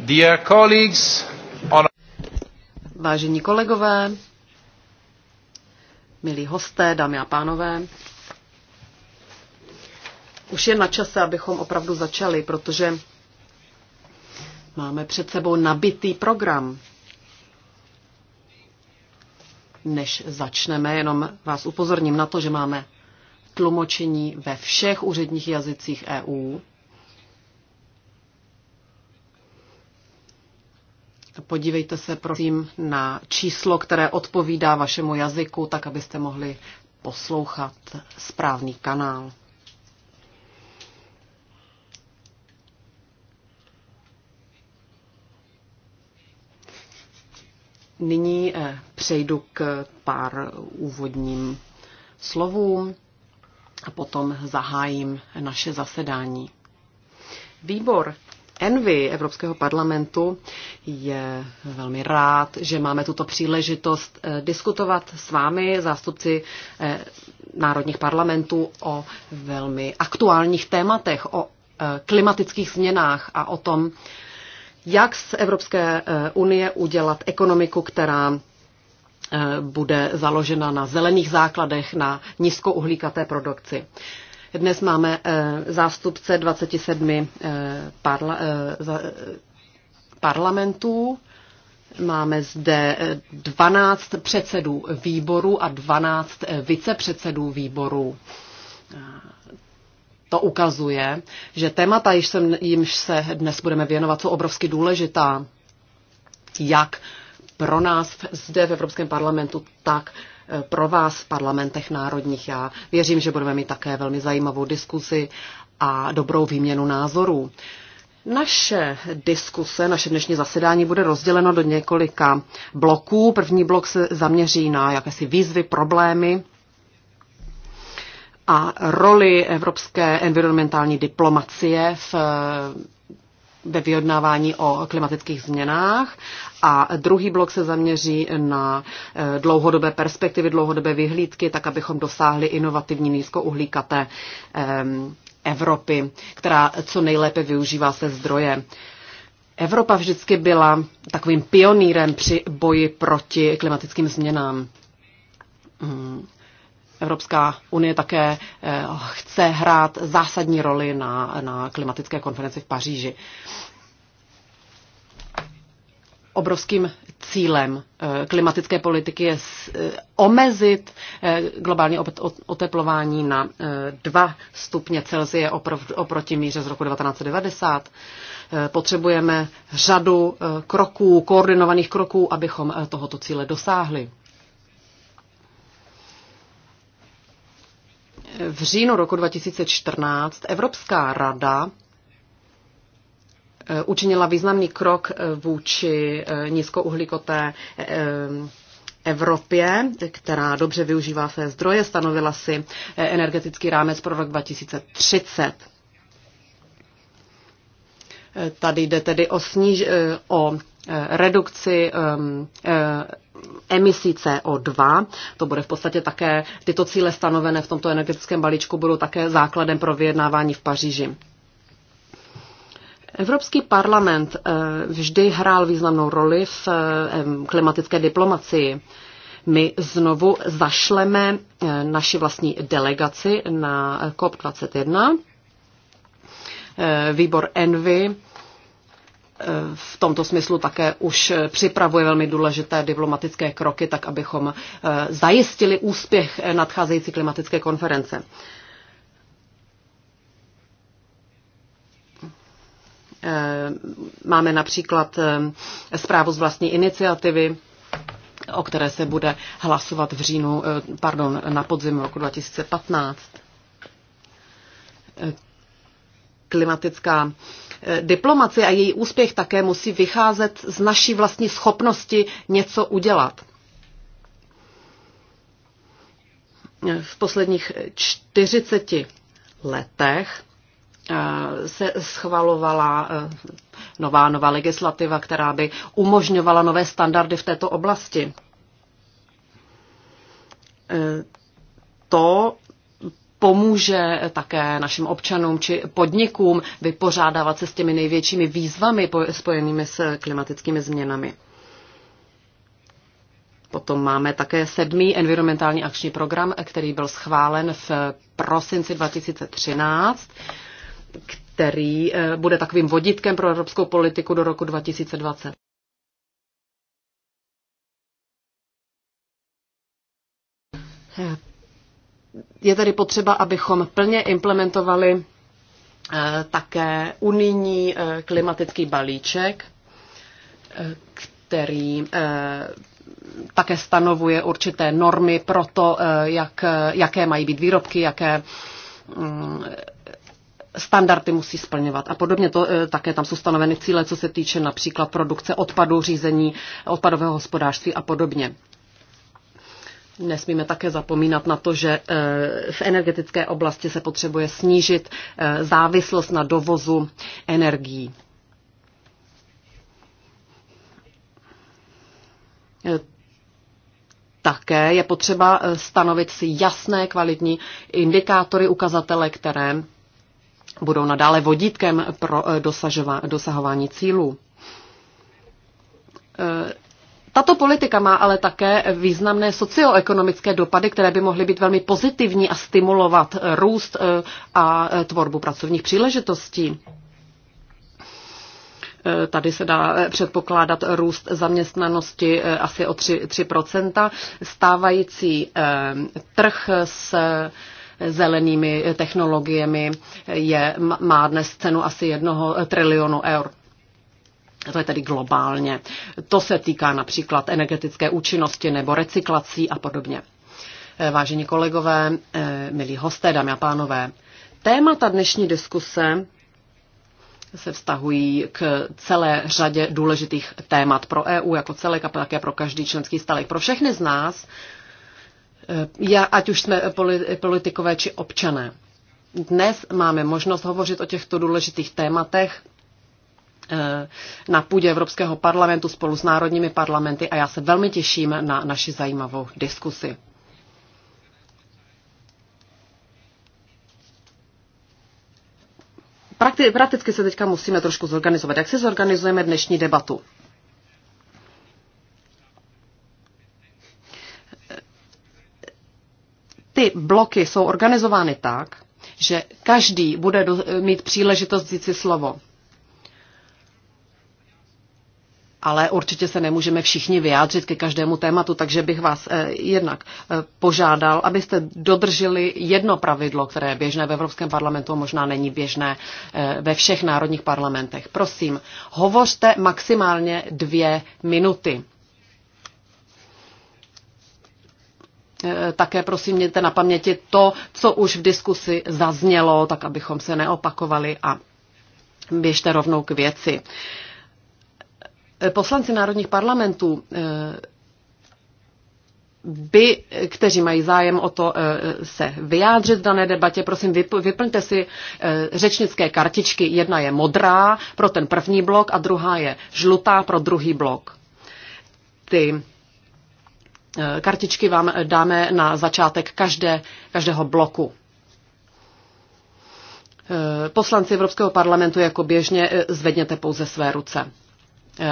Dear colleagues, on... Vážení kolegové, milí hosté, dámy a pánové, už je na čase, abychom opravdu začali, protože máme před sebou nabitý program. Než začneme, jenom vás upozorním na to, že máme tlumočení ve všech úředních jazycích EU Podívejte se prosím na číslo, které odpovídá vašemu jazyku, tak abyste mohli poslouchat správný kanál. Nyní eh, přejdu k pár úvodním slovům a potom zahájím naše zasedání. Výbor Envy Evropského parlamentu je velmi rád, že máme tuto příležitost eh, diskutovat s vámi, zástupci eh, národních parlamentů, o velmi aktuálních tématech, o eh, klimatických změnách a o tom, jak z Evropské unie udělat ekonomiku, která bude založena na zelených základech, na nízkouhlíkaté produkci. Dnes máme eh, zástupce 27 eh, parla, eh, parlamentů. Máme zde 12 předsedů výboru a 12 vicepředsedů výboru. To ukazuje, že témata, jimž se dnes budeme věnovat, jsou obrovsky důležitá. Jak pro nás zde v Evropském parlamentu, tak pro vás v parlamentech národních. Já věřím, že budeme mít také velmi zajímavou diskusi a dobrou výměnu názorů. Naše diskuse, naše dnešní zasedání bude rozděleno do několika bloků. První blok se zaměří na jakési výzvy, problémy a roli evropské environmentální diplomacie v ve vyjednávání o klimatických změnách a druhý blok se zaměří na eh, dlouhodobé perspektivy, dlouhodobé vyhlídky, tak abychom dosáhli inovativní nízkouhlíkaté eh, Evropy, která co nejlépe využívá se zdroje. Evropa vždycky byla takovým pionýrem při boji proti klimatickým změnám. Hmm. Evropská unie také eh, chce hrát zásadní roli na, na klimatické konferenci v Paříži. Obrovským cílem eh, klimatické politiky je eh, omezit globální oteplování na 2 stupně Celsie oproti míře z roku 1990. Potřebujeme řadu kroků, koordinovaných kroků, abychom tohoto cíle dosáhli. V říjnu roku 2014 Evropská rada eh, učinila významný krok eh, vůči eh, nízkouhlíkoté Evropě, která dobře využívá své zdroje, stanovila si energetický rámec pro rok 2030. Tady jde tedy o, sníž, o redukci ehm, emisí CO2. To bude v podstatě také, tyto cíle stanovené v tomto energetickém balíčku budou také základem pro vyjednávání v Paříži. Evropský parlament eh, vždy hrál významnou roli v eh, klimatické diplomacii. My znovu zašleme eh, naši vlastní delegaci na COP21. Výbor Envy v tomto smyslu také už připravuje velmi důležité diplomatické kroky, tak abychom eh, zajistili úspěch nadcházející klimatické konference. Eh, máme například eh, zprávu z vlastní iniciativy, o které se bude hlasovat v říjnu, pardon, na podzim roku 2015 klimatická eh, diplomacie a její úspěch také musí vycházet z naší vlastní schopnosti něco udělat. V posledních 40 letech eh, se schvalovala eh, nová nová legislativa, která by umožňovala nové standardy v této oblasti. To pomůže také našim občanům či podnikům vypořádávat se s těmi největšími výzvami spojenými s klimatickými změnami. Potom máme také sedmý environmentální akční program, který byl schválen v prosinci 2013, který eh, bude takovým vodítkem pro evropskou politiku do roku 2020 je tedy potřeba, abychom plně implementovali eh, také unijní eh, klimatický balíček, eh, který také stanovuje určité normy pro to, jak, jaké mají být výrobky, jaké mm, standardy musí splňovat. A podobně to také tam jsou stanoveny cíle, co se týče například produkce odpadu, řízení odpadového hospodářství a podobně. Nesmíme také zapomínat na to, že eh, v energetické oblasti se potřebuje snížit eh, závislost na dovozu energií. Eh, také je potřeba stanovit si jasné kvalitní indikátory, ukazatele, které budou nadále vodítkem pro dosahování cílů tato politika má ale také významné socioekonomické dopady, které by mohly být velmi pozitivní a stimulovat růst eh, a eh, tvorbu pracovních příležitostí. Eh, tady se dá předpokládat růst zaměstnanosti asi o 3, 3%. Stávající trh s zelenými technologiemi je, má dnes cenu asi jednoho trilionu eur to je tedy globálně. To se týká například energetické účinnosti nebo recyklací a podobně. Eh, vážení kolegové, eh, milí hosté, dámy a pánové, témata dnešní diskuse se vztahují k celé řadě důležitých témat pro EU jako celek a také pro každý členský stálek. Pro všechny z nás, eh, ať už jsme politikové či občané. Dnes máme možnost hovořit o těchto důležitých tématech Eh, na půdě Evropského parlamentu spolu s národními parlamenty a já se velmi těším na naši zajímavou diskusi. Prakti- prakticky se teďka musíme trošku zorganizovat. Jak si zorganizujeme dnešní debatu? Ty bloky jsou organizovány tak, že každý bude mít příležitost říct si slovo ale určitě se nemůžeme všichni vyjádřit ke každému tématu, takže bych vás eh, jednak eh, požádal, abyste dodrželi jedno pravidlo, které je běžné v Evropském parlamentu, možná není běžné eh, ve všech národních parlamentech. Prosím, hovořte maximálně dvě minuty. Také prosím mějte na paměti to, co už v diskusi zaznělo, tak abychom se neopakovali a běžte rovnou k věci. Uh, Poslanci národních parlamentů eh, by, kteří mají zájem o to eh, se vyjádřit v dané debatě, prosím, vyplňte si eh, řečnické kartičky. Jedna je modrá pro ten první blok a druhá je žlutá pro druhý blok. Ty kartičky vám dáme na začátek každé, každého bloku. Poslanci Evropského parlamentu jako běžně zvedněte pouze své ruce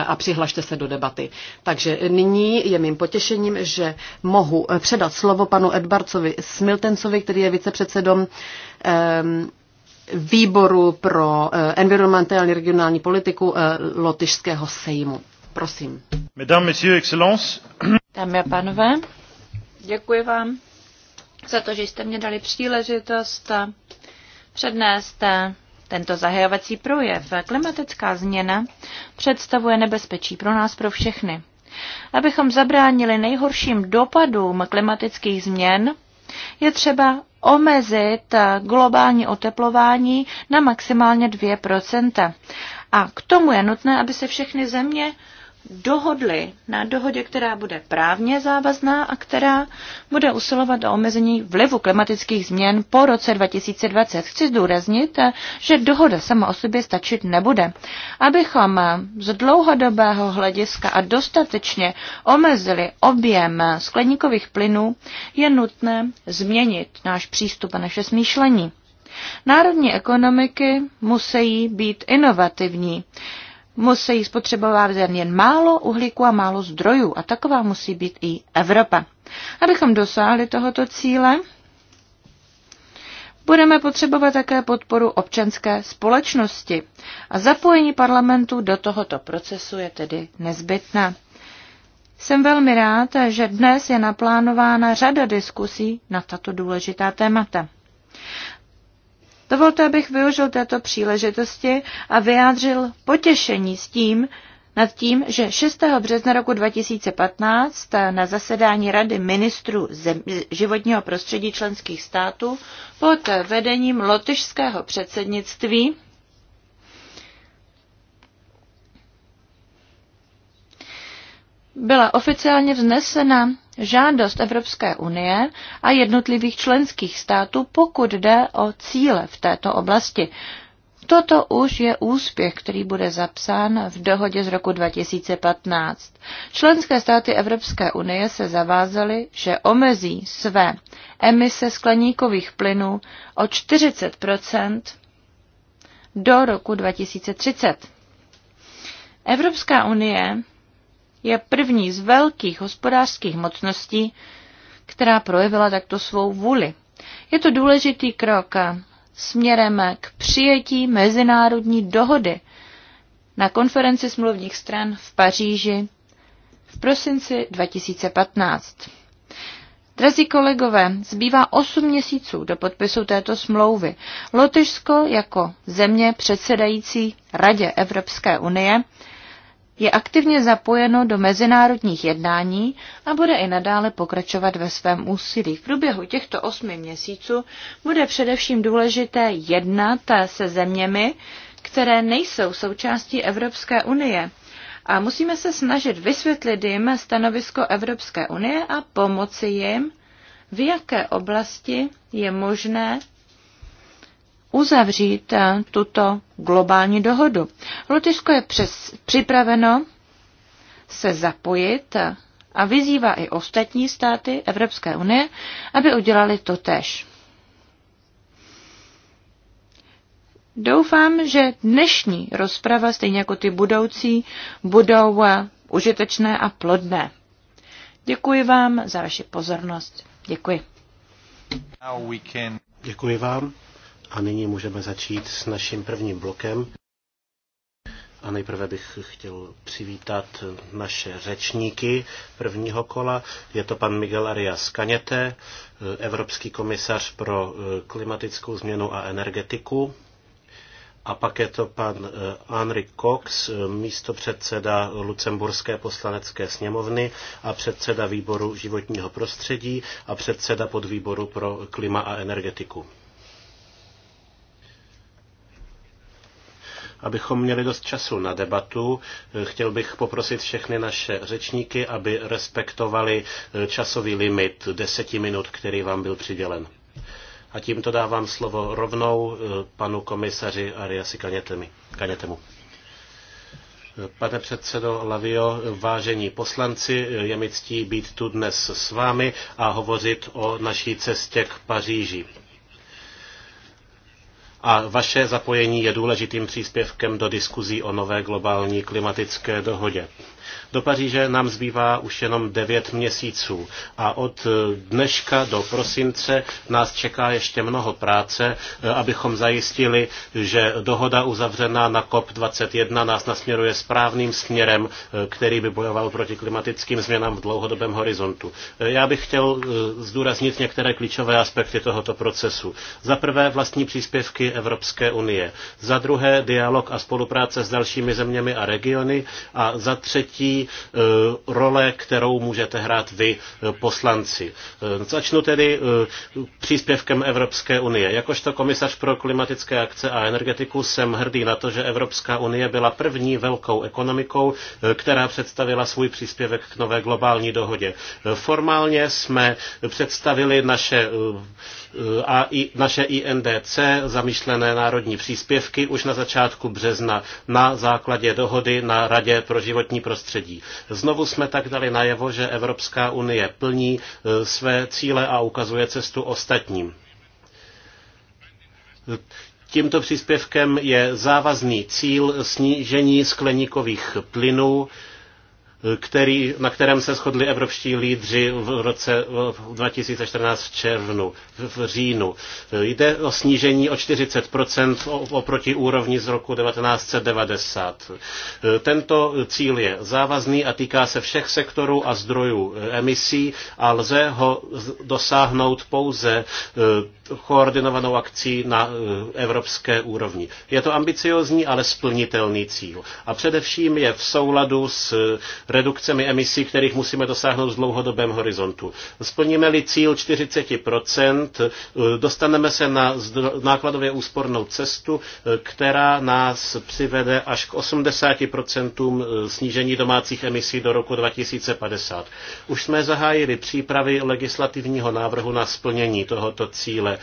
a přihlašte se do debaty. Takže nyní je mým potěšením, že mohu předat slovo panu Edbarcovi Smiltencovi, který je vicepředsedom ehm, výboru pro eh, environmentální regionální politiku eh, Lotyšského sejmu. Prosím. Mesdames, messieurs, excellence. Dámy a pánové, děkuji vám za to, že jste mě dali příležitost přednést eh, tento zahajovací projev. Klimatická změna představuje nebezpečí pro nás, pro všechny. Abychom zabránili nejhorším dopadům klimatických změn, je třeba omezit globální oteplování na maximálně 2 a k tomu je nutné, aby se všechny země dohodli na dohodě, která bude právně závazná a která bude usilovat o omezení vlivu klimatických změn po roce 2020. Chci zdůraznit, že dohoda sama o sobě stačit nebude. Abychom z dlouhodobého hlediska a dostatečně omezili objem skleníkových plynů, je nutné změnit náš přístup a naše smýšlení. Národní ekonomiky musí být inovativní musí spotřebovat jen málo uhlíku a málo zdrojů. A taková musí být i Evropa. Abychom dosáhli tohoto cíle, budeme potřebovat také podporu občanské společnosti. A zapojení parlamentu do tohoto procesu je tedy nezbytné. Jsem velmi rád, že dnes je naplánována řada diskusí na tato důležitá témata. Dovolte, abych využil této příležitosti a vyjádřil potěšení s tím, nad tím, že 6. března roku 2015 na zasedání Rady ministrů životního prostředí členských států pod vedením lotyšského předsednictví byla oficiálně vznesena žádost Evropské unie a jednotlivých členských států, pokud jde o cíle v této oblasti. Toto už je úspěch, který bude zapsán v dohodě z roku 2015. Členské státy Evropské unie se zavázaly, že omezí své emise skleníkových plynů o 40 do roku 2030. Evropská unie je první z velkých hospodářských mocností, která projevila takto svou vůli. Je to důležitý krok směrem k přijetí mezinárodní dohody na konferenci smluvních stran v Paříži v prosinci 2015. Drazí kolegové, zbývá 8 měsíců do podpisu této smlouvy. Lotyšsko jako země předsedající Radě Evropské unie je aktivně zapojeno do mezinárodních jednání a bude i nadále pokračovat ve svém úsilí. V průběhu těchto osmi měsíců bude především důležité jednat se zeměmi, které nejsou součástí Evropské unie. A musíme se snažit vysvětlit jim stanovisko Evropské unie a pomoci jim, v jaké oblasti je možné uzavřít eh, tuto globální dohodu. Lotyšsko je přes, připraveno se zapojit eh, a vyzývá i ostatní státy Evropské unie, aby udělali to tež. Doufám, že dnešní rozprava, stejně jako ty budoucí, budou eh, užitečné a plodné. Děkuji vám za vaši pozornost. Děkuji. Děkuji vám. A nyní můžeme začít s naším prvním blokem. A nejprve bych chtěl přivítat naše řečníky prvního kola. Je to pan Miguel Arias Kaněte, Evropský komisař pro eh, klimatickou změnu a energetiku. A pak je to pan eh, Henry Cox, eh, místopředseda Lucemburské poslanecké sněmovny a předseda výboru životního prostředí a předseda podvýboru pro klima a energetiku. Abychom měli dost času na debatu, chtěl bych poprosit všechny naše řečníky, aby respektovali eh, časový limit deseti minut, který vám byl přidělen. A tímto dávám slovo rovnou eh, panu komisaři Ariasi Kanětemu. Pane předsedo Lavio, vážení poslanci, je mi ctí být tu dnes s vámi a hovořit o naší cestě k Paříži a vaše zapojení je důležitým příspěvkem do diskuzí o nové globální klimatické dohodě. Do Paříže nám zbývá už jenom devět měsíců a od dneška do prosince nás čeká ještě mnoho práce, eh, abychom zajistili, že dohoda uzavřená na COP21 nás nasměruje správným směrem, eh, který by bojoval proti klimatickým změnám v dlouhodobém horizontu. Eh, já bych chtěl zdůraznit některé klíčové aspekty tohoto procesu. Za prvé vlastní příspěvky Evropské unie. Za druhé dialog a spolupráce s dalšími zeměmi a regiony a za třetí e, role, kterou můžete hrát vy e, poslanci. E, začnu tedy příspěvkem Evropské unie. Jakožto komisař pro klimatické akce a energetiku jsem hrdý na to, že Evropská unie byla první velkou ekonomikou, která představila svůj příspěvek k nové globální dohodě. Formálně jsme představili naše a i naše INDC, zamýšlené národní příspěvky, už na začátku března na základě dohody na Radě pro životní prostředí. Znovu jsme tak dali najevo, že Evropská unie plní e, své cíle a ukazuje cestu ostatním. Tímto příspěvkem je závazný cíl snížení skleníkových plynů který, na kterém se shodli evropští lídři v roce 2014 v červnu, v říjnu. Jde o snížení o 40% oproti úrovni z roku 1990. Tento cíl je závazný a týká se všech sektorů a zdrojů emisí a lze ho dosáhnout pouze e, koordinovanou akcí na e, evropské úrovni. Je to ambiciozní, ale splnitelný cíl. A především je v souladu s redukcemi emisí, kterých musíme dosáhnout v dlouhodobém horizontu. Splníme-li cíl 40%, eh, dostaneme se na nákladově úspornou cestu, eh, která nás přivede až k 80% eh, snížení domácích emisí do roku 2050. Už jsme zahájili přípravy legislativního návrhu na splnění tohoto cíle.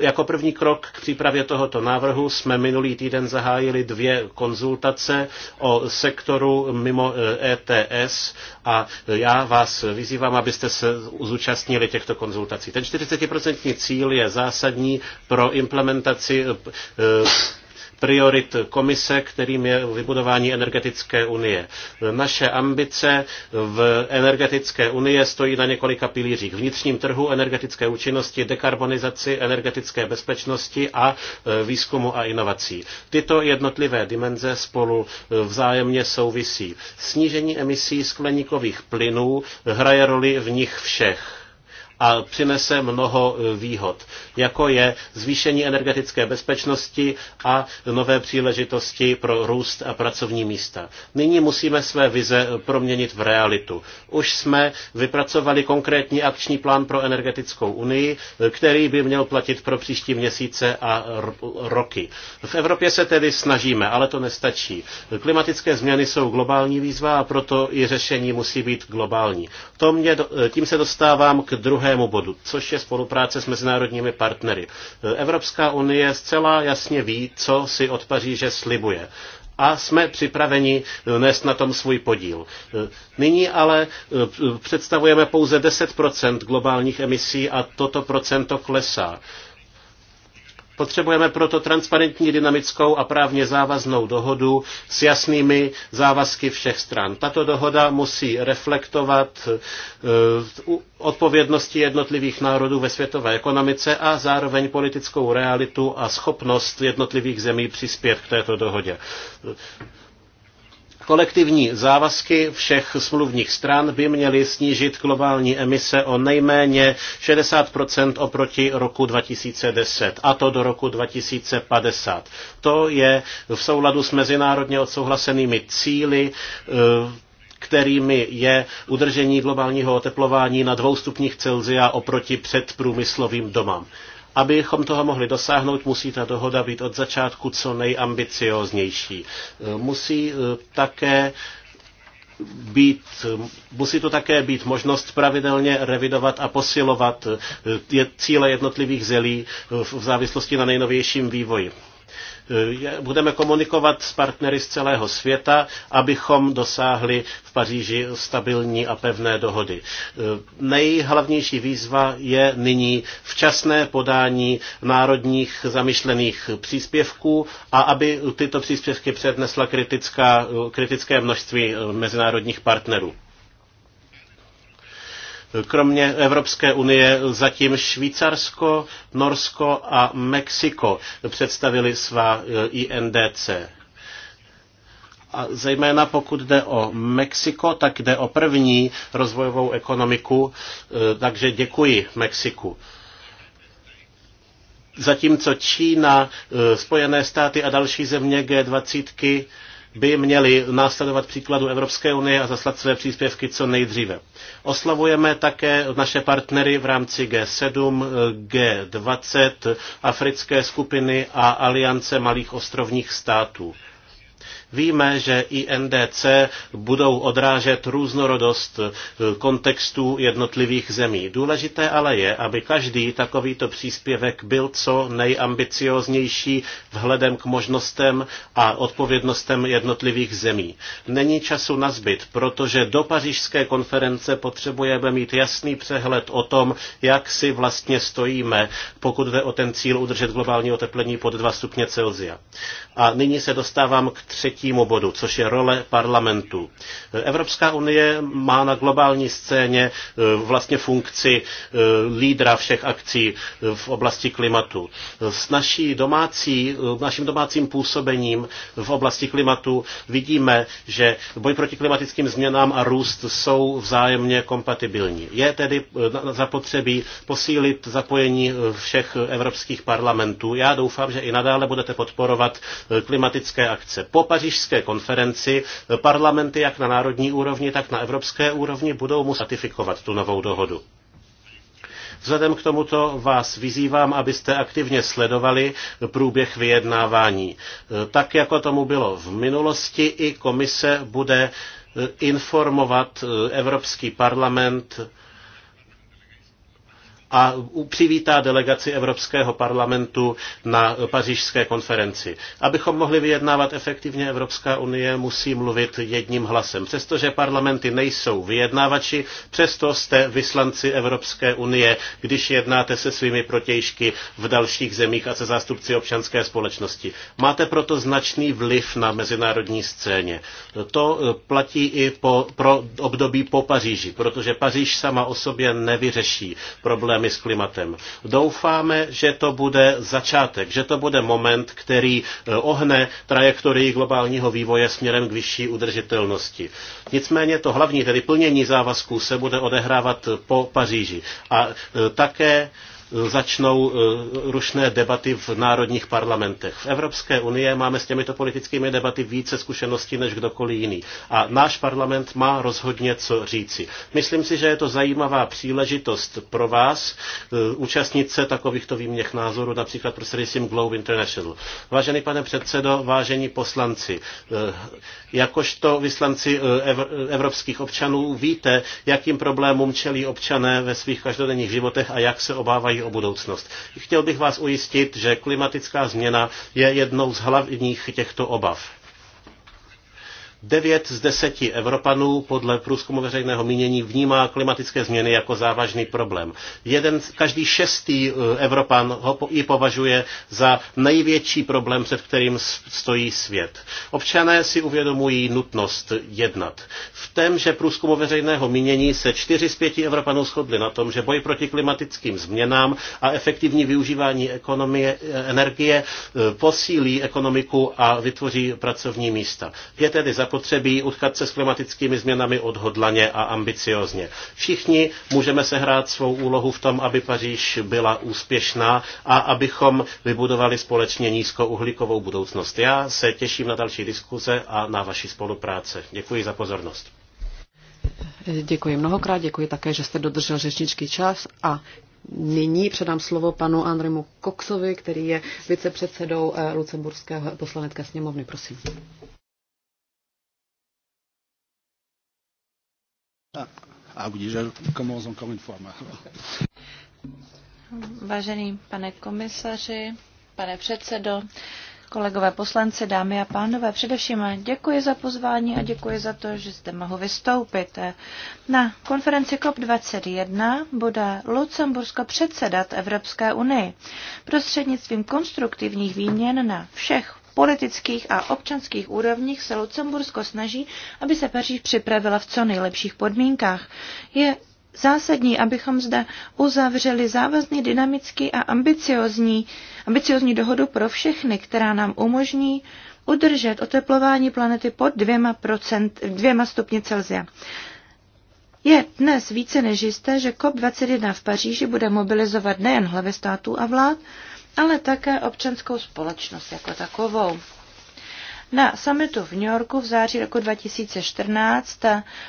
Jako první krok k přípravě tohoto návrhu jsme minulý týden zahájili dvě konzultace o sektoru mimo ET e ETS a já vás vyzývám, abyste se zúčastnili těchto konzultací. Ten 40% cíl je zásadní pro implementaci eh, priorit komise, kterým je vybudování energetické unie. Naše ambice v energetické unie stojí na několika pilířích. Vnitřním trhu, energetické účinnosti, dekarbonizaci, energetické bezpečnosti a e, výzkumu a inovací. Tyto jednotlivé dimenze spolu vzájemně souvisí. Snížení emisí skleníkových plynů hraje roli v nich všech a přinese mnoho e, výhod, jako je zvýšení energetické bezpečnosti a nové příležitosti pro růst a pracovní místa. Nyní musíme své vize e, proměnit v realitu. Už jsme vypracovali konkrétní akční plán pro energetickou unii, e, který by měl platit pro příští měsíce a roky. V Evropě se tedy snažíme, ale to nestačí. Klimatické změny jsou globální výzva a proto i řešení musí být globální. To mě, tím se dostávám k druhé druhému bodu, což je spolupráce s mezinárodními partnery. Evropská unie zcela jasně ví, co si od Paříže slibuje a jsme připraveni nést na tom svůj podíl. Nyní ale e, představujeme pouze 10 globálních emisí a toto procento klesá. Potřebujeme proto transparentní, dynamickou a právně závaznou dohodu s jasnými závazky všech stran. Tato dohoda musí reflektovat eh, odpovědnosti jednotlivých národů ve světové ekonomice a zároveň politickou realitu a schopnost jednotlivých zemí přispět k této dohodě. Kolektivní závazky všech smluvních stran by měly snížit globální emise o nejméně 60 oproti roku 2010, a to do roku 2050. To je v souladu s mezinárodně odsouhlasenými cíly eh, kterými je udržení globálního oteplování na dvou stupních Celzia oproti předprůmyslovým domám. Abychom toho mohli dosáhnout, musí ta dohoda být od začátku co nejambicióznější. E, musí e, také být, musí to také být možnost pravidelně revidovat a posilovat e, cíle jednotlivých zelí v závislosti na nejnovějším vývoji. Budeme komunikovat s partnery z celého světa, abychom dosáhli v Paříži stabilní a pevné dohody. E, nejhlavnější výzva je nyní včasné podání národních zamýšlených příspěvků a aby tyto příspěvky přednesla kritická, e, kritické množství e, mezinárodních partnerů. Kromě Evropské unie zatím Švýcarsko, Norsko a Mexiko představili svá eh, INDC. A zejména pokud jde o Mexiko, tak jde o první rozvojovou ekonomiku, eh, takže děkuji Mexiku zatímco Čína, eh, Spojené státy a další země G20 by měli následovat příkladu Evropské unie a zaslat své příspěvky co nejdříve. Oslavujeme také naše partnery v rámci G7, G20, africké skupiny a aliance malých ostrovních států. Víme, že i NDC budou odrážet různorodost eh, kontextů jednotlivých zemí. Důležité ale je, aby každý takovýto příspěvek byl co nejambicioznější vhledem k možnostem a odpovědnostem jednotlivých zemí. Není času na zbyt, protože do pařížské konference potřebujeme mít jasný přehled o tom, jak si vlastně stojíme, pokud jde o ten cíl udržet globální oteplení pod 2 stupně Celsia. A nyní se dostávám k třetí třetímu bodu, což je role parlamentu. Evropská unie má na globální scéně e, vlastně funkci e, lídra všech akcí e, v oblasti klimatu. S naší domácí, naším domácím působením v oblasti klimatu vidíme, že boj proti klimatickým změnám a růst jsou vzájemně kompatibilní. Je tedy zapotřebí posílit zapojení všech evropských parlamentů. Já doufám, že i nadále budete podporovat klimatické akce. Po Paříž pařížské konferenci parlamenty jak na národní úrovni, tak na evropské úrovni budou muset ratifikovat tu novou dohodu. Vzhledem k tomuto vás vyzývám, abyste aktivně sledovali průběh vyjednávání. Tak jako tomu bylo v minulosti, i komise bude informovat Evropský parlament a přivítá delegaci Evropského parlamentu na pařížské konferenci. Abychom mohli vyjednávat efektivně, Evropská unie musí mluvit jedním hlasem. Přestože parlamenty nejsou vyjednávači, přesto jste vyslanci Evropské unie, když jednáte se svými protějšky v dalších zemích a se zástupci občanské společnosti. Máte proto značný vliv na mezinárodní scéně. To eh, platí i po, pro období po Paříži, protože Paříž sama o sobě nevyřeší problém problémy s klimatem. Doufáme, že to bude začátek, že to bude moment, který eh, ohne trajektorii globálního vývoje směrem k vyšší udržitelnosti. Nicméně to hlavní, tedy plnění závazků, se bude odehrávat po Paříži. A eh, také začnou eh, rušné debaty v národních parlamentech. V Evropské unii máme s těmito politickými debaty více zkušeností než kdokoliv jiný. A náš parlament má rozhodně co říci. Myslím si, že je to zajímavá příležitost pro vás eh, účastnit se takovýchto výměch názorů, například pro prostřednictvím Globe International. Vážený pane předsedo, vážení poslanci, eh, jakožto vyslanci evropských občanů víte, jakým problémům čelí občané ve svých každodenních životech a jak se obávají starají o budoucnost. Chtěl bych vás ujistit, že klimatická změna je jednou z hlavních těchto obav. Devět z deseti Evropanů podle průzkumu veřejného mínění vnímá klimatické změny jako závažný problém. Jeden, každý šestý eh, Evropan ho i považuje za největší problém, před kterým stojí svět. Občané si uvědomují nutnost jednat. V tém, že průzkumu veřejného mínění se čtyři z pěti Evropanů shodli na tom, že boj proti klimatickým změnám a efektivní využívání ekonomie, eh, energie eh, posílí ekonomiku a vytvoří pracovní místa. Je tedy za zapotřebí utkat se s klimatickými změnami odhodlaně a ambiciozně. Všichni můžeme sehrát svou úlohu v tom, aby Paříž byla úspěšná a abychom vybudovali společně nízkouhlíkovou budoucnost. Já se těším na další diskuze a na vaši spolupráce. Děkuji za pozornost. Děkuji mnohokrát, děkuji také, že jste dodržel řečnický čas a nyní předám slovo panu Andremu Koksovi, který je vicepředsedou eh, Lucemburského poslanecké sněmovny. Prosím. Ah, ah oui, je commence encore une fois. Vážený pane komisaři, pane předsedo, kolegové poslanci, dámy a pánové, především děkuji za pozvání a děkuji za to, že zde mohu vystoupit. Na konferenci COP21 bude Lucembursko předsedat Evropské unii prostřednictvím konstruktivních výměn na všech politických a občanských úrovních se Lucembursko snaží, aby se Paříž připravila v co nejlepších podmínkách. Je zásadní, abychom zde uzavřeli závazný, dynamický a ambiciozní, ambiciozní dohodu pro všechny, která nám umožní udržet oteplování planety pod dvěma, procent, dvěma stupni Celsia. Je dnes více než jisté, že COP21 v Paříži bude mobilizovat nejen hlavy států a vlád, ale také občanskou společnost jako takovou. Na summitu v New Yorku v září roku 2014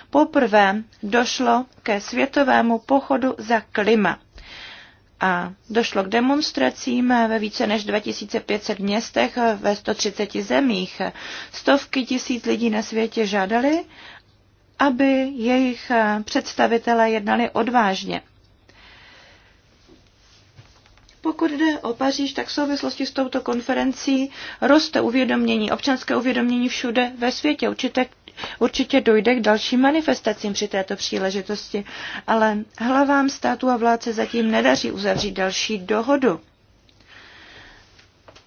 poprvé došlo ke světovému pochodu za klima a došlo k demonstracím ve více než 2500 městech ve 130 zemích. Stovky tisíc lidí na světě žádali, aby jejich představitelé jednali odvážně. Pokud jde o Paříž, tak v souvislosti s touto konferencí roste uvědomění, občanské uvědomění všude ve světě. Určitě, určitě dojde k dalším manifestacím při této příležitosti, ale hlavám státu a vládce zatím nedaří uzavřít další dohodu.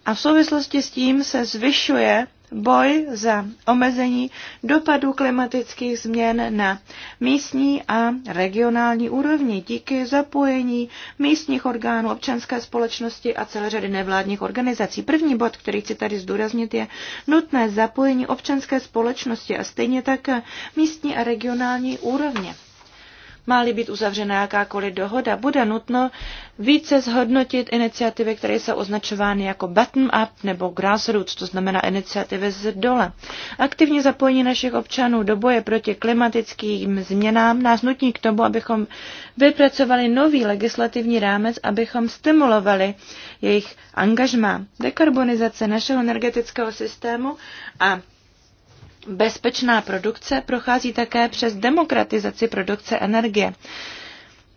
A v souvislosti s tím se zvyšuje boj za omezení dopadů klimatických změn na místní a regionální úrovni díky zapojení místních orgánů občanské společnosti a celé řady nevládních organizací. První bod, který chci tady zdůraznit, je nutné zapojení občanské společnosti a stejně tak místní a regionální úrovně. Má-li být uzavřena jakákoliv dohoda, bude nutno více zhodnotit iniciativy, které jsou označovány jako bottom-up nebo grassroots, to znamená iniciativy z dole. Aktivní zapojení našich občanů do boje proti klimatickým změnám nás nutí k tomu, abychom vypracovali nový legislativní rámec, abychom stimulovali jejich angažmá. Dekarbonizace našeho energetického systému a bezpečná produkce prochází také přes demokratizaci produkce energie.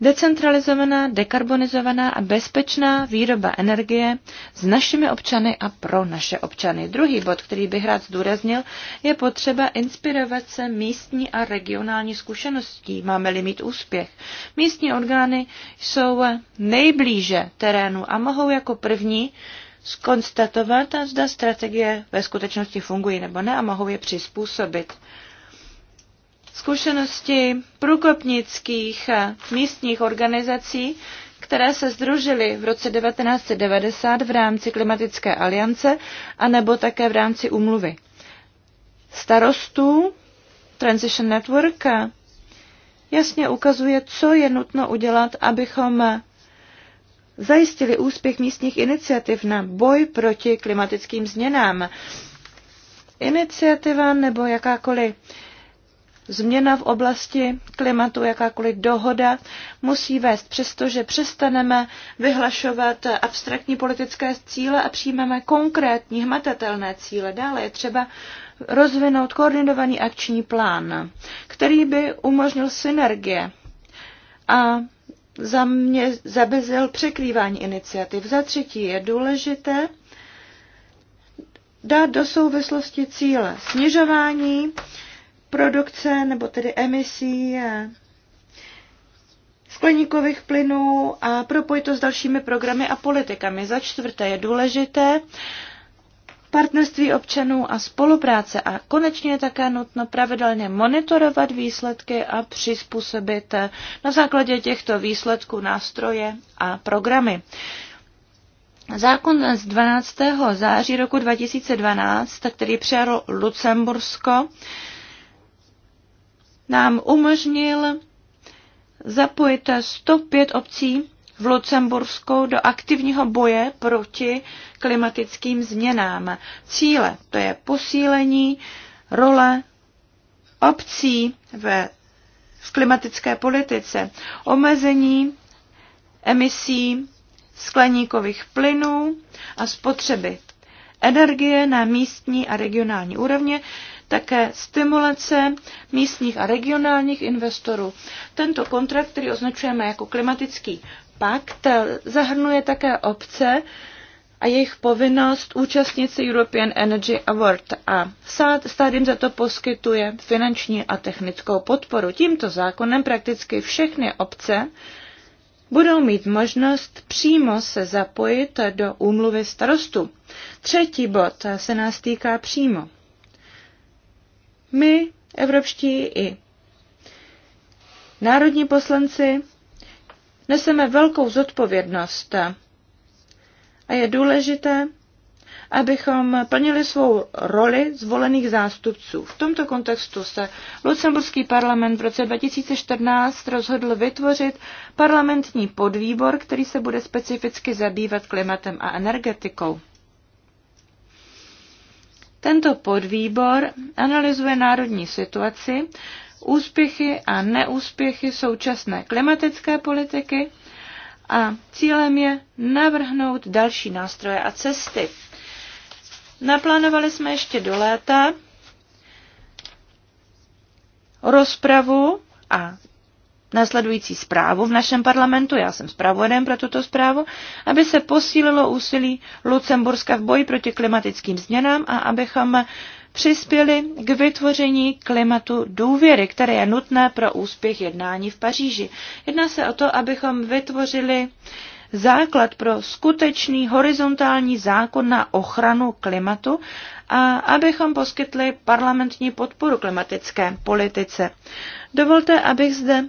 Decentralizovaná, dekarbonizovaná a bezpečná výroba energie s našimi občany a pro naše občany. Druhý bod, který bych rád zdůraznil, je potřeba inspirovat se místní a regionální zkušeností, máme-li mít úspěch. Místní orgány jsou nejblíže terénu a mohou jako první skonstatovat, zda strategie ve skutečnosti fungují nebo ne a mohou je přizpůsobit. Zkušenosti průkopnických místních organizací, které se združily v roce 1990 v rámci klimatické aliance a nebo také v rámci umluvy. Starostů Transition Network jasně ukazuje, co je nutno udělat, abychom zajistili úspěch místních iniciativ na boj proti klimatickým změnám. Iniciativa nebo jakákoliv změna v oblasti klimatu, jakákoliv dohoda musí vést přesto, že přestaneme vyhlašovat abstraktní politické cíle a přijmeme konkrétní hmatatelné cíle. Dále je třeba rozvinout koordinovaný akční plán, který by umožnil synergie a za mě zabezel překrývání iniciativ. Za třetí je důležité dát do souvislosti cíle snižování produkce nebo tedy emisí eh, skleníkových plynů a propojit to s dalšími programy a politikami. Za čtvrté je důležité partnerství občanů a spolupráce a konečně je také nutno pravidelně monitorovat výsledky a přizpůsobit na základě těchto výsledků nástroje a programy. Zákon z 12. září roku 2012, který přijalo Lucembursko, nám umožnil zapojit 105 obcí v Lucembursku do aktivního boje proti klimatickým změnám. Cíle to je posílení role obcí ve, v klimatické politice, omezení emisí skleníkových plynů a spotřeby energie na místní a regionální úrovně, také stimulace místních a regionálních investorů. Tento kontrakt, který označujeme jako klimatický pakt zahrnuje také obce a jejich povinnost účastnit se European Energy Award a stádium za to poskytuje finanční a technickou podporu. Tímto zákonem prakticky všechny obce budou mít možnost přímo se zapojit do úmluvy starostu. Třetí bod se nás týká přímo. My, evropští i národní poslanci, neseme velkou zodpovědnost a je důležité, abychom plnili svou roli zvolených zástupců. V tomto kontextu se Lucemburský parlament v roce 2014 rozhodl vytvořit parlamentní podvýbor, který se bude specificky zabývat klimatem a energetikou. Tento podvýbor analyzuje národní situaci úspěchy a neúspěchy současné klimatické politiky a cílem je navrhnout další nástroje a cesty. Naplánovali jsme ještě do léta rozpravu a následující zprávu v našem parlamentu, já jsem zpravodem pro tuto zprávu, aby se posílilo úsilí Lucemburska v boji proti klimatickým změnám a abychom přispěly k vytvoření klimatu důvěry, které je nutné pro úspěch jednání v Paříži. Jedná se o to, abychom vytvořili základ pro skutečný horizontální zákon na ochranu klimatu a abychom poskytli parlamentní podporu klimatické politice. Dovolte, abych zde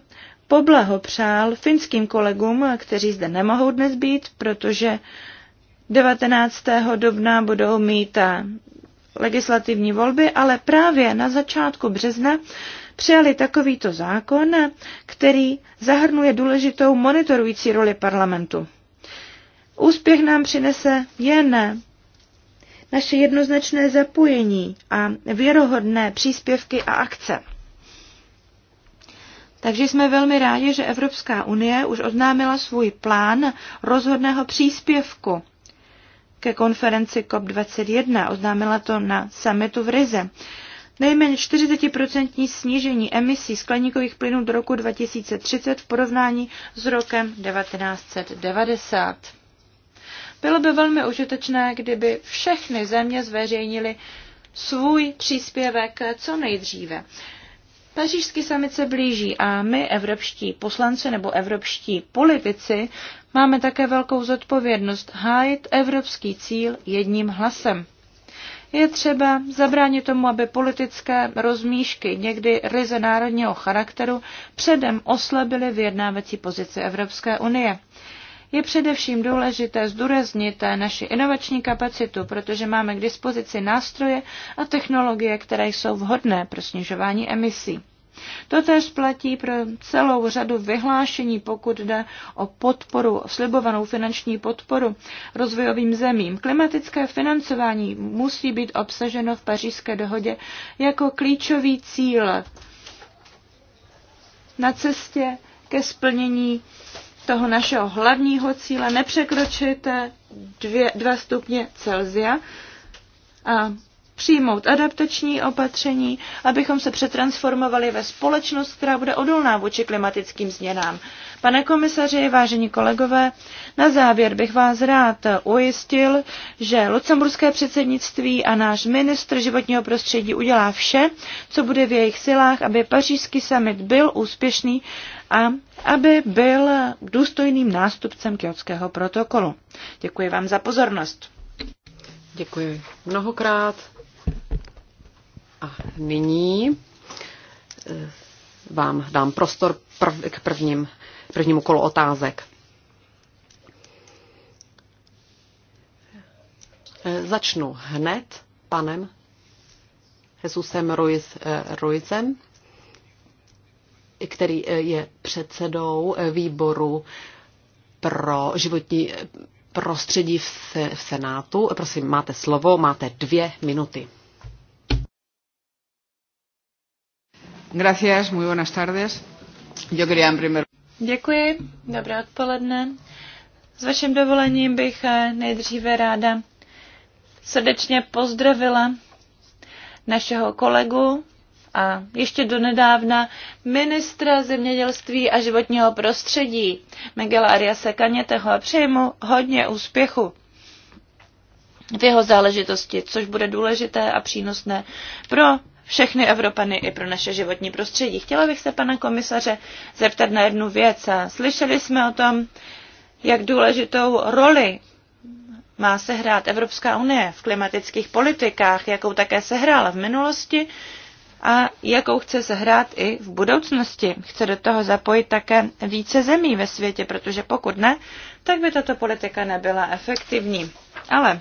poblahopřál finským kolegům, kteří zde nemohou dnes být, protože 19. dubna budou mít legislativní volby, ale právě na začátku března přijali takovýto zákon, který zahrnuje důležitou monitorující roli parlamentu. Úspěch nám přinese jen naše jednoznačné zapojení a věrohodné příspěvky a akce. Takže jsme velmi rádi, že Evropská unie už oznámila svůj plán rozhodného příspěvku ke konferenci COP21. Oznámila to na summitu v Rize. Nejméně 40% snížení emisí skleníkových plynů do roku 2030 v porovnání s rokem 1990. Bylo by velmi užitečné, kdyby všechny země zveřejnily svůj příspěvek co nejdříve. Pařížský summit se blíží a my, evropští poslanci nebo evropští politici, máme také velkou zodpovědnost hájit evropský cíl jedním hlasem. Je třeba zabránit tomu, aby politické rozmíšky, někdy ryze národního charakteru, předem oslabily vyjednávací pozici Evropské unie. Je především důležité zdůraznit naši inovační kapacitu, protože máme k dispozici nástroje a technologie, které jsou vhodné pro snižování emisí. Totež platí pro celou řadu vyhlášení, pokud jde o podporu, o slibovanou finanční podporu rozvojovým zemím. Klimatické financování musí být obsaženo v pařížské dohodě jako klíčový cíl na cestě ke splnění toho našeho hlavního cíle dvě, dva stupně Celsia. A přijmout adaptační opatření, abychom se přetransformovali ve společnost, která bude odolná vůči klimatickým změnám. Pane komisaři, vážení kolegové, na závěr bych vás rád ujistil, že lucemburské předsednictví a náš ministr životního prostředí udělá vše, co bude v jejich silách, aby pařížský summit byl úspěšný a aby byl důstojným nástupcem kyotského protokolu. Děkuji vám za pozornost. Děkuji mnohokrát. A nyní eh, vám dám prostor prv, k prvním, prvnímu kolu otázek. Eh, začnu hned panem Jesusem Ruiz, eh, Ruizem, který je předsedou výboru pro životní prostředí v Senátu. Prosím, máte slovo, máte dvě minuty. Gracias, muy buenas tardes. Yo quería en primer... Děkuji, dobré odpoledne. S vaším dovolením bych eh, nejdříve ráda srdečně pozdravila našeho kolegu a ještě donedávna ministra zemědělství a životního prostředí Miguela Ariase Kaněteho a přeji mu hodně úspěchu v jeho záležitosti, což bude důležité a přínosné pro všechny Evropany i pro naše životní prostředí. Chtěla bych se pana komisaře zeptat na jednu věc. Slyšeli jsme o tom, jak důležitou roli má se hrát Evropská unie v klimatických politikách, jakou také se hrála v minulosti a jakou chce se hrát i v budoucnosti. Chce do toho zapojit také více zemí ve světě, protože pokud ne, tak by tato politika nebyla efektivní. Ale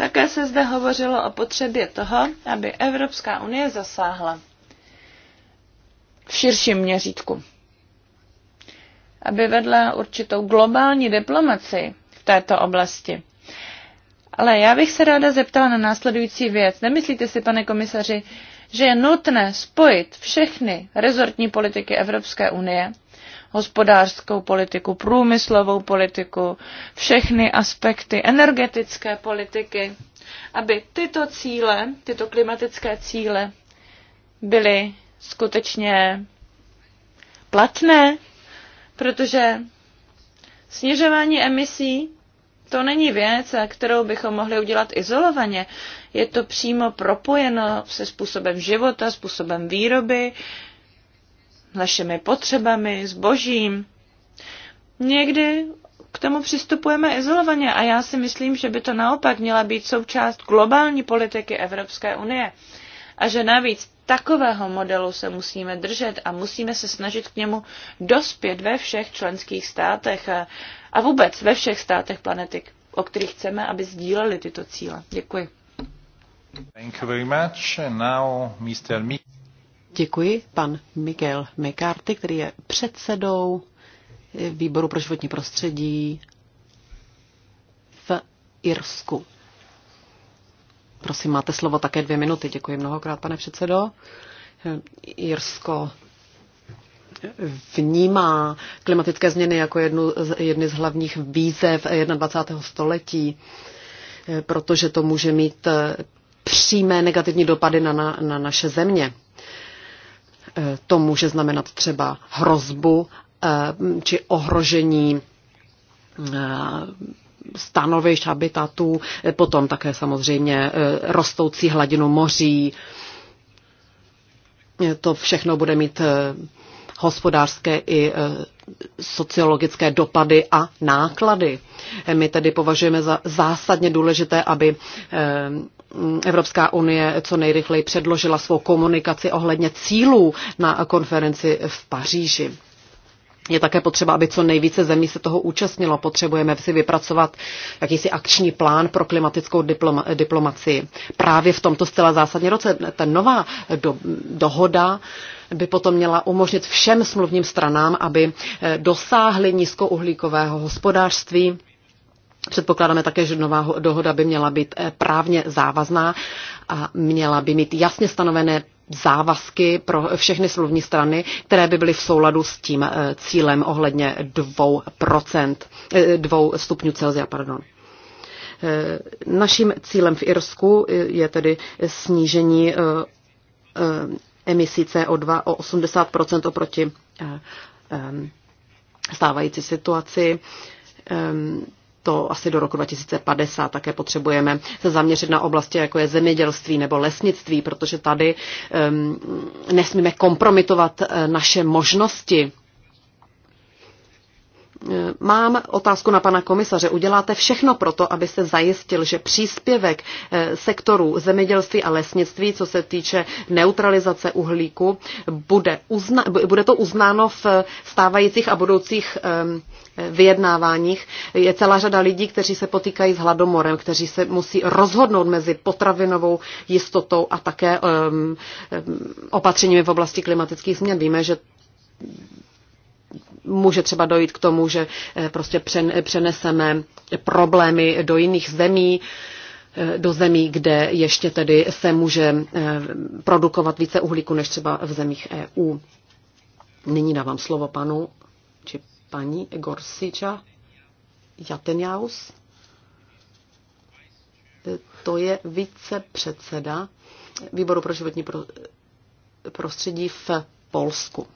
také se zde hovořilo o potřebě toho, aby Evropská unie zasáhla v širším měřítku. Aby vedla určitou globální diplomaci v této oblasti. Ale já bych se ráda zeptala na následující věc. Nemyslíte si, pane komisaři, že je nutné spojit všechny rezortní politiky Evropské unie, hospodářskou politiku, průmyslovou politiku, všechny aspekty energetické politiky, aby tyto cíle, tyto klimatické cíle byly skutečně platné, protože snižování emisí to není věc, kterou bychom mohli udělat izolovaně. Je to přímo propojeno se způsobem života, způsobem výroby, našimi potřebami, zbožím. Někdy k tomu přistupujeme izolovaně a já si myslím, že by to naopak měla být součást globální politiky Evropské unie. A že navíc takového modelu se musíme držet a musíme se snažit k němu dospět ve všech členských státech a vůbec ve všech státech planety, o kterých chceme, aby sdíleli tyto cíle. Děkuji. Thank you very much. And now Mr. Mi- Děkuji. Pan Miguel McCarthy, který je předsedou výboru pro životní prostředí v Irsku. Prosím, máte slovo také dvě minuty. Děkuji mnohokrát, pane předsedo. Irsko vnímá klimatické změny jako jednu, jedny z hlavních výzev 21. století, eh, protože to může mít eh, přímé negativní dopady na, na, na naše země. Eh, to může znamenat třeba hrozbu či ohrožení stanovišť, habitatů, potom také samozřejmě rostoucí hladinu moří. To všechno bude mít hospodářské i e, sociologické dopady a náklady. My tedy považujeme za zásadně důležité, aby e, Evropská unie co nejrychleji předložila svou komunikaci ohledně cílů na konferenci v Paříži. Je také potřeba, aby co nejvíce zemí se toho účastnilo. Potřebujeme si vypracovat jakýsi akční plán pro klimatickou diploma, diplomaci. Právě v tomto zcela zásadně roce ta nová do, dohoda by potom měla umožnit všem smluvním stranám, aby eh, dosáhly nízkouhlíkového hospodářství. Předpokládáme také, že nová dohoda by měla být eh, právně závazná a měla by mít jasně stanovené závazky pro všechny smluvní strany, které by byly v souladu s tím eh, cílem ohledně 2%, 2 eh, stupňů Celsia. Pardon. Eh, naším cílem v Irsku je tedy snížení emisí CO2 o 80% oproti stávající situaci ehm, to asi do roku 2050 také potřebujeme se zaměřit na oblasti, jako je zemědělství nebo lesnictví, protože tady um, nesmíme kompromitovat eh, naše možnosti Eh, mám otázku na pana komisaře. Uděláte všechno proto, abyste zajistil, že příspěvek eh, sektorů zemědělství a lesnictví, co se týče neutralizace uhlíku, bude, uzna, bude to uznáno v eh, stávajících a budoucích ehm, vyjednáváních. Je celá řada lidí, kteří se potýkají s hladomorem, kteří se musí rozhodnout mezi potravinovou jistotou a také um, opatřeními v oblasti klimatických změn. Víme, že může třeba dojít k tomu, že eh, prostě přeneseme problémy do jiných zemí, eh, do zemí, kde ještě tedy se může eh, produkovat více uhlíku než třeba v zemích EU. Nyní dávám slovo panu či paní Gorsiča Jatenjaus. To je vicepředseda výboru pro životní prostředí v Polsku.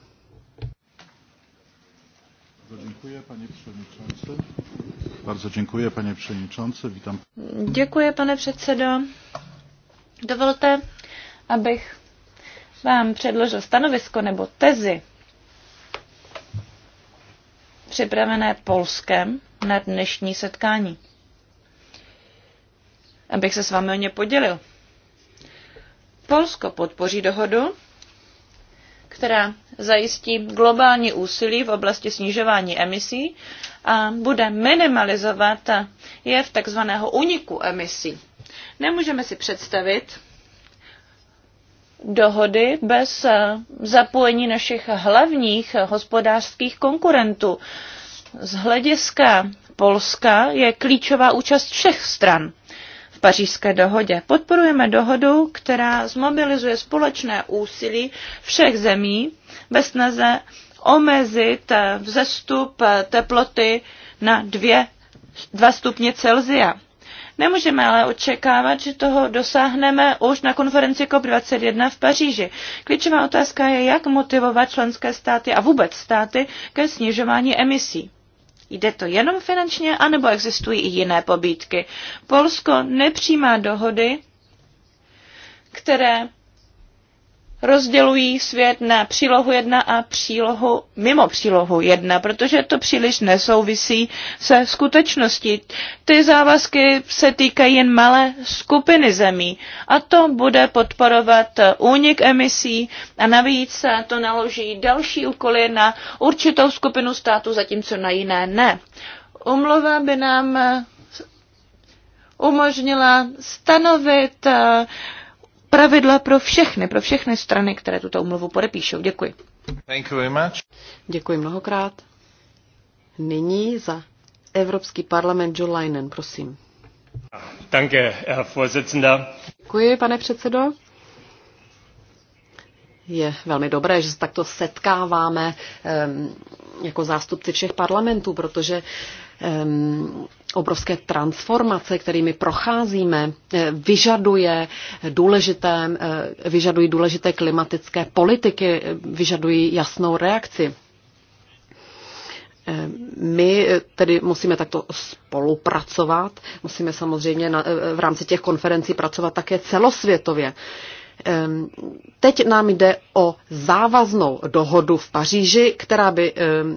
Děkuji, pane předsedající. Vítám. Děkuji, pane předsedo. Dovolte, abych vám předložil stanovisko nebo tezi připravené Polskem na dnešní setkání. Abych se s vámi o ně podělil. Polsko podpoří dohodu, která zajistí globální úsilí v oblasti snižování emisí a bude minimalizovat jev takzvaného uniku emisí. Nemůžeme si představit dohody bez eh, zapojení našich hlavních hospodářských konkurentů. Z hlediska Polska je klíčová účast všech stran pařížské dohodě. Podporujeme dohodu, která zmobilizuje společné úsilí všech zemí ve snaze omezit eh, vzestup eh, teploty na 2 stupně Celzia. Nemůžeme ale očekávat, že toho dosáhneme už na konferenci COP21 v Paříži. Klíčová otázka je, jak motivovat členské státy a vůbec státy ke snižování emisí. Jde to jenom finančně, anebo existují i jiné pobídky? Polsko nepřijímá dohody, které rozdělují svět na přílohu 1 a přílohu mimo přílohu 1, protože to příliš nesouvisí se skutečností. Ty závazky se týkají jen malé skupiny zemí a to bude podporovat únik emisí a navíc se to naloží další úkoly na určitou skupinu států, zatímco na jiné ne. Umluva by nám umožnila stanovit pravidla pro všechny, pro všechny strany, které tuto umluvu podepíšou. Děkuji. Thank you very much. Děkuji mnohokrát. Nyní za Evropský parlament Joe Leinen, prosím. Danke, Herr Vorsitzender. Děkuji, pane předsedo. Je velmi dobré, že se takto setkáváme um, jako zástupci všech parlamentů, protože um, obrovské transformace, kterými procházíme, eh, vyžaduje důležité, eh, vyžadují důležité klimatické politiky, eh, vyžadují jasnou reakci. My tedy musíme takto spolupracovat, musíme samozřejmě v rámci těch konferencí pracovat také celosvětově. Teď nám jde o závaznou dohodu v Paříži, která by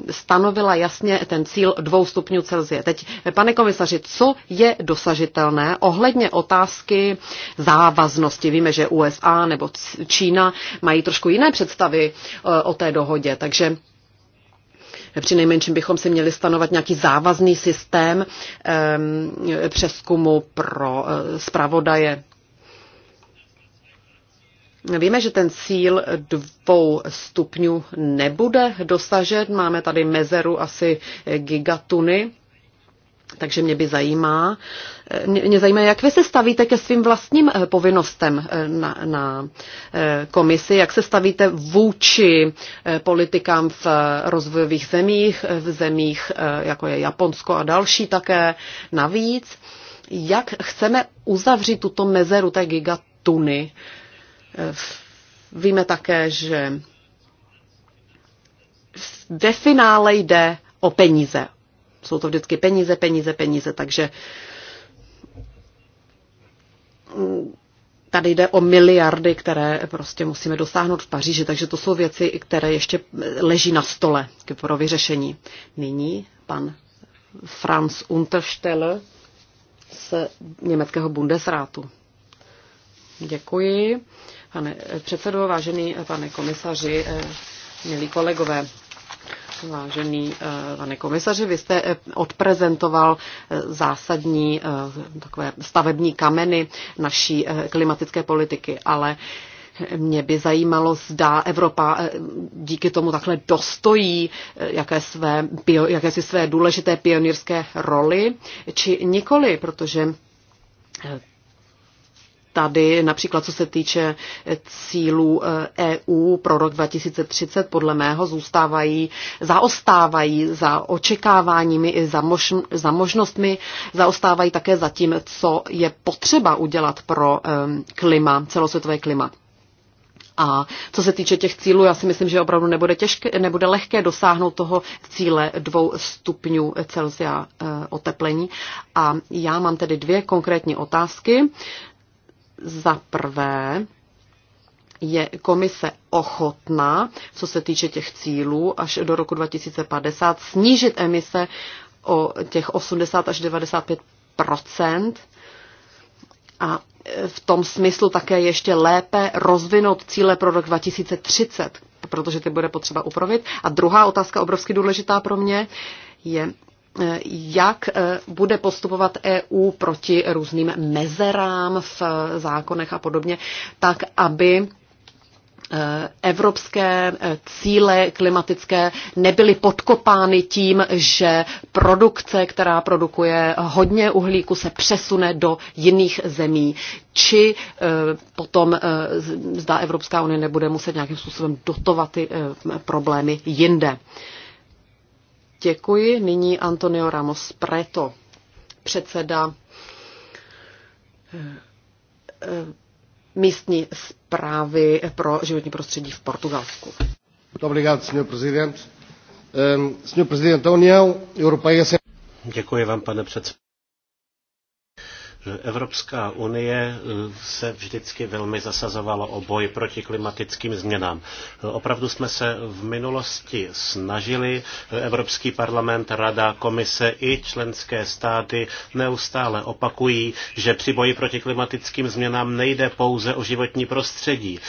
stanovila jasně ten cíl dvou stupňů Celzie. Teď, pane komisaři, co je dosažitelné ohledně otázky závaznosti? Víme, že USA nebo Čína mají trošku jiné představy e, o té dohodě, takže při nejmenším bychom si měli stanovat nějaký závazný systém přeskumu pro e, zpravodaje Víme, že ten cíl dvou stupňů nebude dosažen. Máme tady mezeru asi gigatuny, takže mě by zajímá, mě zajímá, jak vy se stavíte ke svým vlastním eh, povinnostem eh, na, na eh, komisi, jak se stavíte vůči politikám v rozvojových zemích, v zemích jako je Japonsko a další také. Navíc, jak chceme uzavřít tuto mezeru té gigatuny, Eh, víme také, že ve finále jde o peníze. Jsou to vždycky peníze, peníze, peníze, takže mm, tady jde o miliardy, které prostě musíme dosáhnout v Paříži, takže to jsou věci, které ještě leží na stole pro vyřešení. Nyní pan Franz Untersteller z německého Bundesrátu. Děkuji. Pane eh, předsedo, vážený eh, pane komisaři, eh, milí kolegové, Vážený pane komisaři, vy jste odprezentoval zásadní takové stavební kameny naší klimatické politiky, ale mě by zajímalo, zda Evropa díky tomu takhle dostojí jaké, své, jaké si své důležité pionýrské roli, či nikoli, protože tady, například co se týče cílů EU eh, e pro rok 2030, podle mého zůstávají, zaostávají za očekáváními i za, mož, za možnostmi, zaostávají také za tím, co je potřeba udělat pro klima, celosvětové klima. A co se týče těch cílů, já si myslím, že opravdu nebude, těžké, nebude lehké dosáhnout toho cíle dvou stupňů Celsia eh, oteplení. A já mám tedy dvě konkrétní otázky za prvé, je komise ochotná, co se týče těch cílů, až do roku 2050 snížit emise o těch 80 až 95 a v tom smyslu také ještě lépe rozvinout cíle pro rok 2030, protože ty bude potřeba upravit. A druhá otázka, obrovsky důležitá pro mě, je, jak eh, bude postupovat EU proti různým mezerám v zákonech a podobně, tak aby eh, evropské eh, cíle klimatické nebyly podkopány tím, že produkce, která produkuje hodně uhlíku, se přesune do jiných zemí, či potom zda Evropská unie nebude muset nějakým způsobem dotovat ty problémy jinde. Děkuji. Nyní Antonio Ramos Preto, předseda eh, eh, místní zprávy pro životní prostředí v Portugalsku. Obrigado, senhor presidente. Eh, senhor presidente, União Europeia Děkuji vám, pane předsedo. Evropská unie eh, se vždycky velmi zasazovala o boj proti klimatickým změnám. Eh, opravdu jsme se v minulosti snažili, eh, Evropský parlament, Rada, Komise i členské státy neustále opakují, že při boji proti klimatickým změnám nejde pouze o životní prostředí.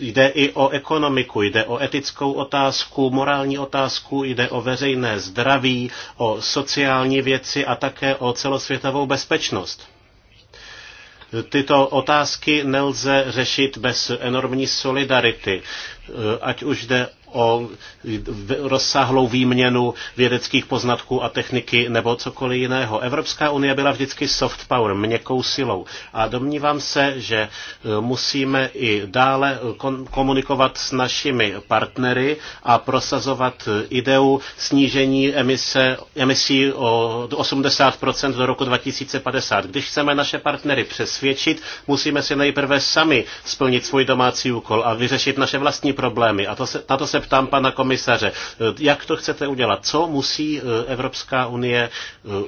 Jde i o ekonomiku, jde o etickou otázku, morální otázku, jde o veřejné zdraví, o sociální věci a také o celosvětovou bezpečnost. Tyto otázky nelze řešit bez enormní solidarity, ať už jde o rozsáhlou výměnu vědeckých poznatků a techniky nebo cokoliv jiného. Evropská unie byla vždycky soft power, měkkou silou. A domnívám se, že e, musíme i dále e, komunikovat s našimi partnery a prosazovat e, ideu snížení emise, emisí o 80% do roku 2050. Když chceme naše partnery přesvědčit, musíme si nejprve sami splnit svůj domácí úkol a vyřešit naše vlastní problémy. A to se, na to se ptám pana komisaře, jak to chcete udělat? Co musí e, Evropská unie e,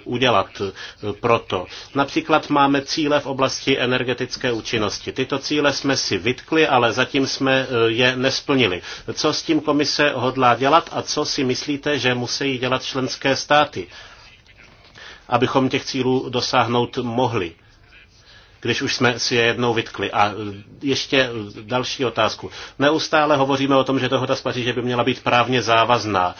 udělat e, proto? Například máme cíle v oblasti energetické účinnosti. Tyto cíle jsme si vytkli, ale zatím jsme je nesplnili. Co s tím komise hodlá dělat a co si myslíte, že musí dělat členské státy, abychom těch cílů dosáhnout mohli? když už jsme si je jednou vytkli. A e, ještě e, další otázku. Neustále hovoříme o tom, že dohoda z Paříže by měla být právně závazná.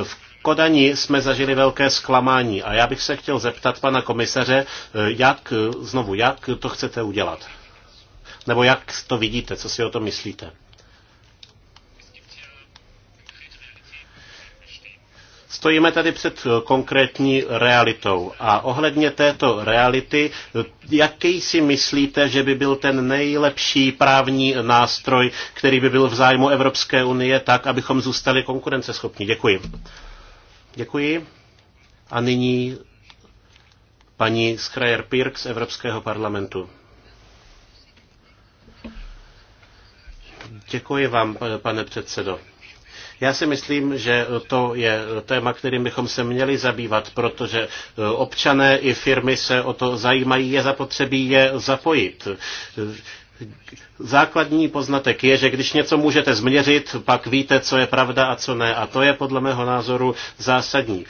E, v Kodani jsme zažili velké zklamání a já bych se chtěl zeptat pana komisaře, jak, znovu, jak to chcete udělat? Nebo jak to vidíte, co si o tom myslíte? Stojíme tady před eh, konkrétní realitou a ohledně této reality, eh, jaký si myslíte, že by byl ten nejlepší právní nástroj, který by byl v zájmu Evropské unie tak, abychom zůstali konkurenceschopní? Děkuji. Děkuji. A nyní paní Schreier Pirk z Evropského parlamentu. Děkuji vám, pane předsedo. Já si myslím, že to je téma, kterým bychom se měli zabývat, protože eh, občané i firmy se o to zajímají, je zapotřebí je zapojit. Základní poznatek je, že když něco můžete změřit, pak víte, co je pravda a co ne. A to je podle mého názoru zásadní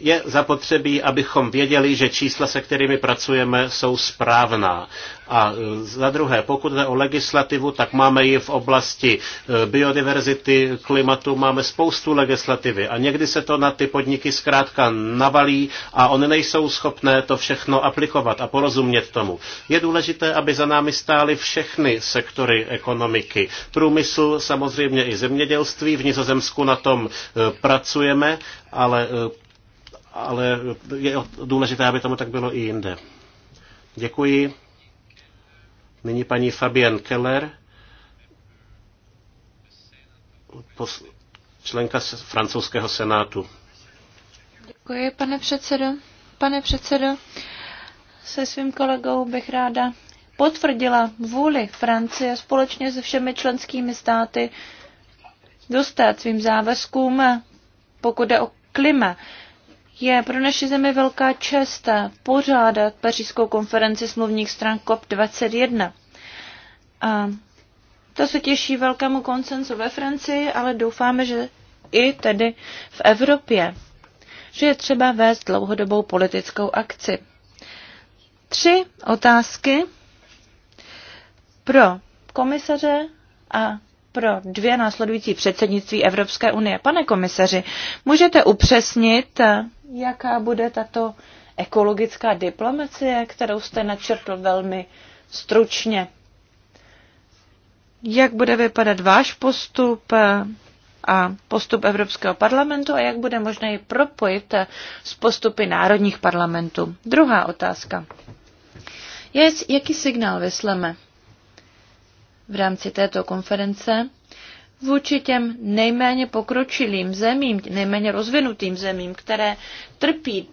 je zapotřebí, abychom věděli, že čísla, se kterými pracujeme, jsou správná. A e, za druhé, pokud jde o legislativu, tak máme ji v oblasti e, biodiverzity, klimatu, máme spoustu legislativy a někdy se to na ty podniky zkrátka navalí a oni nejsou schopné to všechno aplikovat a porozumět tomu. Je důležité, aby za námi stály všechny sektory ekonomiky. Průmysl, samozřejmě i zemědělství, v Nizozemsku na tom e, pracujeme, ale, ale je důležité, aby tomu tak bylo i jinde. Děkuji. Nyní paní Fabian Keller, členka francouzského senátu. Děkuji, pane předsedo. Pane předsedo, se svým kolegou bych ráda potvrdila vůli Francie společně se všemi členskými státy dostat svým závazkům, pokud jde o klima. Je pro naši zemi velká čest pořádat pařížskou konferenci smluvních stran COP21. A to se těší velkému konsenzu ve Francii, ale doufáme, že i tedy v Evropě, že je třeba vést dlouhodobou politickou akci. Tři otázky pro komisaře a pro dvě následující předsednictví Evropské unie. Pane komisaři, můžete upřesnit, jaká bude tato ekologická diplomacie, kterou jste načrtl velmi stručně? Jak bude vypadat váš postup a postup Evropského parlamentu a jak bude možné ji propojit s postupy národních parlamentů? Druhá otázka. Jaký signál vysleme v rámci této konference vůči těm nejméně pokročilým zemím, nejméně rozvinutým zemím, které trpí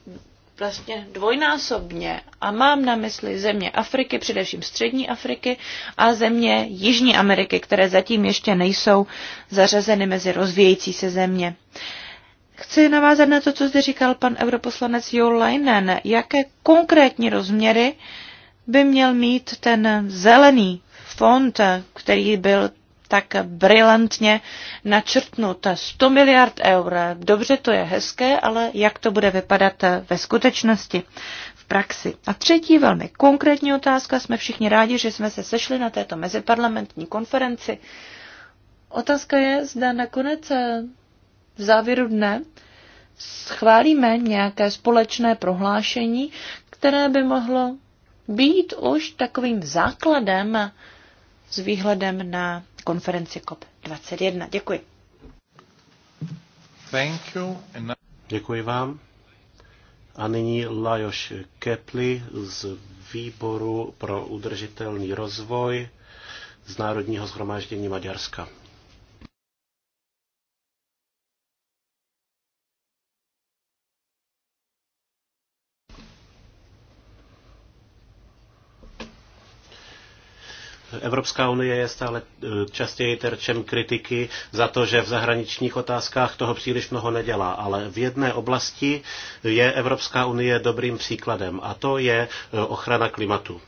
vlastně dvojnásobně a mám na mysli země Afriky, především střední Afriky a země Jižní Ameriky, které zatím ještě nejsou zařazeny mezi rozvíjející se země. Chci navázat na to, co zde říkal pan europoslanec Jo Leinen. Jaké konkrétní rozměry by měl mít ten zelený fond, který byl tak brilantně načrtnut. 100 miliard eur, dobře to je hezké, ale jak to bude vypadat ve skutečnosti? praxi. A třetí velmi konkrétní otázka, jsme všichni rádi, že jsme se sešli na této meziparlamentní konferenci. Otázka je, zda nakonec v závěru dne schválíme nějaké společné prohlášení, které by mohlo být už takovým základem s výhledem na konferenci COP21. Děkuji. Thank you. Děkuji vám. A nyní Lajoš Kepli z Výboru pro udržitelný rozvoj z Národního zhromáždění Maďarska. Evropská unie je stále e, častěji terčem kritiky za to, že v zahraničních otázkách toho příliš mnoho nedělá, ale v jedné oblasti je Evropská unie dobrým příkladem a to je e, ochrana klimatu.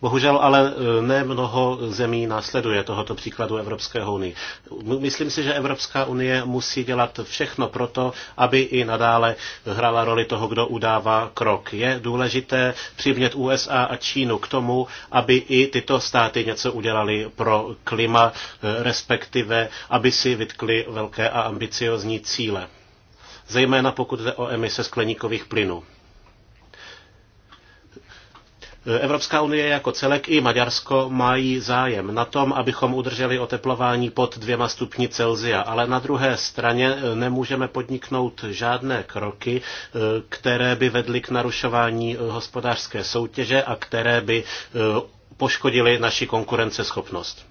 Bohužel ale e, ne mnoho zemí následuje tohoto příkladu Evropské unie. Myslím si, že Evropská unie musí dělat všechno proto, aby i nadále hrála roli toho, kdo udává krok. Je důležité přimět USA a Čínu k tomu, aby i tyto státy něco udělali pro klima, e, respektive aby si vytkli velké a ambiciozní cíle. Zejména pokud jde o emise skleníkových plynů. Evropská unie jako celek i Maďarsko mají zájem na tom, abychom udrželi oteplování pod dvěma stupni Celzia, ale na druhé straně e, nemůžeme podniknout žádné kroky, e, které by vedly k narušování e, hospodářské soutěže a které by poškodily naši konkurenceschopnost.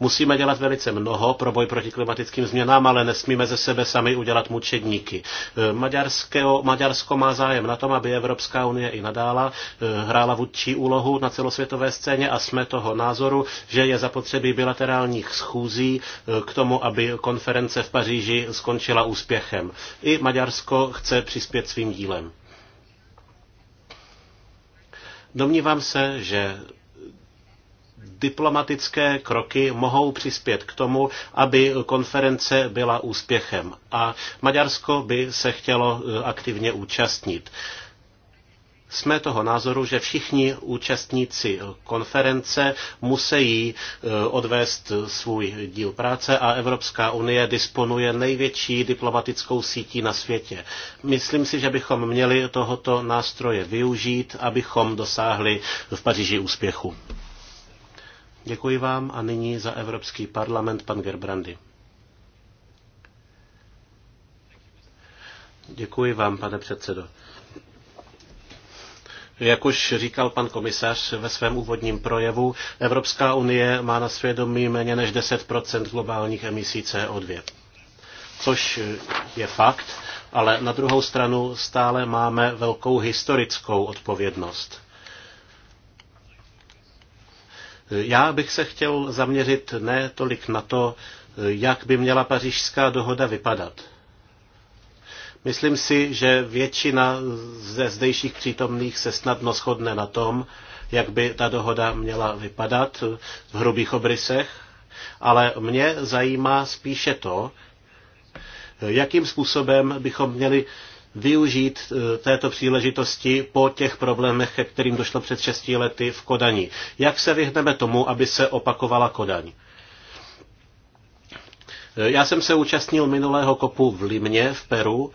Musíme dělat velice mnoho pro boj proti klimatickým změnám, ale nesmíme ze sebe sami udělat mučedníky. Eh, Maďarského, Maďarsko má zájem na tom, aby Evropská unie i nadála eh, hrála vůdčí úlohu na celosvětové scéně a jsme toho názoru, že je zapotřebí bilaterálních schůzí eh, k tomu, aby konference v Paříži skončila úspěchem. I Maďarsko chce přispět svým dílem. Domnívám se, že diplomatické kroky mohou přispět k tomu, aby konference byla úspěchem. A Maďarsko by se chtělo e, aktivně účastnit jsme toho názoru, že všichni účastníci konference musí e, odvést svůj díl práce a Evropská unie disponuje největší diplomatickou sítí na světě. Myslím si, že bychom měli tohoto nástroje využít, abychom dosáhli v Paříži úspěchu. Děkuji vám a nyní za Evropský parlament pan Gerbrandy. Děkuji vám, pane předsedo. Jak už říkal pan komisař ve svém úvodním projevu, Evropská unie má na svědomí méně než 10 globálních emisí CO2. Což je fakt, ale na druhou stranu stále máme velkou historickou odpovědnost. Já bych se chtěl zaměřit ne tolik na to, jak by měla pařížská dohoda vypadat. Myslím si, že většina ze zdejších přítomných se snadno shodne na tom, jak by ta dohoda měla vypadat v hrubých obrysech, ale mě zajímá spíše to, jakým způsobem bychom měli využít eh, této příležitosti po těch problémech, ke kterým došlo před 6 lety v Kodani. Jak se vyhneme tomu, aby se opakovala Kodaň? Eh, já jsem se účastnil minulého kopu v Limně v Peru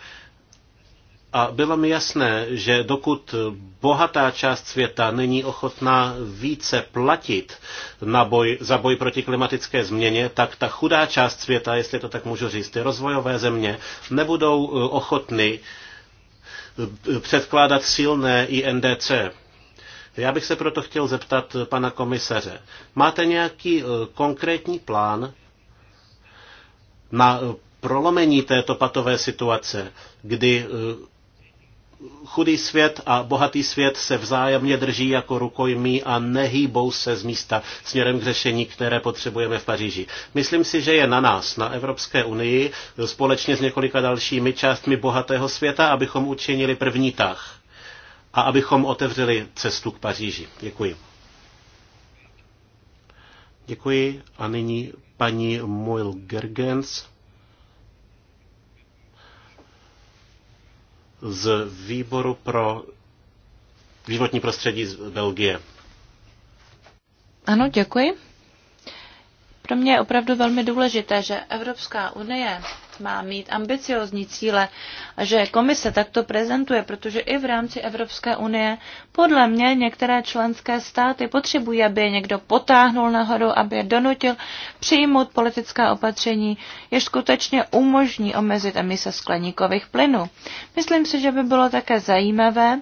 a bylo mi jasné, že dokud bohatá část světa není ochotná více platit na boj, za boj proti klimatické změně, tak ta chudá část světa, jestli to tak můžu říct, ty rozvojové země, nebudou eh, ochotny předkládat silné INDC. Já bych se proto chtěl zeptat pana komisaře. Máte nějaký eh, konkrétní plán na eh, prolomení této patové situace, kdy eh, chudý svět a bohatý svět se vzájemně drží jako rukojmí a nehýbou se z místa směrem k řešení, které potřebujeme v Paříži. Myslím si, že je na nás, na Evropské unii, společně s několika dalšími částmi bohatého světa, abychom učinili první tah a abychom otevřeli cestu k Paříži. Děkuji. Děkuji a nyní paní Moil Gergens. z výboru pro životní prostředí z Belgie. Ano, děkuji. Pro mě je opravdu velmi důležité, že Evropská unie má mít ambiciozní cíle a že komise takto prezentuje, protože i v rámci Evropské unie podle mě některé členské státy potřebují, aby je někdo potáhnul nahoru, aby je donutil přijmout politická opatření, jež skutečně umožní omezit emise skleníkových plynů. Myslím si, že by bylo také zajímavé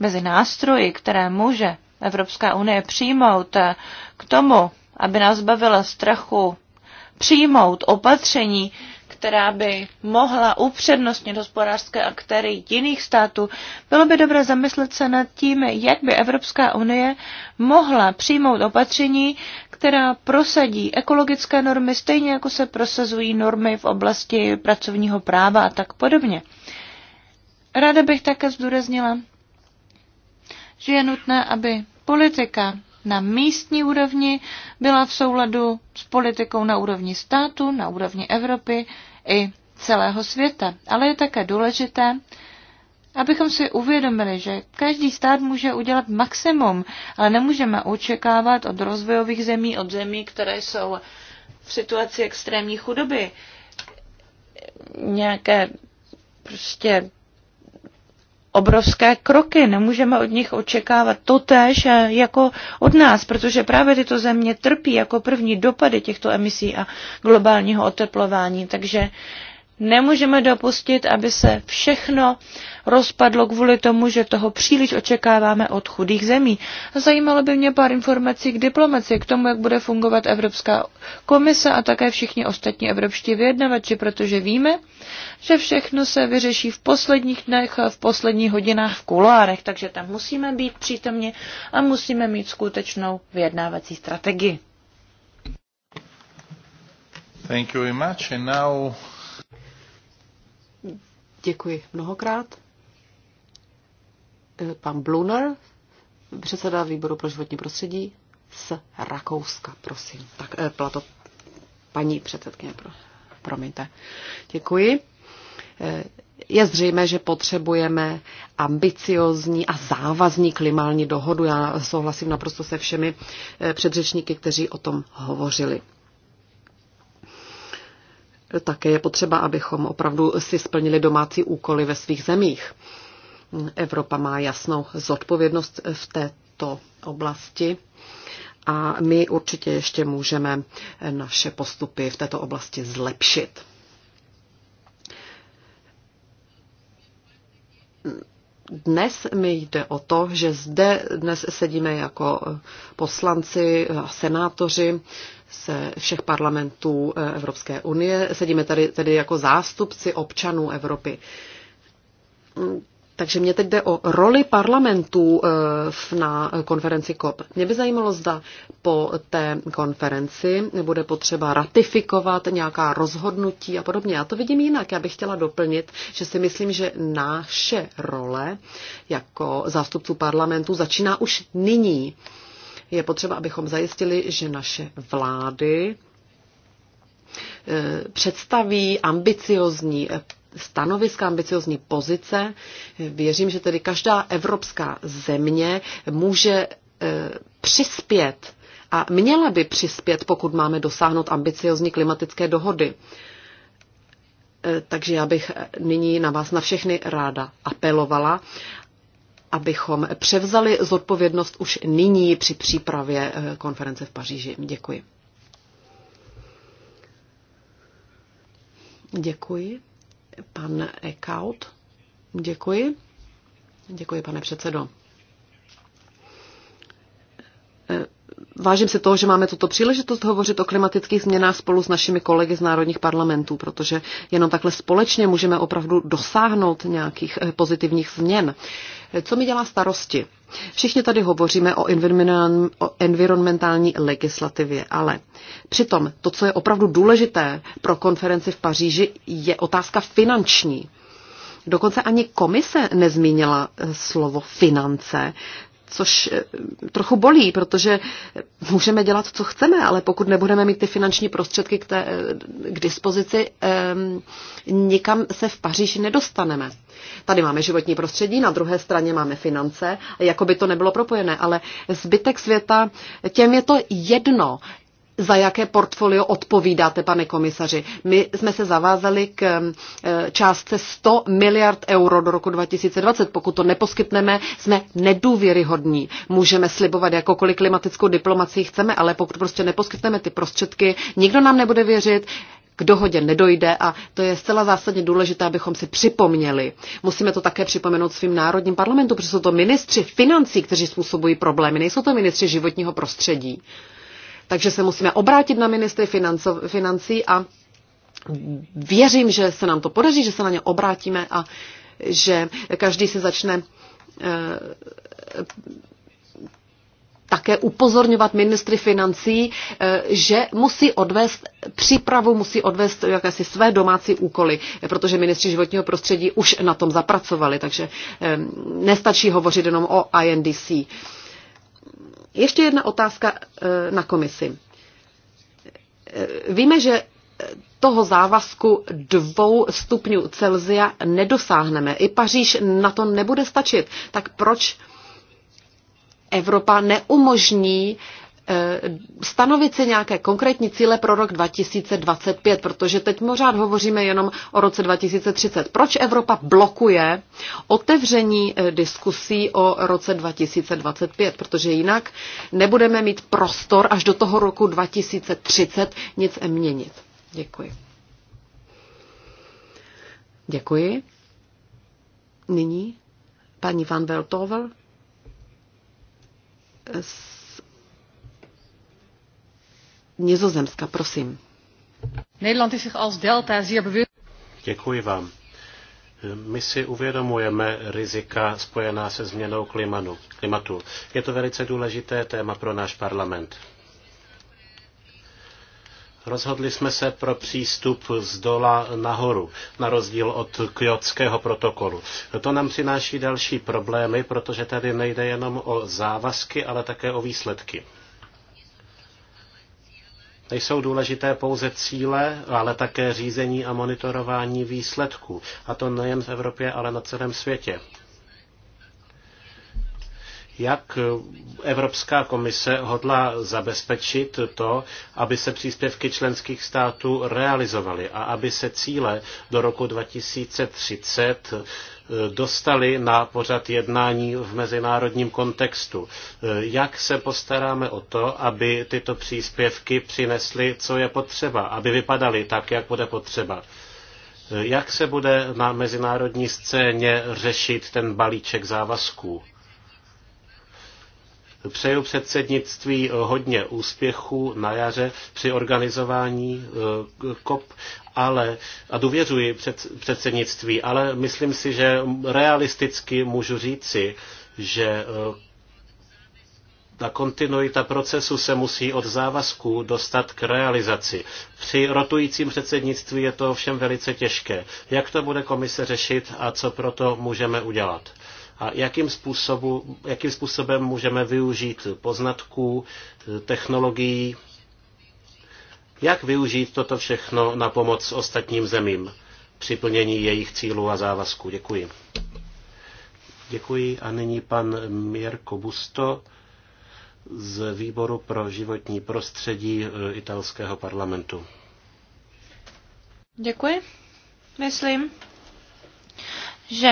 mezi nástroji, které může Evropská unie přijmout k tomu, aby nás bavila strachu přijmout opatření, která by mohla upřednostnit hospodářské aktéry jiných států, bylo by dobré zamyslet se nad tím, jak by Evropská unie mohla přijmout opatření, která prosadí ekologické normy, stejně jako se prosazují normy v oblasti pracovního práva a tak podobně. Ráda bych také zdůraznila, že je nutné, aby politika na místní úrovni byla v souladu s politikou na úrovni státu, na úrovni Evropy i celého světa. Ale je také důležité, abychom si uvědomili, že každý stát může udělat maximum, ale nemůžeme očekávat od rozvojových zemí, od zemí, které jsou v situaci extrémní chudoby, nějaké prostě obrovské kroky. Nemůžeme od nich očekávat totéž eh, jako od nás, protože právě tyto země trpí jako první dopady těchto emisí a globálního oteplování. Takže Nemůžeme dopustit, aby se všechno rozpadlo kvůli tomu, že toho příliš očekáváme od chudých zemí. Zajímalo by mě pár informací k diplomaci, k tomu, jak bude fungovat Evropská komise a také všichni ostatní evropští vyjednavači, protože víme, že všechno se vyřeší v posledních dnech, v posledních hodinách v kuloárech, takže tam musíme být přítomně a musíme mít skutečnou vyjednávací strategii. Thank you very much. And now Děkuji mnohokrát. Eh, Pan Bluner, předseda výboru pro životní prostředí z Rakouska, prosím. Tak eh, byla to paní předsedkyně, promiňte. Děkuji. Eh, je zřejmé, že potřebujeme ambiciozní a závazní klimální dohodu. Já souhlasím naprosto se všemi předřečníky, kteří o tom hovořili. Také je potřeba, abychom opravdu si splnili domácí úkoly ve svých zemích. Evropa má jasnou zodpovědnost v této oblasti a my určitě ještě můžeme naše postupy v této oblasti zlepšit. Dnes mi jde o to, že zde dnes sedíme jako poslanci a senátoři se všech parlamentů eh, Evropské unie. Sedíme tady tedy jako zástupci občanů Evropy. Takže mě teď jde o roli parlamentů eh, na konferenci COP. Mě by zajímalo, zda po té konferenci bude potřeba ratifikovat nějaká rozhodnutí a podobně. Já to vidím jinak. Já bych chtěla doplnit, že si myslím, že naše role jako zástupců parlamentů začíná už nyní. Je potřeba, abychom zajistili, že naše vlády eh, představí ambiciozní stanoviska, ambiciozní pozice. Věřím, že tedy každá evropská země může e, přispět a měla by přispět, pokud máme dosáhnout ambiciozní klimatické dohody. E, takže já bych nyní na vás na všechny ráda apelovala, abychom převzali zodpovědnost už nyní při přípravě e, konference v Paříži. Děkuji. Děkuji. Pan Ekaut. Děkuji. Děkuji, pane předsedo vážím si toho, že máme tuto příležitost hovořit o klimatických změnách spolu s našimi kolegy z národních parlamentů, protože jenom takhle společně můžeme opravdu dosáhnout nějakých eh, pozitivních změn. Eh, co mi dělá starosti? Všichni tady hovoříme o environmentální legislativě, ale přitom to, co je opravdu důležité pro konferenci v Paříži, je otázka finanční. Dokonce ani komise nezmínila eh, slovo finance, což eh, trochu bolí, protože můžeme dělat, co chceme, ale pokud nebudeme mít ty finanční prostředky k, té, eh, k dispozici, ehm, nikam se v Paříži nedostaneme. Tady máme životní prostředí, na druhé straně máme finance, jako by to nebylo propojené, ale zbytek světa, těm je to jedno za jaké portfolio odpovídáte, pane komisaři. My jsme se zavázali k eh, částce 100 miliard euro do roku 2020. Pokud to neposkytneme, jsme nedůvěryhodní. Můžeme slibovat jakokoliv klimatickou diplomacii chceme, ale pokud prostě neposkytneme ty prostředky, nikdo nám nebude věřit, k dohodě nedojde a to je zcela zásadně důležité, abychom si připomněli. Musíme to také připomenout svým národním parlamentu, protože jsou to ministři financí, kteří způsobují problémy, nejsou to ministři životního prostředí. Takže se musíme obrátit na ministry financí a věřím, že se nám to podaří, že se na ně obrátíme a že každý se začne eh, také upozorňovat ministry financí, eh, že musí odvést přípravu, musí odvést jakési své domácí úkoly, protože ministři životního prostředí už na tom zapracovali, takže eh, nestačí hovořit jenom o INDC ještě jedna otázka eh, na komisi. Eh, víme, že toho závazku dvou stupňů Celzia nedosáhneme. I Paříž na to nebude stačit. Tak proč Evropa neumožní uh, Eh, stanovit si nějaké konkrétní cíle pro rok 2025, protože teď pořád hovoříme jenom o roce 2030. Proč Evropa blokuje otevření eh, diskusí o roce 2025? Protože jinak nebudeme mít prostor až do toho roku 2030 nic měnit. Děkuji. Děkuji. Nyní paní Van Veltover Nizozemska, prosím. Nederland is zich als delta zeer bewust. Děkuji vám. My si uvědomujeme rizika spojená se změnou klimanu, klimatu. Je to velice důležité téma pro náš parlament. Rozhodli jsme se pro přístup z dola nahoru, na rozdíl od kyotského protokolu. To nám přináší další problémy, protože tady nejde jenom o závazky, ale také o výsledky. Jsou důležité pouze cíle, ale také řízení a monitorování výsledků. A to nejen v Evropě, ale na celém světě. Jak Evropská komise hodla zabezpečit to, aby se příspěvky členských států realizovaly a aby se cíle do roku 2030 eh, dostali na pořad jednání v mezinárodním kontextu. Eh, jak se postaráme o to, aby tyto příspěvky přinesly, co je potřeba, aby vypadaly tak, jak bude potřeba? Eh, jak se bude na mezinárodní scéně řešit ten balíček závazků? Přeju předsednictví eh, hodně úspěchu na jaře při organizování eh, COP ale, a důvěřuji před, předsednictví, ale myslím si, že realisticky můžu říci, že eh, ta kontinuita procesu se musí od závazků dostat k realizaci. Při rotujícím předsednictví je to ovšem velice těžké. Jak to bude komise řešit a co proto můžeme udělat? a jakým, způsobu, jakým způsobem můžeme využít poznatků, technologií, jak využít toto všechno na pomoc ostatním zemím při plnění jejich cílů a závazků. Děkuji. Děkuji a nyní pan Mirko Busto z Výboru pro životní prostředí eh, italského parlamentu. Děkuji. Myslím, že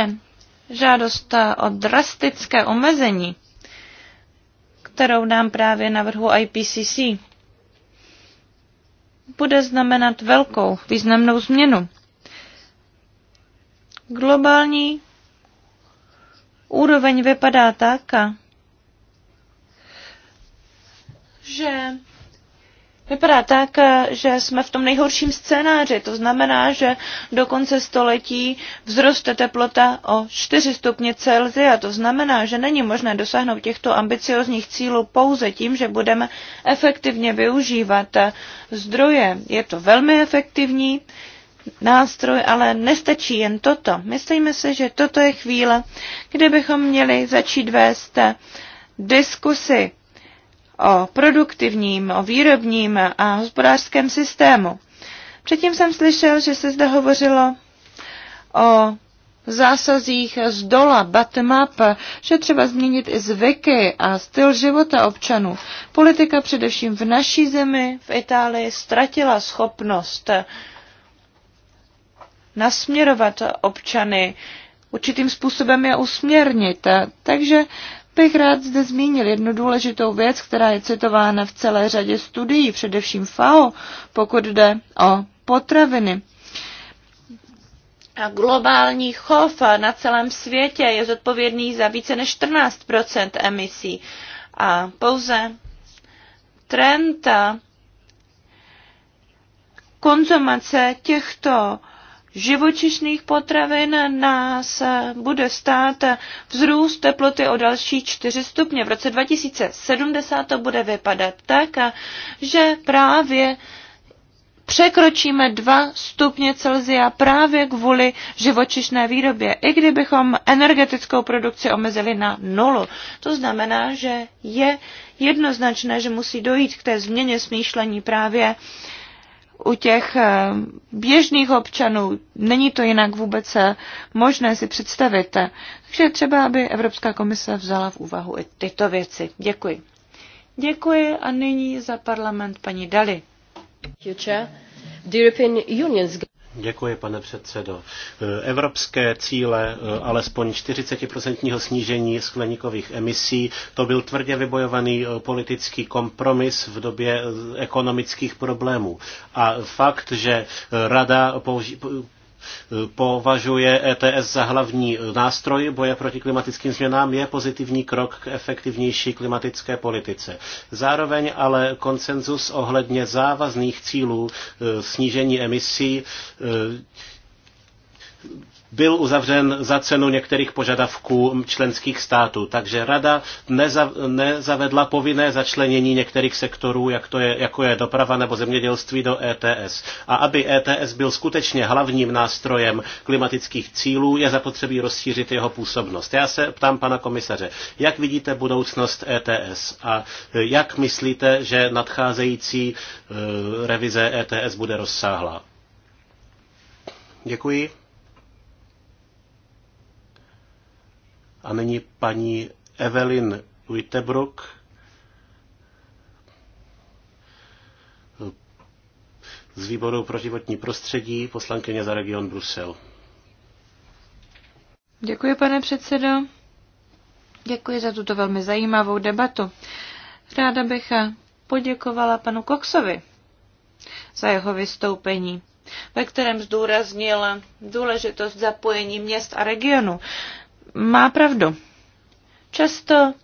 žádost o drastické omezení, kterou nám právě navrhu IPCC, bude znamenat velkou významnou změnu. Globální úroveň vypadá tak, že vypadá tak, eh, že jsme v tom nejhorším scénáři. To znamená, že do konce století vzroste teplota o 4 stupně Celsia. To znamená, že není možné dosáhnout těchto ambiciozních cílů pouze tím, že budeme efektivně využívat eh, zdroje. Je to velmi efektivní nástroj, ale nestačí jen toto. Myslíme si, že toto je chvíle, kdy bychom měli začít vést eh, diskusy o produktivním, o výrobním a hospodářském systému. Předtím jsem slyšel, že se zde hovořilo o zásazích z dola, bottom up, že třeba změnit i zvyky a styl života občanů. Politika především v naší zemi, v Itálii, ztratila schopnost nasměrovat občany určitým způsobem je usměrnit. Takže bych rád zde zmínil jednu důležitou věc, která je citována v celé řadě studií, především FAO, pokud jde o potraviny. A globální chov na celém světě je zodpovědný za více než 14 emisí. A pouze trend konzumace těchto živočišných potravin nás bude stát vzrůst teploty o další 4 stupně. V roce 2070 to bude vypadat tak, že právě překročíme 2 stupně Celzia právě kvůli živočišné výrobě, i kdybychom energetickou produkci omezili na nulu. To znamená, že je jednoznačné, že musí dojít k té změně smýšlení právě uh, u těch eh, běžných občanů není to jinak vůbec eh, možné si představit. Takže třeba, aby Evropská komise vzala v úvahu i tyto věci. Děkuji. Děkuji a nyní za parlament paní Dali. The European Union's Děkuji, pane předsedo. E, evropské cíle e, alespoň 40% snížení skleníkových emisí, to byl tvrdě vybojovaný e, politický kompromis v době ekonomických problémů. A fakt, že rada považuje ETS za hlavní nástroj boje proti klimatickým změnám, je pozitivní krok k efektivnější klimatické politice. Zároveň ale konsenzus ohledně závazných cílů e, snížení emisí e, byl uzavřen za cenu některých požadavků členských států. Takže rada neza, nezavedla povinné začlenění některých sektorů, jak to je, jako je doprava nebo zemědělství, do ETS. A aby ETS byl skutečně hlavním nástrojem klimatických cílů, je zapotřebí rozšířit jeho působnost. Já se ptám pana komisaře, jak vidíte budoucnost ETS a jak myslíte, že nadcházející e, revize ETS bude rozsáhlá? Děkuji. A nyní paní Evelyn Wittebrock. z výboru pro životní prostředí, poslankyně za region Brusel. Děkuji, pane předsedo. Děkuji za tuto velmi zajímavou debatu. Ráda bych poděkovala panu Koksovi za jeho vystoupení, ve kterém zdůraznil důležitost zapojení měst a regionu má pravdu. Často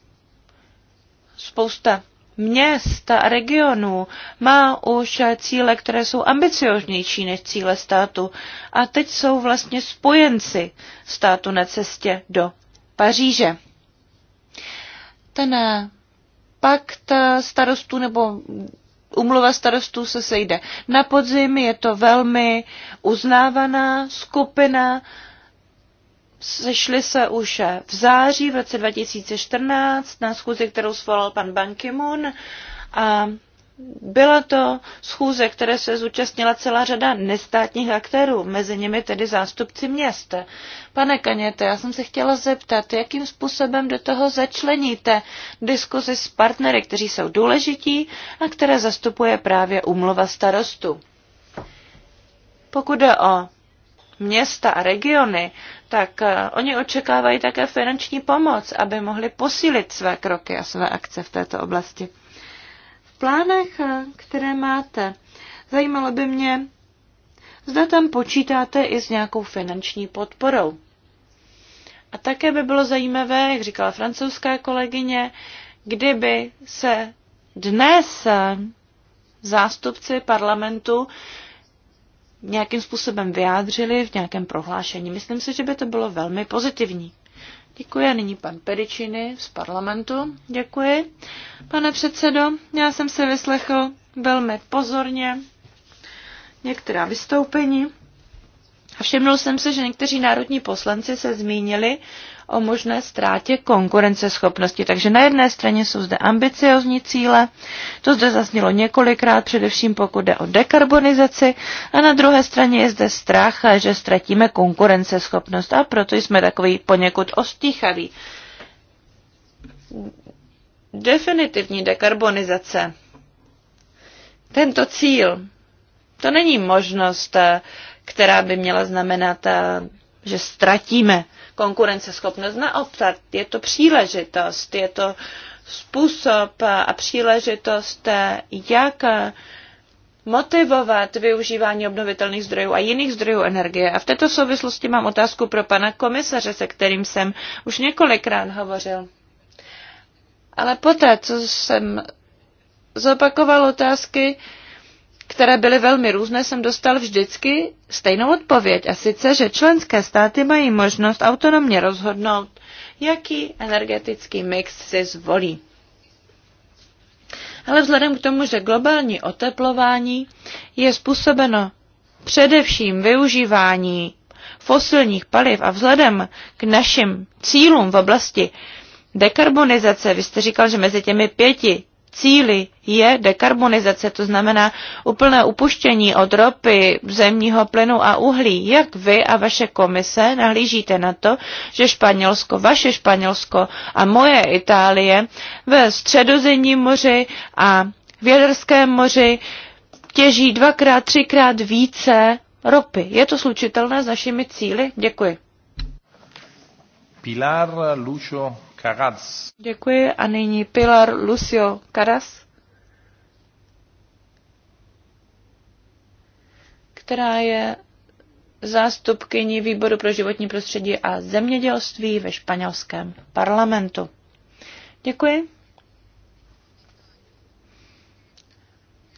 spousta měst a regionů má už cíle, které jsou ambicioznější než cíle státu a teď jsou vlastně spojenci státu na cestě do Paříže. Ten eh, pakt eh, starostů nebo umluva starostů se sejde na podzim, je to velmi uznávaná skupina sešli se už v září v roce 2014 na schůzi, kterou svolal pan Ban Ki-moon a byla to schůze, které se zúčastnila celá řada nestátních aktérů, mezi nimi tedy zástupci měst. Pane Kaněte, já jsem se chtěla zeptat, jakým způsobem do toho začleníte diskuzi s partnery, kteří jsou důležití a které zastupuje právě umlova starostu. Pokud jde o města a regiony, tak eh, oni očekávají také finanční pomoc, aby mohli posílit své kroky a své akce v této oblasti. V plánech, eh, které máte, zajímalo by mě, zda tam počítáte i s nějakou finanční podporou. A také by bylo zajímavé, jak říkala francouzská kolegyně, kdyby se dnes eh, zástupci parlamentu nějakým způsobem vyjádřili v nějakém prohlášení. Myslím si, že by to bylo velmi pozitivní. Děkuji a nyní pan Peričiny z parlamentu. Děkuji. Pane předsedo, já jsem se vyslechl velmi pozorně některá vystoupení a všiml jsem se, že někteří národní poslanci se zmínili o možné ztrátě konkurenceschopnosti. Takže na jedné straně jsou zde ambiciozní cíle, to zde zaznělo několikrát, především pokud jde o dekarbonizaci, a na druhé straně je zde strach, že ztratíme konkurenceschopnost a proto jsme takový poněkud ostíchaví. Definitivní dekarbonizace. Tento cíl, to není možnost, která by měla znamenat, že ztratíme konkurenceschopnost. Naopak je to příležitost, je to způsob a příležitost, jak motivovat využívání obnovitelných zdrojů a jiných zdrojů energie. A v této souvislosti mám otázku pro pana komisaře, se kterým jsem už několikrát hovořil. Ale poté, co jsem zopakoval otázky, které byly velmi různé, jsem dostal vždycky stejnou odpověď. A sice, že členské státy mají možnost autonomně rozhodnout, jaký energetický mix si zvolí. Ale vzhledem k tomu, že globální oteplování je způsobeno především využívání fosilních paliv a vzhledem k našim cílům v oblasti dekarbonizace, vy jste říkal, že mezi těmi pěti cíli je dekarbonizace, to znamená úplné upuštění od ropy, zemního plynu a uhlí. Jak vy a vaše komise nahlížíte na to, že Španělsko, vaše Španělsko a moje Itálie ve středozemním moři a v Jaderském moři těží dvakrát, třikrát více ropy. Je to slučitelné s našimi cíly? Děkuji. Pilar Lucio Karas. Děkuji a nyní Pilar Lucio Caras, která je zástupkyní výboru pro životní prostředí a zemědělství ve španělském parlamentu. Děkuji.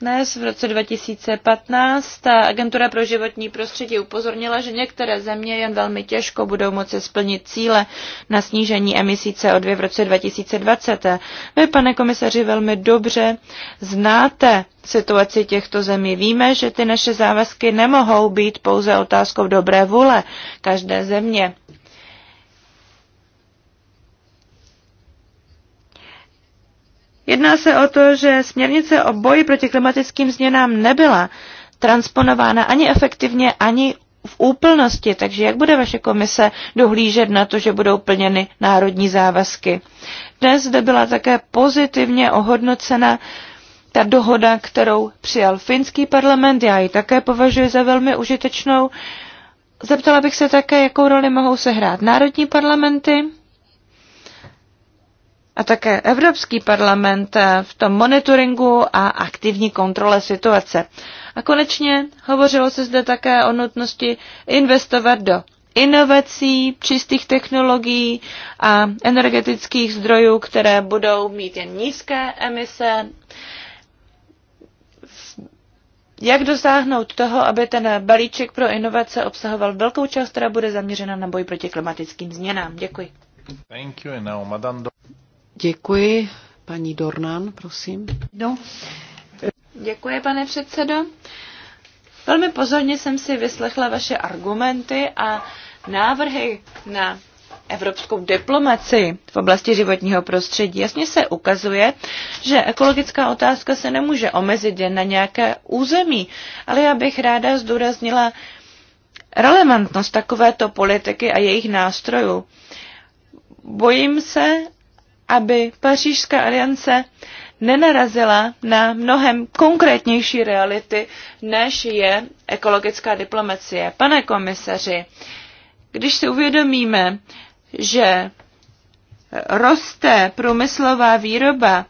Dnes v roce 2015 ta agentura pro životní prostředí upozornila, že některé země jen velmi těžko budou moci splnit cíle na snížení emisí CO2 v roce 2020. Vy, pane komisaři, velmi dobře znáte situaci těchto zemí. Víme, že ty naše závazky nemohou být pouze otázkou dobré vůle každé země. Jedná se o to, že směrnice o boji proti klimatickým změnám nebyla transponována ani efektivně, ani v úplnosti, takže jak bude vaše komise dohlížet na to, že budou plněny národní závazky? Dnes zde byla také pozitivně ohodnocena ta dohoda, kterou přijal finský parlament, já ji také považuji za velmi užitečnou. Zeptala bych se také, jakou roli mohou sehrát národní parlamenty a také Evropský parlament eh, v tom monitoringu a aktivní kontrole situace. A konečně hovořilo se zde také o nutnosti investovat do inovací, čistých technologií a energetických zdrojů, které budou mít jen nízké emise. Jak dosáhnout toho, aby ten balíček pro inovace obsahoval velkou část, která bude zaměřena na boj proti klimatickým změnám? Děkuji. Thank you. And now, Madame Děkuji. Paní Dornan, prosím. No. Děkuji, pane předsedo. Velmi pozorně jsem si vyslechla vaše argumenty a návrhy na evropskou diplomaci v oblasti životního prostředí. Jasně se ukazuje, že ekologická otázka se nemůže omezit jen na nějaké území, ale já bych ráda zdůraznila relevantnost takovéto politiky a jejich nástrojů. Bojím se, aby Pařížská aliance nenarazila na mnohem konkrétnější reality, než je ekologická diplomacie. Pane komisaři, když si uvědomíme, že roste průmyslová výroba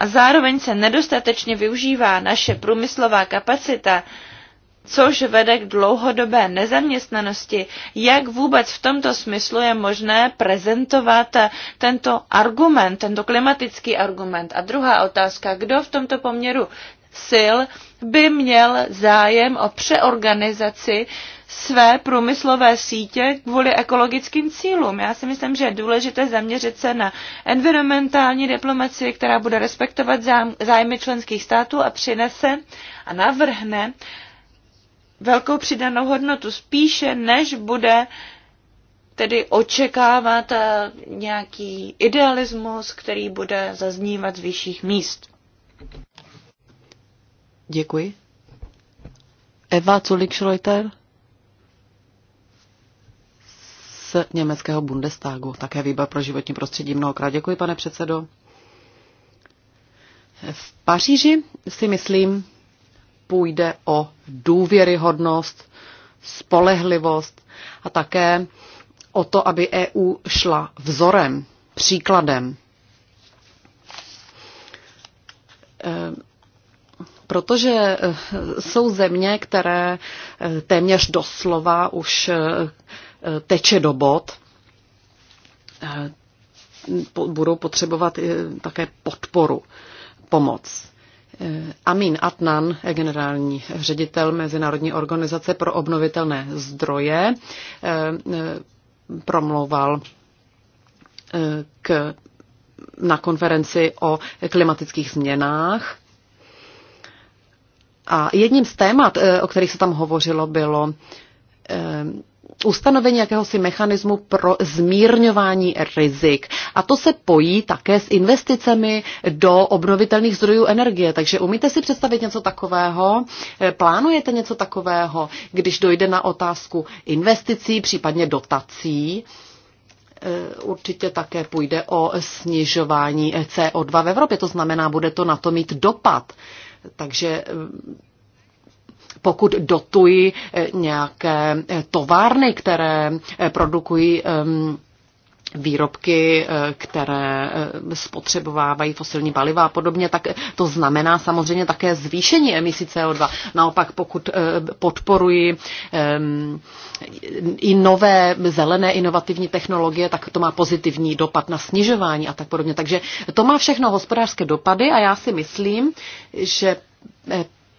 a zároveň se nedostatečně využívá naše průmyslová kapacita, což vede k dlouhodobé nezaměstnanosti. Jak vůbec v tomto smyslu je možné prezentovat tento argument, tento klimatický argument? A druhá otázka, kdo v tomto poměru sil by měl zájem o přeorganizaci své průmyslové sítě kvůli ekologickým cílům. Já si myslím, že je důležité zaměřit se na environmentální diplomacii, která bude respektovat zájmy členských států a přinese a navrhne velkou přidanou hodnotu, spíše než bude tedy očekávat eh, nějaký idealismus, který bude zaznívat z vyšších míst. Děkuji. Eva culik schreuter z německého Bundestagu, také výbor pro životní prostředí. Mnohokrát děkuji, pane předsedo. V Paříži si myslím, půjde o důvěryhodnost, spolehlivost a také o to, aby EU šla vzorem, příkladem. Eh, protože eh, jsou země, které eh, téměř doslova už teče do bod, budou potřebovat také podporu, pomoc. Eh, Amin Atnan, generální ředitel Mezinárodní organizace pro obnovitelné zdroje, eh, eh, promlouval k, na konferenci o klimatických změnách. A jedním z témat, o kterých se tam hovořilo, bylo ustanovení jakéhosi mechanismu pro zmírňování rizik. A to se pojí také s investicemi do obnovitelných zdrojů energie. Takže umíte si představit něco takového? Eh, plánujete něco takového, když dojde na otázku investicí, případně dotací? Eh, určitě také půjde o snižování eh, CO2 v Evropě, to znamená, bude to na to mít dopad. Takže pokud dotují eh, nějaké eh, továrny, které eh, produkují ehm, výrobky, které spotřebovávají fosilní paliva a podobně, tak to znamená samozřejmě také zvýšení emisí CO2. Naopak, pokud podporuji ehm, i nové zelené inovativní technologie, tak to má pozitivní dopad na snižování a tak podobně. Takže to má všechno hospodářské dopady a já si myslím, že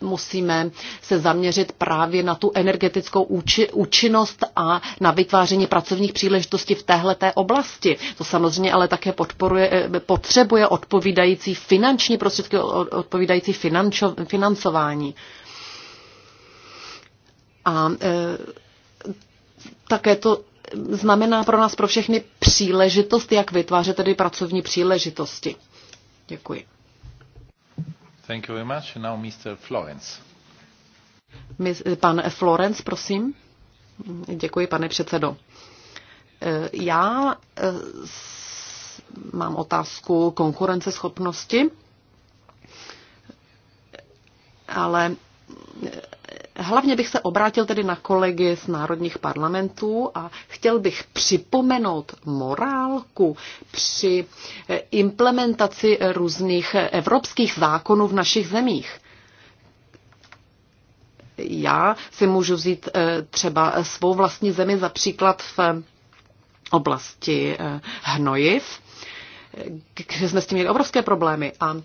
musíme se zaměřit právě na tu energetickou úči, účinnost a na vytváření pracovních příležitostí v téhle té oblasti. To samozřejmě ale také podporuje, eh, potřebuje odpovídající finanční prostředky, odpovídající finančo, financování. A e, také to znamená pro nás, pro všechny příležitost, jak vytvářet tedy pracovní příležitosti. Děkuji. Thank you very much. Now Mr. Florence. Pan Florence, prosím. Děkuji, pane předsedo. E, já e, mám otázku konkurenceschopnosti, ale Hlavně bych se obrátil tedy na kolegy z národních parlamentů a chtěl bych připomenout morálku při eh, implementaci eh, různých eh, evropských zákonů v našich zemích já si můžu vzít třeba svou vlastní zemi za příklad v oblasti hnojiv, kde jsme s tím měli obrovské problémy. A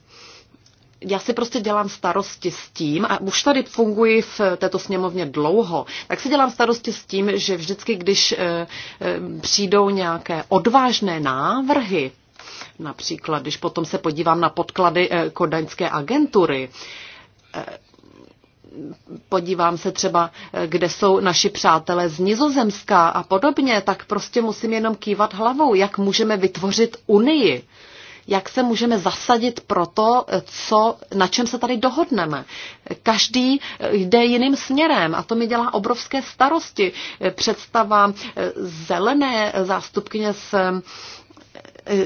já si prostě dělám starosti s tím, a už tady funguji v této sněmovně dlouho, tak si dělám starosti s tím, že vždycky, když eh, eh, přijdou nějaké odvážné návrhy, například když potom se podívám na podklady eh, kodaňské agentury, podívám se třeba, kde jsou naši přátelé z Nizozemska a podobně, tak prostě musím jenom kývat hlavou, jak můžeme vytvořit unii jak se můžeme zasadit pro to, co, na čem se tady dohodneme. Každý jde jiným směrem a to mi dělá obrovské starosti. Představa zelené zástupkyně z eh,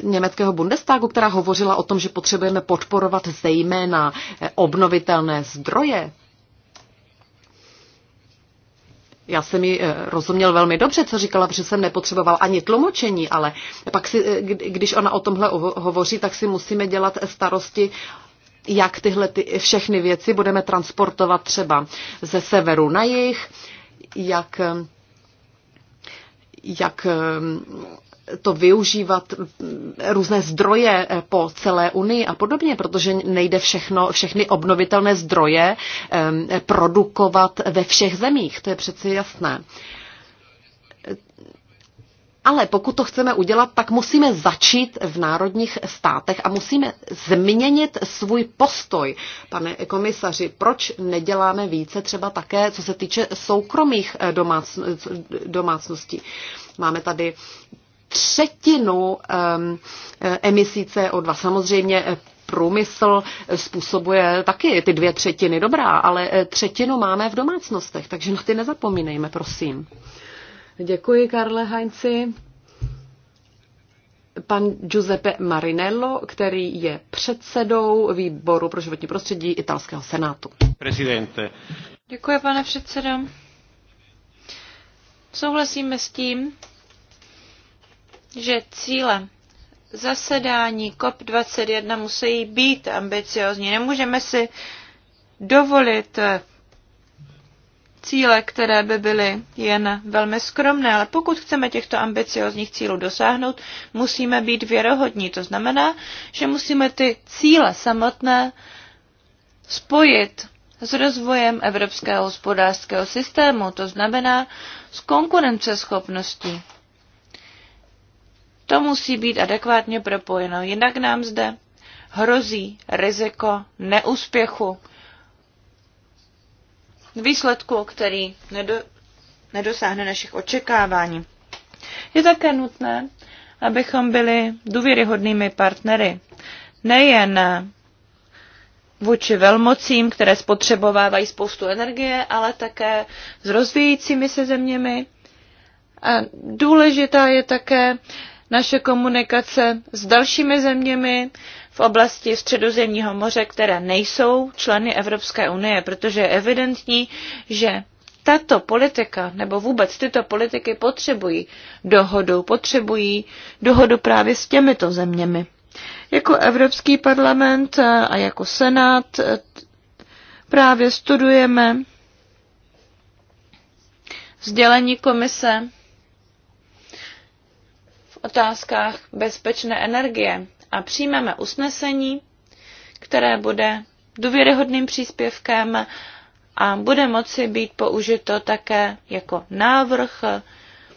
německého Bundestagu, která hovořila o tom, že potřebujeme podporovat zejména eh, obnovitelné zdroje, já jsem ji eh, rozuměl velmi dobře, co říkala, protože jsem nepotřeboval ani tlumočení, ale pak si, eh, když ona o tomhle hovoří, tak si musíme dělat starosti, jak tyhle ty, všechny věci budeme transportovat třeba ze severu na jih, jak eh, jak to využívat různé zdroje po celé Unii a podobně, protože nejde všechno, všechny obnovitelné zdroje produkovat ve všech zemích. To je přeci jasné. Ale pokud to chceme udělat, tak musíme začít v národních státech a musíme změnit svůj postoj. Pane komisaři, proč neděláme více třeba také, co se týče soukromých domácností? Máme tady třetinu eh, emisí CO2. Samozřejmě eh, průmysl způsobuje taky ty dvě třetiny dobrá, ale eh, třetinu máme v domácnostech, takže na ty nezapomínejme, prosím. Děkuji, Karle Heinci. Pan Giuseppe Marinello, který je předsedou výboru pro životní prostředí italského senátu. Prezidente. Děkuji, pane předsedo. Souhlasíme s tím, že cílem zasedání COP21 musí být ambiciozní. Nemůžeme si dovolit cíle, které by byly jen velmi skromné, ale pokud chceme těchto ambiciozních cílů dosáhnout, musíme být věrohodní. To znamená, že musíme ty cíle samotné spojit s rozvojem evropského hospodářského systému, to znamená s konkurenceschopností to musí být adekvátně propojeno, jinak nám zde hrozí riziko neúspěchu, výsledku, který nedo, nedosáhne našich očekávání. Je také nutné, abychom byli důvěryhodnými partnery. Nejen vůči velmocím, které spotřebovávají spoustu energie, ale také s rozvíjícími se zeměmi. A důležitá je také naše komunikace s dalšími zeměmi v oblasti Středozemního moře, které nejsou členy Evropské unie, protože je evidentní, že tato politika nebo vůbec tyto politiky potřebují dohodu, potřebují dohodu právě s těmito zeměmi. Jako Evropský parlament a jako Senát právě studujeme sdělení komise otázkách bezpečné energie a přijmeme usnesení, které bude důvěryhodným příspěvkem a bude moci být použito také jako návrh,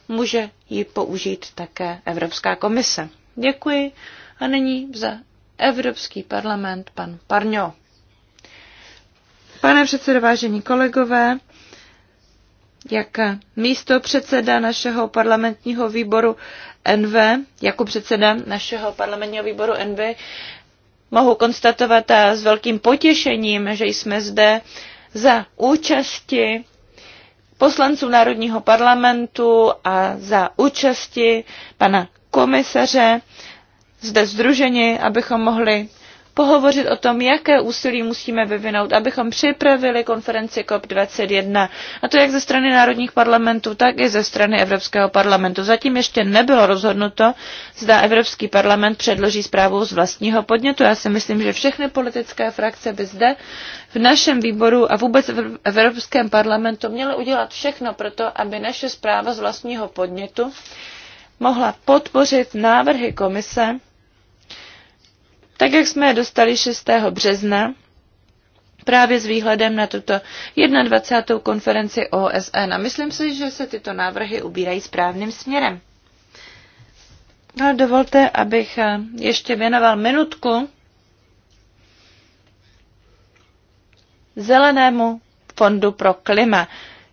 může ji použít také Evropská komise. Děkuji a nyní za Evropský parlament pan Parňo. Pane předsedo, vážení kolegové, jak místo předseda našeho parlamentního výboru NV, jako předseda našeho parlamentního výboru NV, mohu konstatovat a s velkým potěšením, že jsme zde za účasti poslanců Národního parlamentu a za účasti pana komisaře zde združeni, abychom mohli pohovořit o tom, jaké úsilí musíme vyvinout, abychom připravili konferenci COP21. A to jak ze strany národních parlamentů, tak i ze strany Evropského parlamentu. Zatím ještě nebylo rozhodnuto, zda Evropský parlament předloží zprávu z vlastního podnětu. Já si myslím, že všechny politické frakce by zde v našem výboru a vůbec v Evropském parlamentu měly udělat všechno pro to, aby naše zpráva z vlastního podnětu mohla podpořit návrhy komise, tak jak jsme je dostali 6. března, právě s výhledem na tuto 21. konferenci OSN. A myslím si, že se tyto návrhy ubírají správným směrem. a no, dovolte, abych eh, ještě věnoval minutku zelenému fondu pro klima,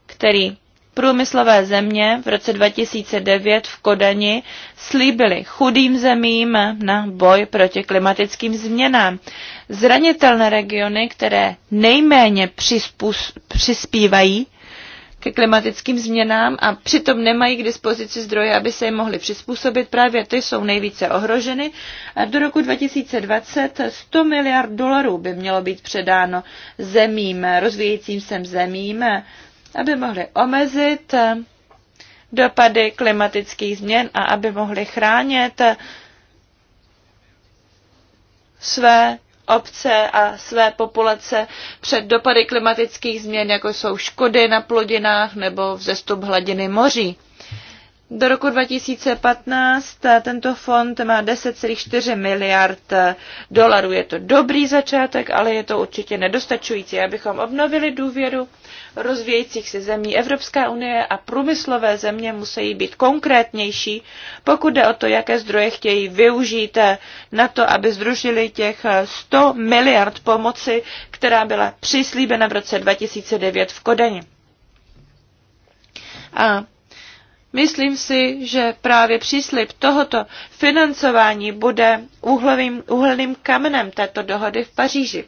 který průmyslové země v roce 2009 v Kodani slíbily chudým zemím na boj proti klimatickým změnám. Zranitelné regiony, které nejméně přispívají ke klimatickým změnám a přitom nemají k dispozici zdroje, aby se je mohly přizpůsobit. Právě ty jsou nejvíce ohroženy. A do roku 2020 100 miliard dolarů by mělo být předáno zemím, rozvíjejícím se zemím, aby mohly omezit eh, dopady klimatických změn a aby mohly chránit eh, své obce a své populace před dopady klimatických změn, jako jsou škody na plodinách nebo vzestup hladiny moří. Do roku 2015 eh, tento fond má 10,4 miliard eh, dolarů. Je to dobrý začátek, ale je to určitě nedostačující, abychom obnovili důvěru rozvíjejících se zemí. Evropská unie a průmyslové země musí být konkrétnější, pokud jde o to, jaké zdroje chtějí využít eh, na to, aby združili těch 100 miliard pomoci, která byla přislíbena v roce 2009 v Kodani. A Myslím si, že právě příslip tohoto financování bude uhlovým, uhelným kamenem této dohody v Paříži.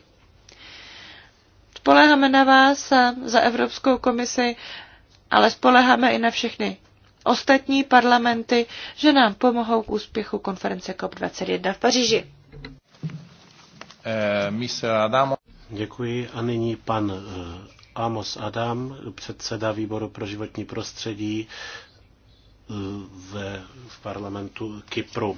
Spoleháme na vás za Evropskou komisi, ale spoleháme i na všechny ostatní parlamenty, že nám pomohou k úspěchu konference COP21 v Paříži. Eh, Děkuji a nyní pan eh, Amos Adam, předseda výboru pro životní prostředí v, v parlamentu Kypru.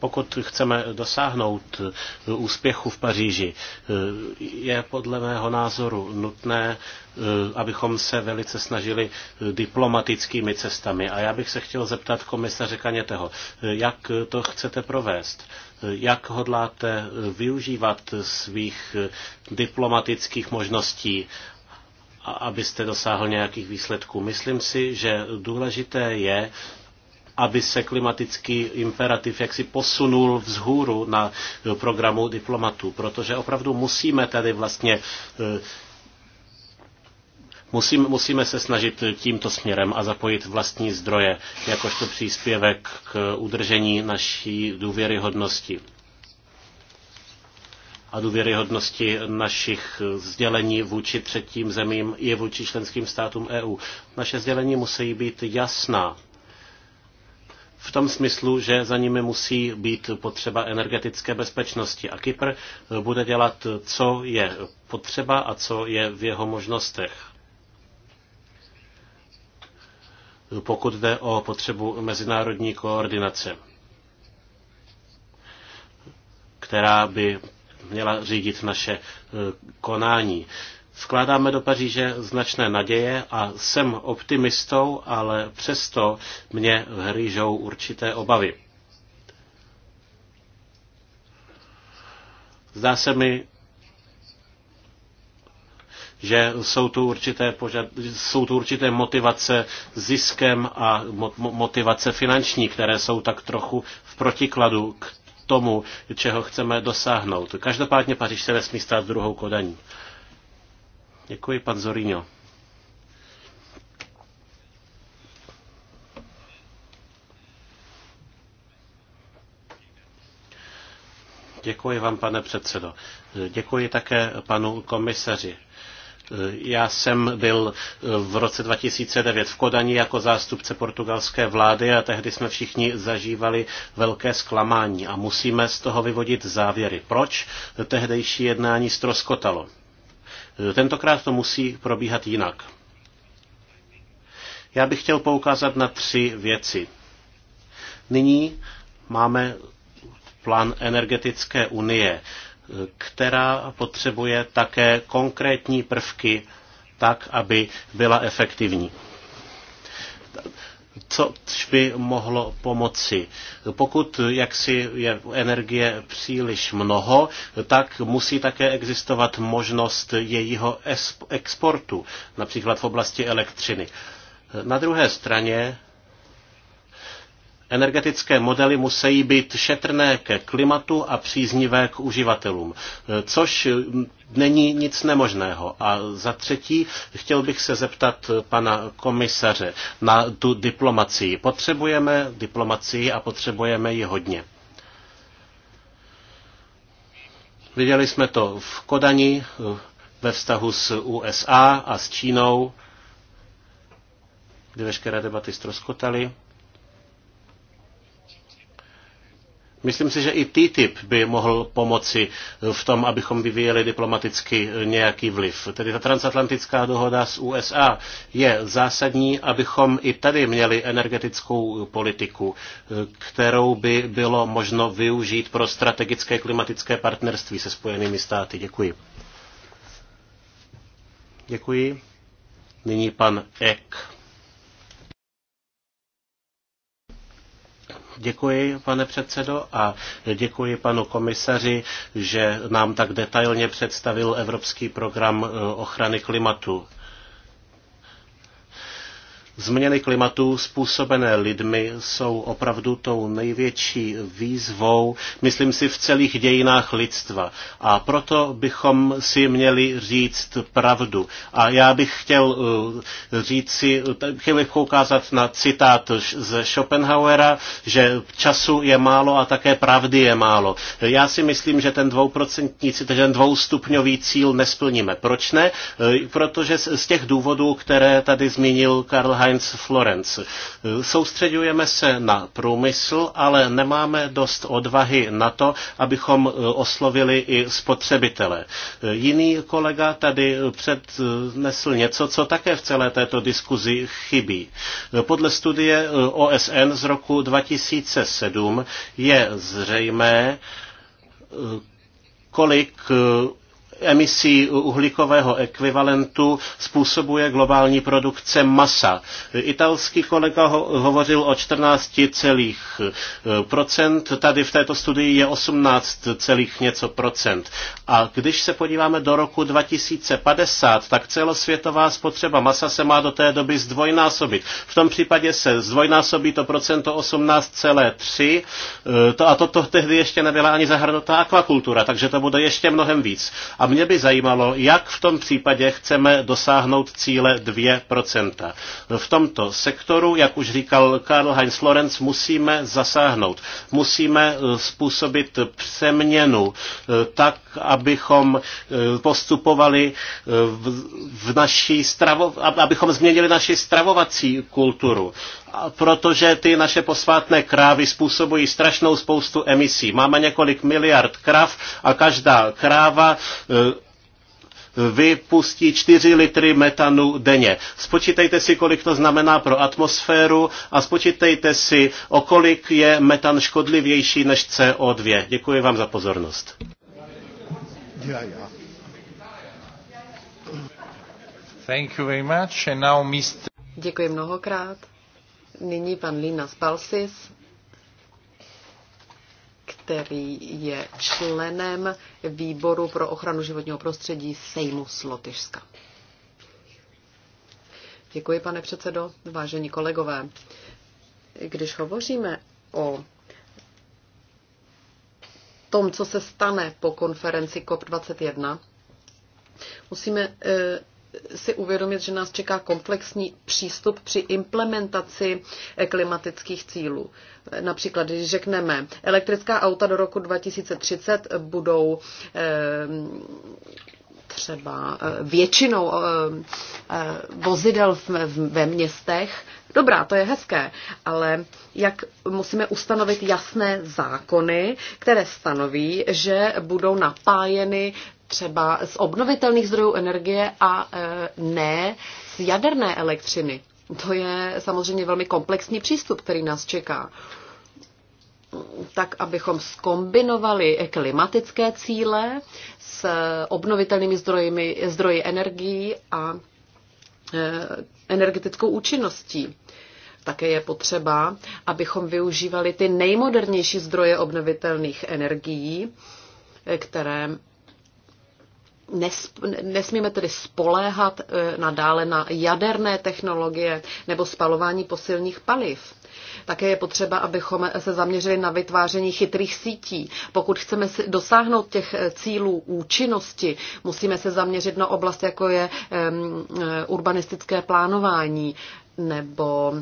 Pokud chceme dosáhnout eh, úspěchu v Paříži, eh, je podle mého názoru nutné, eh, abychom se velice snažili diplomatickými cestami. A já bych se chtěl zeptat komisaře Kaněteho, jak to chcete provést? Jak hodláte využívat svých diplomatických možností abyste dosáhl nějakých výsledků. Myslím si, že důležité je aby se klimatický imperativ jaksi posunul vzhůru na eh, programu diplomatů, protože opravdu musíme tady vlastně eh, Musím, musíme se snažit tímto směrem a zapojit vlastní zdroje jakožto příspěvek k udržení naší důvěryhodnosti a důvěryhodnosti našich sdělení vůči třetím zemím i vůči členským státům EU. Naše sdělení musí být jasná v tom smyslu, že za nimi musí být potřeba energetické bezpečnosti. A Kypr eh, bude dělat, co je potřeba a co je v jeho možnostech. pokud jde o potřebu mezinárodní koordinace, která by měla řídit naše eh, konání. Vkládáme do Paříže značné naděje a jsem optimistou, ale přesto mě hryžou určité obavy. Zdá se mi, že jsou tu určité, požad, jsou tu určité motivace ziskem a motivace finanční, které jsou tak trochu v protikladu k tomu, čeho chceme dosáhnout. Každopádně Paříž se nesmí stát druhou kodaní. Děkuji, pan Zorino. Děkuji vám, pane předsedo. Děkuji také panu komisaři. Já jsem byl v roce 2009 v Kodani jako zástupce portugalské vlády a tehdy jsme všichni zažívali velké zklamání a musíme z toho vyvodit závěry. Proč tehdejší jednání ztroskotalo? Tentokrát to musí probíhat jinak. Já bych chtěl poukázat na tři věci. Nyní máme plán energetické unie, která potřebuje také konkrétní prvky tak, aby byla efektivní co by mohlo pomoci. Pokud jaksi je energie příliš mnoho, tak musí také existovat možnost jejího exportu, například v oblasti elektřiny. Na druhé straně Energetické modely musí být šetrné ke klimatu a příznivé k uživatelům, což není nic nemožného. A za třetí, chtěl bych se zeptat pana komisaře na tu diplomacii. Potřebujeme diplomacii a potřebujeme ji hodně. Viděli jsme to v Kodani ve vztahu s USA a s Čínou, kdy veškeré debaty ztroskotaly. Myslím si, že i TTIP by mohl pomoci v tom, abychom vyvíjeli diplomaticky nějaký vliv. Tedy ta transatlantická dohoda s USA je zásadní, abychom i tady měli energetickou politiku, kterou by bylo možno využít pro strategické klimatické partnerství se Spojenými státy. Děkuji. Děkuji. Nyní pan Ek. Děkuji, pane předsedo, a děkuji panu komisaři, že nám tak detailně představil Evropský program eh, ochrany klimatu. Změny klimatu způsobené lidmi jsou opravdu tou největší výzvou, myslím si, v celých dějinách lidstva. A proto bychom si měli říct pravdu. A já bych chtěl uh, říci, chtěl bych ukázat na citát z Schopenhauera, že času je málo a také pravdy je málo. Já si myslím, že ten dvouprocentní, ten dvoustupňový cíl nesplníme. Proč ne? Uh, protože z těch důvodů, které tady zmínil Karl Heinz, Science Florence. Soustředujeme se na průmysl, ale nemáme dost odvahy na to, abychom eh, oslovili i spotřebitele. Jiný kolega tady přednesl něco, co také v celé této diskuzi chybí. Podle studie eh, OSN z roku 2007 je zřejmé, eh, kolik emisí uhlíkového ekvivalentu způsobuje globální produkce masa. Italský kolega ho- hovořil o 14,% procent, tady v této studii je 18, něco procent. A když se podíváme do roku 2050, tak celosvětová spotřeba masa se má do té doby zdvojnásobit. V tom případě se zdvojnásobí to procento 18,3 eh, to, a toto tehdy ještě nebyla ani zahrnutá akvakultura, takže to bude ještě mnohem víc. A mě by zajímalo, jak v tom případě chceme dosáhnout cíle 2%. V tomto sektoru, jak už říkal Karl Heinz Lorenz, musíme zasáhnout. Musíme eh, způsobit přeměnu eh, tak, abychom eh, postupovali v naší stravo, abychom změnili naši stravovací kulturu protože ty naše posvátné krávy způsobují strašnou spoustu emisí. Máme několik miliard krav a každá kráva eh, vypustí 4 litry metanu denně. Spočítejte si, kolik to znamená pro atmosféru a spočítejte si, o kolik je metan škodlivější než CO2. Děkuji vám za pozornost. Děkuji mnohokrát. Nyní pan Lina Spalsis, který je členem výboru pro ochranu životního prostředí Sejmu Slotyšska. Děkuji, pane předsedo, vážení kolegové. Když hovoříme o tom, co se stane po konferenci COP21, musíme eh, si uvědomit, že nás čeká komplexní přístup při implementaci klimatických cílů. Například, když řekneme, elektrická auta do roku 2030 budou ehm, třeba eh, většinou eh, eh, vozidel ve městech, Dobrá, to je hezké, ale jak musíme ustanovit jasné zákony, které stanoví, že budou napájeny třeba z obnovitelných zdrojů energie a e, ne z jaderné elektřiny. To je samozřejmě velmi komplexní přístup, který nás čeká. Tak, abychom skombinovali klimatické cíle s obnovitelnými zdrojmi, zdroji energií a e, energetickou účinností. Také je potřeba, abychom využívali ty nejmodernější zdroje obnovitelných energií, e, které nesmíme tedy spoléhat e, nadále na jaderné technologie nebo spalování posilních paliv. Také je potřeba, abychom se zaměřili na vytváření chytrých sítí. Pokud chceme dosáhnout těch e, cílů účinnosti, musíme se zaměřit na oblast, jako je e, urbanistické plánování nebo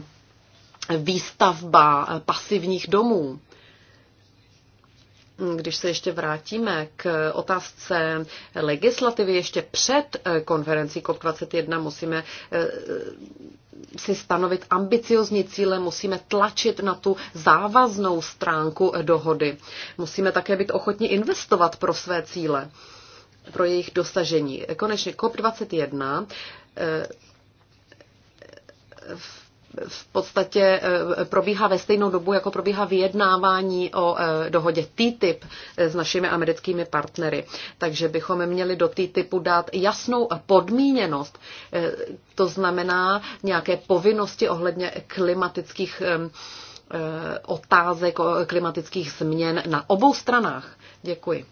výstavba pasivních domů. Když se ještě vrátíme k otázce legislativy, ještě před eh, konferencí COP21 musíme eh, si stanovit ambiciozní cíle, musíme tlačit na tu závaznou stránku dohody. Musíme také být ochotni investovat pro své cíle, pro jejich dosažení. Konečně COP21 eh, v v podstatě eh, probíhá ve stejnou dobu, jako probíhá vyjednávání o eh, dohodě TTIP eh, s našimi americkými partnery. Takže bychom měli do TTIPu dát jasnou podmíněnost, to znamená nějaké povinnosti ohledně klimatických otázek, klimatických změn na obou stranách. Děkuji.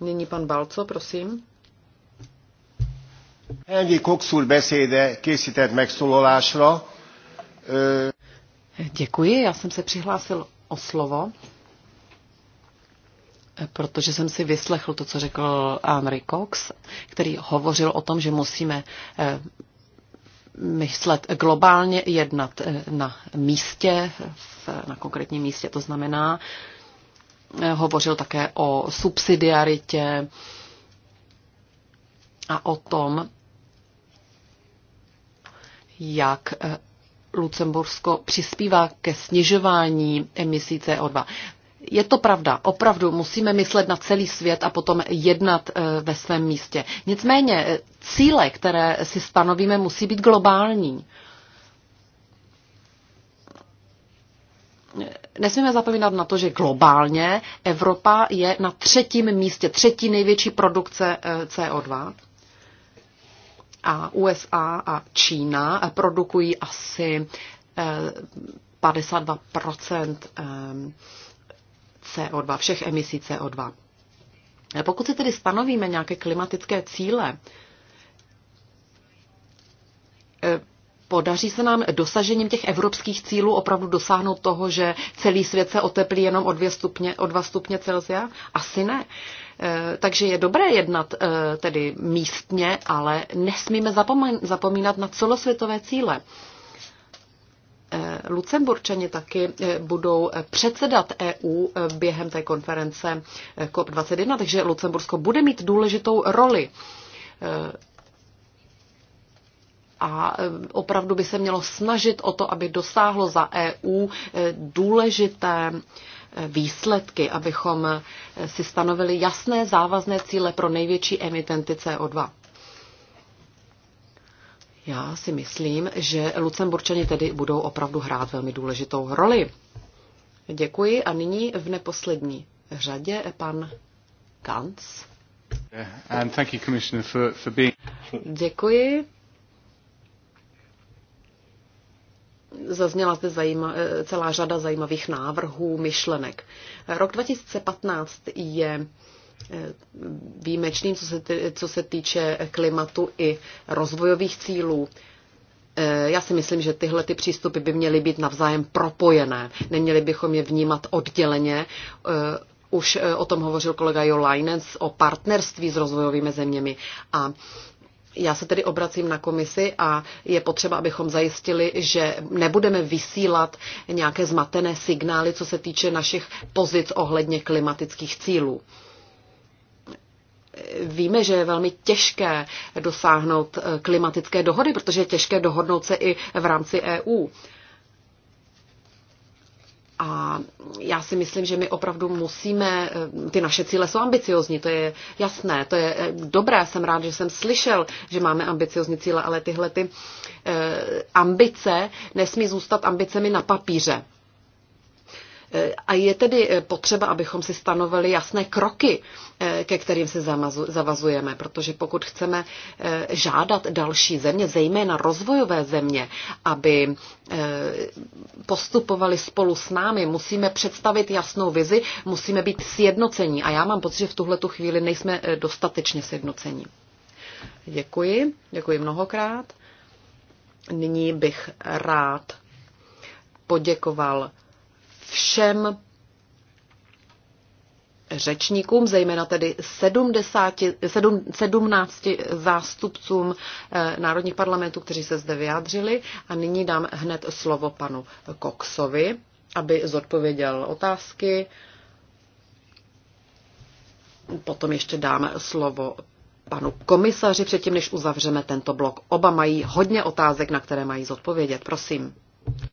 Nyní pan Balco, prosím. Helyi Koxul beszéde készített megszólalásra. Děkuji, já jsem se přihlásil o slovo, protože jsem si vyslechl to, co řekl Henry Cox, který hovořil o tom, že musíme eh, myslet globálně, jednat eh, na místě, na konkrétním místě, to znamená, eh, hovořil také o subsidiaritě a o tom, jak eh, Lucembursko přispívá ke snižování emisí CO2. Je to pravda, opravdu musíme myslet na celý svět a potom jednat eh, ve svém místě. Nicméně eh, cíle, které si stanovíme, musí být globální. Nesmíme zapomínat na to, že globálně Evropa je na třetím místě, třetí největší produkce CO2 a USA a Čína produkují asi 52 eh, eh, CO2, všech emisí CO2. Pokud si tedy stanovíme nějaké klimatické cíle, eh, podaří se nám dosažením těch evropských cílů opravdu dosáhnout toho, že celý svět se oteplí jenom o, 2 stupně, o 2 stupně Celsia? Asi ne. Eh, takže je dobré jednat eh, tedy místně, ale nesmíme zapomínat na celosvětové cíle. Eh, Lucemburčani taky budou předsedat EU během té konference COP21, takže Lucembursko bude mít důležitou roli. A opravdu by se mělo snažit o to, aby dosáhlo za EU důležité výsledky, abychom si stanovili jasné závazné cíle pro největší emitenty CO2. Já si myslím, že Lucemburčani tedy budou opravdu hrát velmi důležitou roli. Děkuji a nyní v neposlední řadě pan Gans. Děkuji Zazněla zde zajíma, eh, celá řada zajímavých návrhů, myšlenek. Rok 2015 je eh, výjimečným, co se, co se týče klimatu i rozvojových cílů. Eh, já si myslím, že tyhle ty přístupy by měly být navzájem propojené. Neměli bychom je vnímat odděleně. Už o tom hovořil kolega Jo Leinens, o partnerství s rozvojovými zeměmi a já se tedy obracím na komisi a je potřeba, abychom zajistili, že nebudeme vysílat nějaké zmatené signály, co se týče našich pozic ohledně klimatických cílů. Víme, že je velmi těžké dosáhnout eh, klimatické dohody, protože je těžké dohodnout se i v rámci EU. A já si myslím, že my opravdu musíme, eh, ty naše cíle jsou ambiciozní, to je jasné, to je eh, dobré, jsem rád, že jsem slyšel, že máme ambiciozní cíle, ale tyhle ty eh, ambice nesmí zůstat ambicemi na papíře. A je tedy eh, potřeba, abychom si stanovili jasné kroky, eh, ke kterým se zavazujeme, protože pokud chceme eh, žádat další země, zejména rozvojové země, aby postupovali spolu s námi, musíme představit jasnou vizi, musíme být sjednocení. A já mám pocit, že v tuhle tu chvíli nejsme dostatečně sjednocení. Děkuji, děkuji mnohokrát. Nyní bych rád poděkoval všem řečníkům, zejména tedy 70, 7, 17 zástupcům eh, národních parlamentů, kteří se zde vyjádřili. A nyní dám hned slovo panu Koksovi, aby zodpověděl otázky. Potom ještě dám slovo panu komisaři, předtím než uzavřeme tento blok. Oba mají hodně otázek, na které mají zodpovědět. Prosím.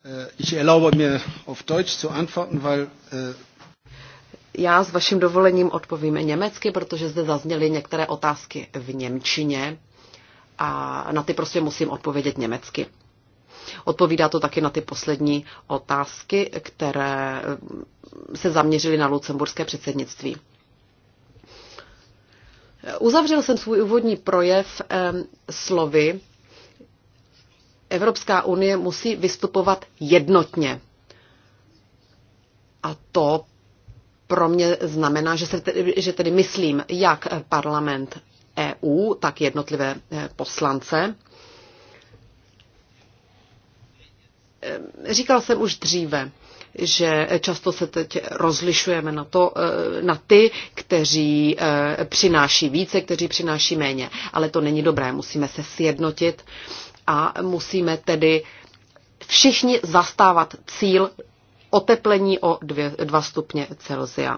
Eh, ich erlaube mir auf Deutsch zu antworten, weil eh, já s vaším dovolením odpovím německy, protože zde zazněly některé otázky v Němčině a na ty prostě musím odpovědět německy. Odpovídá to taky na ty poslední otázky, které eh, se zaměřily na lucemburské předsednictví. Uzavřel jsem svůj úvodní projev eh, slovy, Evropská unie musí vystupovat jednotně. A to pro mě znamená, že, se tedy, že tedy myslím jak parlament EU, tak jednotlivé eh, poslance. Eh, říkal jsem už dříve, že často se teď rozlišujeme na, to, eh, na ty, kteří přináší více, kteří přináší méně. Ale to není dobré, musíme se sjednotit a musíme tedy všichni zastávat cíl oteplení o 2 stupně Celsia.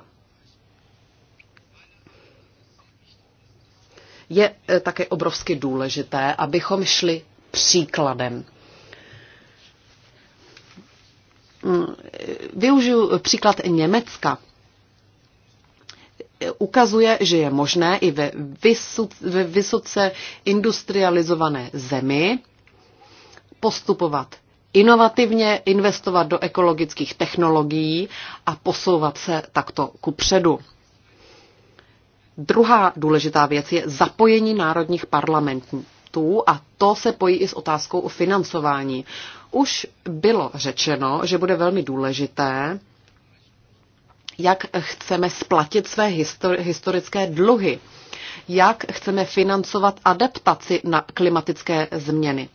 Je eh, také obrovsky důležité, abychom šli příkladem. Mm, eh, využiju příklad Německa. Eh, ukazuje, že je možné i ve vysoce industrializované zemi postupovat inovativně, investovat do ekologických technologií a posouvat se takto ku předu. Druhá důležitá věc je zapojení národních parlamentů a to se pojí i s otázkou o financování. Už bylo řečeno, že bude velmi důležité, jak chceme splatit své historické dluhy, jak chceme financovat adaptaci na klimatické změny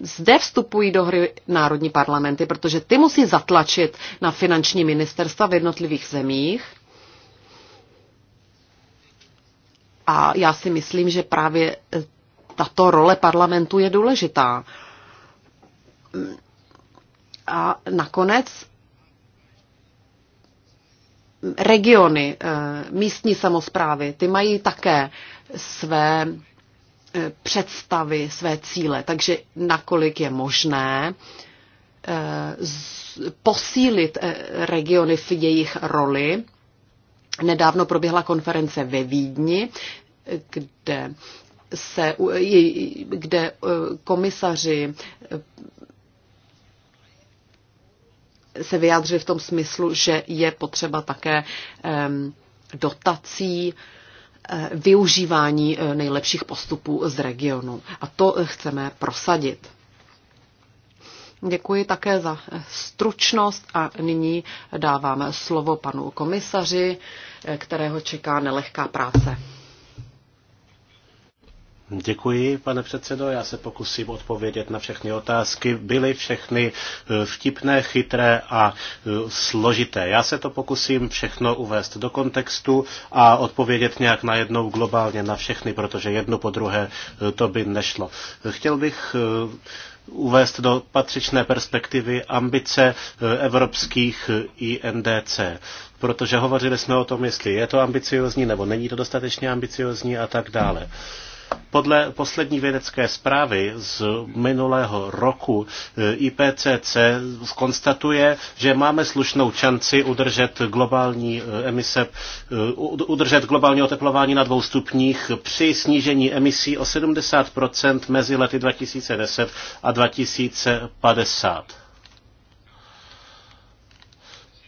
zde vstupují do hry národní parlamenty, protože ty musí zatlačit na finanční ministerstva v jednotlivých zemích. A já si myslím, že právě eh, tato role parlamentu je důležitá. A nakonec eh, regiony, eh, místní samozprávy, ty mají také své Eh, představy, své cíle. Takže nakolik je možné eh, posílit eh, regiony v jejich roli. Nedávno proběhla konference ve Vídni, kde se, kde komisaři se vyjádřili v tom smyslu, že je potřeba také dotací Eh, využívání eh, nejlepších postupů z regionu. A to eh, chceme prosadit. Děkuji také za stručnost a nyní dávám slovo panu komisaři, kterého čeká nelehká práce. Děkuji, pane předsedo. Já se pokusím odpovědět na všechny otázky. Byly všechny e, vtipné, chytré a e, složité. Já se to pokusím všechno uvést do kontextu a odpovědět nějak najednou globálně na všechny, protože jedno po druhé e, to by nešlo. Chtěl bych uvést do patřičné perspektivy ambice evropských INDC. Protože hovořili jsme o tom, jestli je to ambiciozní nebo není to dostatečně ambiciozní a tak dále. Hmm. Podle poslední vědecké zprávy z minulého roku eh, IPCC konstatuje, že máme slušnou šanci udržet globální eh, emise, eh, udržet globální oteplování na dvou stupních při snížení emisí o 70% mezi lety 2010 a 2050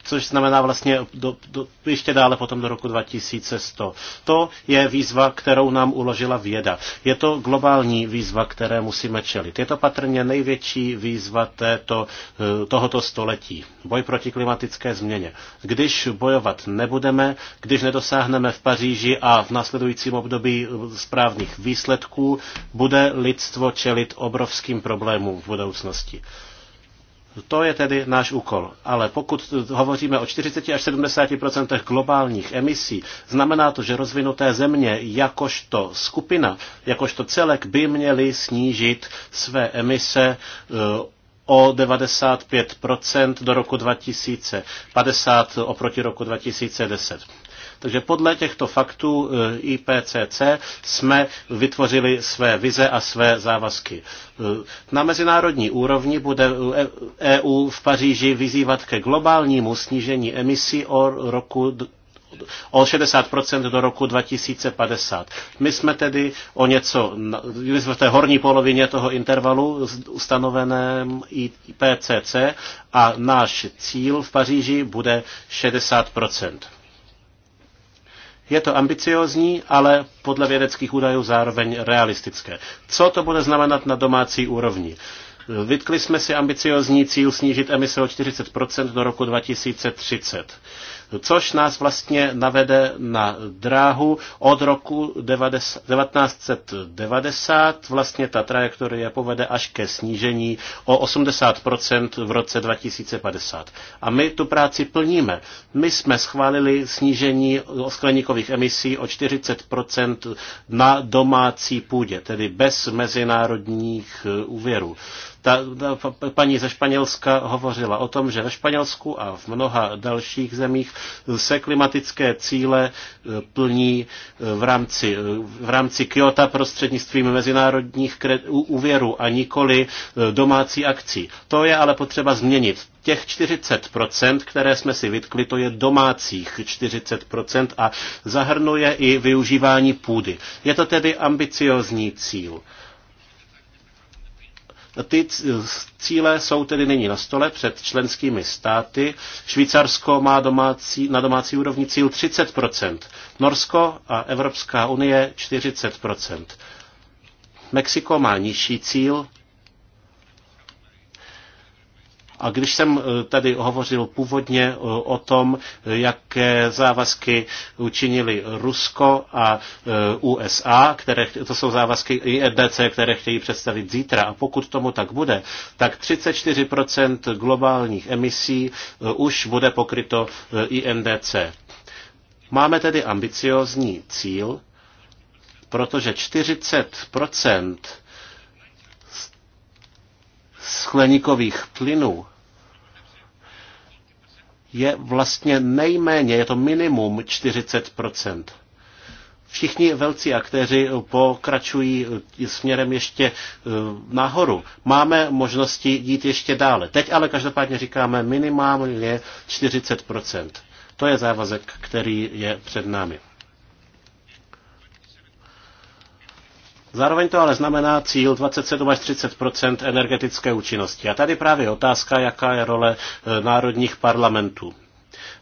což znamená vlastně do, do, ještě dále potom do roku 2100. To je výzva, kterou nám uložila věda. Je to globální výzva, které musíme čelit. Je to patrně největší výzva této, eh, tohoto století. Boj proti klimatické změně. Když bojovat nebudeme, když nedosáhneme v Paříži a v následujícím období eh, správných výsledků, bude lidstvo čelit obrovským problémům v budoucnosti. To je tedy náš úkol. Ale pokud hovoříme o 40 až 70 globálních emisí, znamená to, že rozvinuté země jakožto skupina, jakožto celek by měly snížit své emise eh, o 95 do roku 2050 oproti roku 2010. Takže podle těchto faktů eh, IPCC jsme vytvořili své vize a své závazky. Eh, na mezinárodní úrovni bude EU v Paříži vyzývat ke globálnímu snížení emisí o roku o 60% do roku 2050. My jsme tedy o něco, my jsme v té horní polovině toho intervalu ustanoveném IPCC a náš cíl v Paříži bude 60%. Je to ambiciozní, ale podle vědeckých údajů zároveň realistické. Co to bude znamenat na domácí úrovni? Vytkli jsme si ambiciozní cíl snížit emise o 40 do roku 2030 což nás vlastně navede na dráhu od roku 1990. Vlastně ta trajektorie povede až ke snížení o 80% v roce 2050. A my tu práci plníme. My jsme schválili snížení skleníkových emisí o 40% na domácí půdě, tedy bez mezinárodních eh, úvěrů. Ta, ta paní ze Španělska hovořila o tom, že ve Španělsku a v mnoha dalších zemích se klimatické cíle e, plní e, v rámci, e, v rámci Kyoto prostřednictvím mezinárodních úvěrů a nikoli domácí akcí. To je ale potřeba změnit. Těch 40%, které jsme si vytkli, to je domácích 40% a zahrnuje i využívání půdy. Je to tedy ambiciozní cíl. Ty cíle jsou tedy nyní na stole před členskými státy. Švýcarsko má domácí, na domácí úrovni cíl 30%, Norsko a Evropská unie 40%. Mexiko má nižší cíl, a když jsem eh, tady hovořil původně eh, o tom, eh, jaké závazky učinili Rusko a USA, které, to jsou závazky IEDC, které chtějí představit zítra, a pokud tomu tak bude, tak 34% globálních emisí už bude pokryto INDC. Máme tedy ambiciozní cíl, protože 40 skleníkových plynů je vlastně nejméně, je to minimum 40 Všichni velcí aktéři pokračují eh, směrem ještě eh, nahoru. Máme možnosti jít ještě dále. Teď ale každopádně říkáme minimálně 40 To je závazek, který je před námi. Zároveň to ale znamená cíl 27 až 30 energetické účinnosti. A tady právě otázka, jaká je role e, národních parlamentů.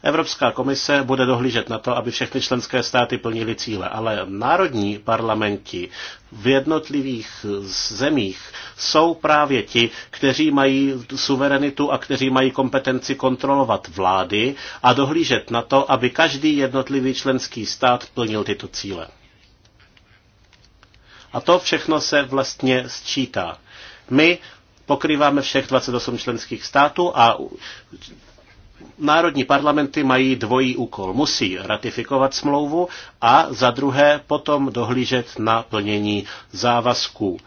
Evropská komise bude dohlížet na to, aby všechny členské státy plnily cíle, ale národní parlamenti v jednotlivých zemích jsou právě ti, kteří mají suverenitu a kteří mají kompetenci kontrolovat vlády a dohlížet na to, aby každý jednotlivý členský stát plnil tyto cíle. A to všechno se vlastně sčítá. My pokrýváme všech 28 členských států a národní parlamenty mají dvojí úkol. Musí ratifikovat smlouvu a za druhé potom dohlížet na plnění závazků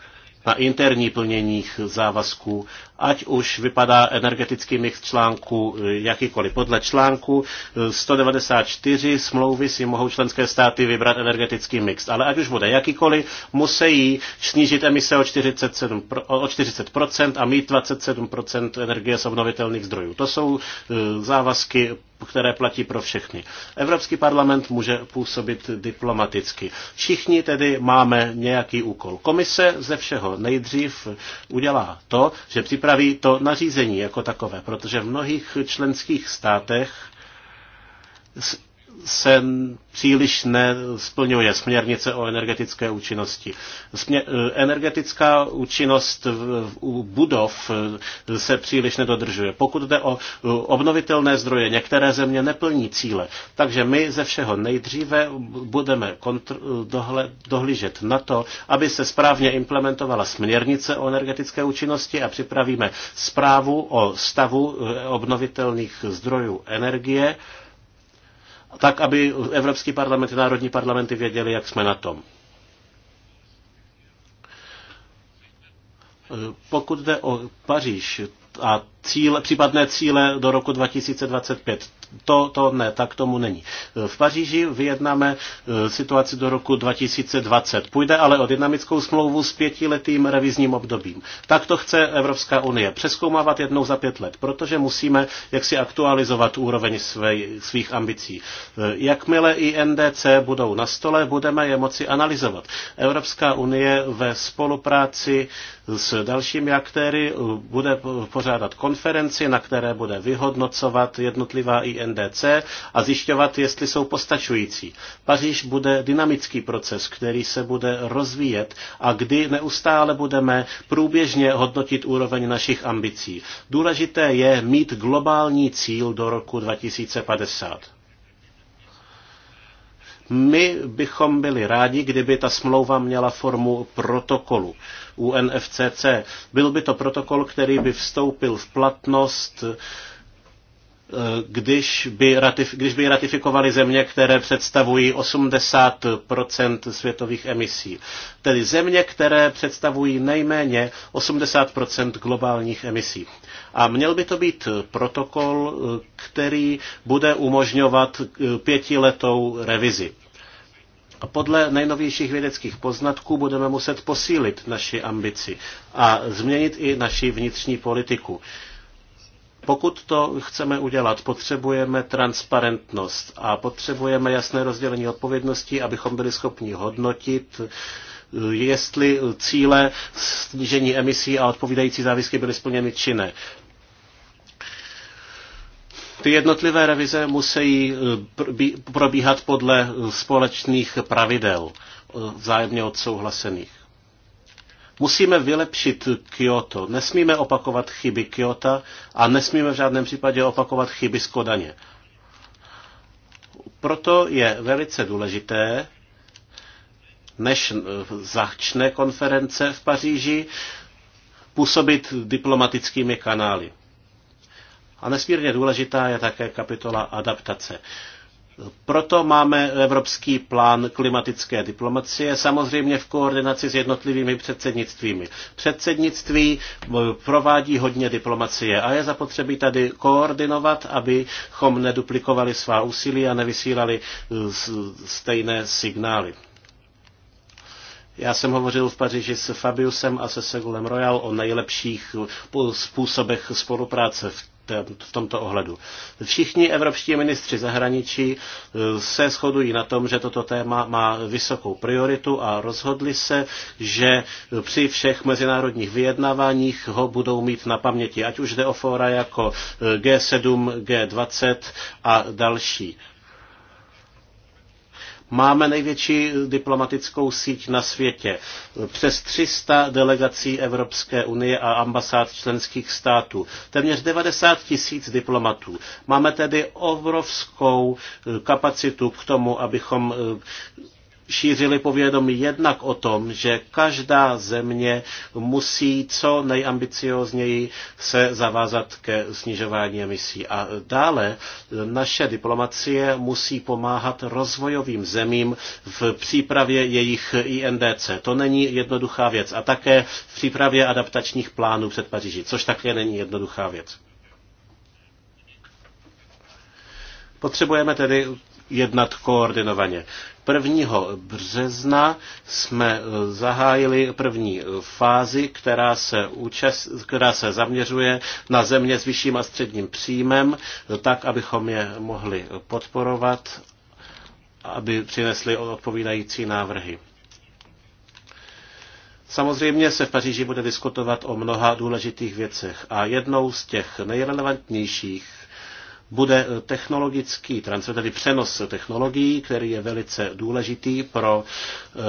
na interní plněních závazků, ať už vypadá energetický mix článku eh, jakýkoliv. Podle článku 194 eh, smlouvy si mohou členské státy vybrat energetický mix, ale ať už bude jakýkoliv, musí snížit emise o, 47, o 40% a mít 27% energie z obnovitelných zdrojů. To jsou eh, závazky které platí pro všechny. Evropský parlament může působit diplomaticky. Všichni tedy máme nějaký úkol. Komise ze všeho nejdřív udělá to, že připraví to nařízení jako takové, protože v mnohých členských státech se příliš nesplňuje směrnice o energetické účinnosti. Eh, energetická účinnost v, u budov eh, se příliš nedodržuje. Pokud jde o eh, obnovitelné zdroje, některé země neplní cíle. Takže my ze všeho nejdříve budeme kontr- dohle, dohlížet na to, aby se správně implementovala směrnice o energetické účinnosti a připravíme zprávu o stavu obnovitelných zdrojů energie tak, aby Evropský parlament i národní parlamenty věděli, jak jsme na tom. Pokud jde o Paříž a cíle, případné cíle do roku 2025, to, to ne, tak tomu není. V Paříži vyjednáme e, situaci do roku 2020. Půjde ale o dynamickou smlouvu s pětiletým revizním obdobím. Tak to chce Evropská unie přeskoumávat jednou za pět let, protože musíme jaksi aktualizovat úroveň své, svých ambicí. E, jakmile i NDC budou na stole, budeme je moci analyzovat. Evropská unie ve spolupráci s dalšími aktéry e, bude pořádat konferenci, na které bude vyhodnocovat jednotlivá i INDC a zjišťovat, jestli jsou postačující. Paříž bude dynamický proces, který se bude rozvíjet a kdy neustále budeme průběžně hodnotit úroveň našich ambicí. Důležité je mít globální cíl do roku 2050. My bychom byli rádi, kdyby ta smlouva měla formu protokolu UNFCC. Byl by to protokol, který by vstoupil v platnost Eh, když by, ratif- když by ratifikovali země, které představují 80 světových emisí. Tedy země, které představují nejméně 80 globálních emisí. A měl by to být protokol, eh, který bude umožňovat eh, pětiletou revizi. A podle nejnovějších vědeckých poznatků budeme muset posílit naši ambici a změnit i naši vnitřní politiku. Pokud to chceme udělat, potřebujeme transparentnost a potřebujeme jasné rozdělení odpovědností, abychom byli schopni hodnotit, jestli cíle snížení emisí a odpovídající závisky byly splněny či ne. Ty jednotlivé revize musí eh, probíhat podle společných pravidel eh, vzájemně odsouhlasených. Musíme vylepšit Kyoto. Nesmíme opakovat chyby Kyoto a nesmíme v žádném případě opakovat chyby z Kodaně. Proto je velice důležité, než začne konference v Paříži, působit diplomatickými kanály. A nesmírně důležitá je také kapitola adaptace. Proto máme evropský plán klimatické diplomacie, samozřejmě v koordinaci s jednotlivými předsednictvími. Předsednictví eh, provádí hodně diplomacie a je zapotřebí tady koordinovat, abychom neduplikovali svá úsilí a nevysílali eh, stejné signály. Já jsem hovořil v Paříži s Fabiusem a se Segulem Royal o nejlepších eh, způsobech spolupráce v v tomto ohledu. Všichni evropští ministři zahraničí eh, se shodují na tom, že toto téma má vysokou prioritu a rozhodli se, že při všech mezinárodních vyjednáváních ho budou mít na paměti, ať už jde o fóra jako G7, eh, G20 a další. Máme největší diplomatickou síť na světě. Přes 300 delegací Evropské unie a ambasád členských států. Téměř 90 tisíc diplomatů. Máme tedy obrovskou kapacitu k tomu, abychom šířili povědomí jednak o tom, že každá země musí co nejambiciozněji se zavázat ke snižování emisí. A dále naše diplomacie musí pomáhat rozvojovým zemím v přípravě jejich INDC. To není jednoduchá věc. A také v přípravě adaptačních plánů před Paříží, což také není jednoduchá věc. Potřebujeme tedy jednat koordinovaně. 1. března jsme eh, zahájili první fázi, která se, účast, která se zaměřuje na země s vyšším a středním příjmem, tak, abychom je mohli podporovat, aby přinesli odpovídající návrhy. Samozřejmě se v Paříži bude diskutovat o mnoha důležitých věcech a jednou z těch nejrelevantnějších bude technologický transfer, tedy přenos technologií, který je velice důležitý pro eh,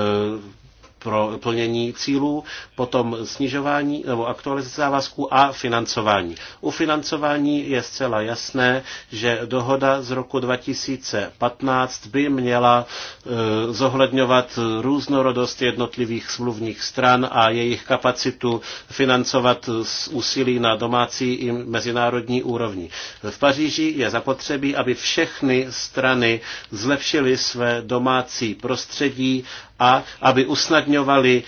pro plnění cílů, potom snižování nebo aktualizace závazků a financování. U financování je zcela jasné, že dohoda z roku 2015 by měla e, zohledňovat různorodost jednotlivých smluvních stran a jejich kapacitu financovat úsilí na domácí i mezinárodní úrovni. V Paříži je zapotřebí, aby všechny strany zlepšily své domácí prostředí a aby usnadňovaly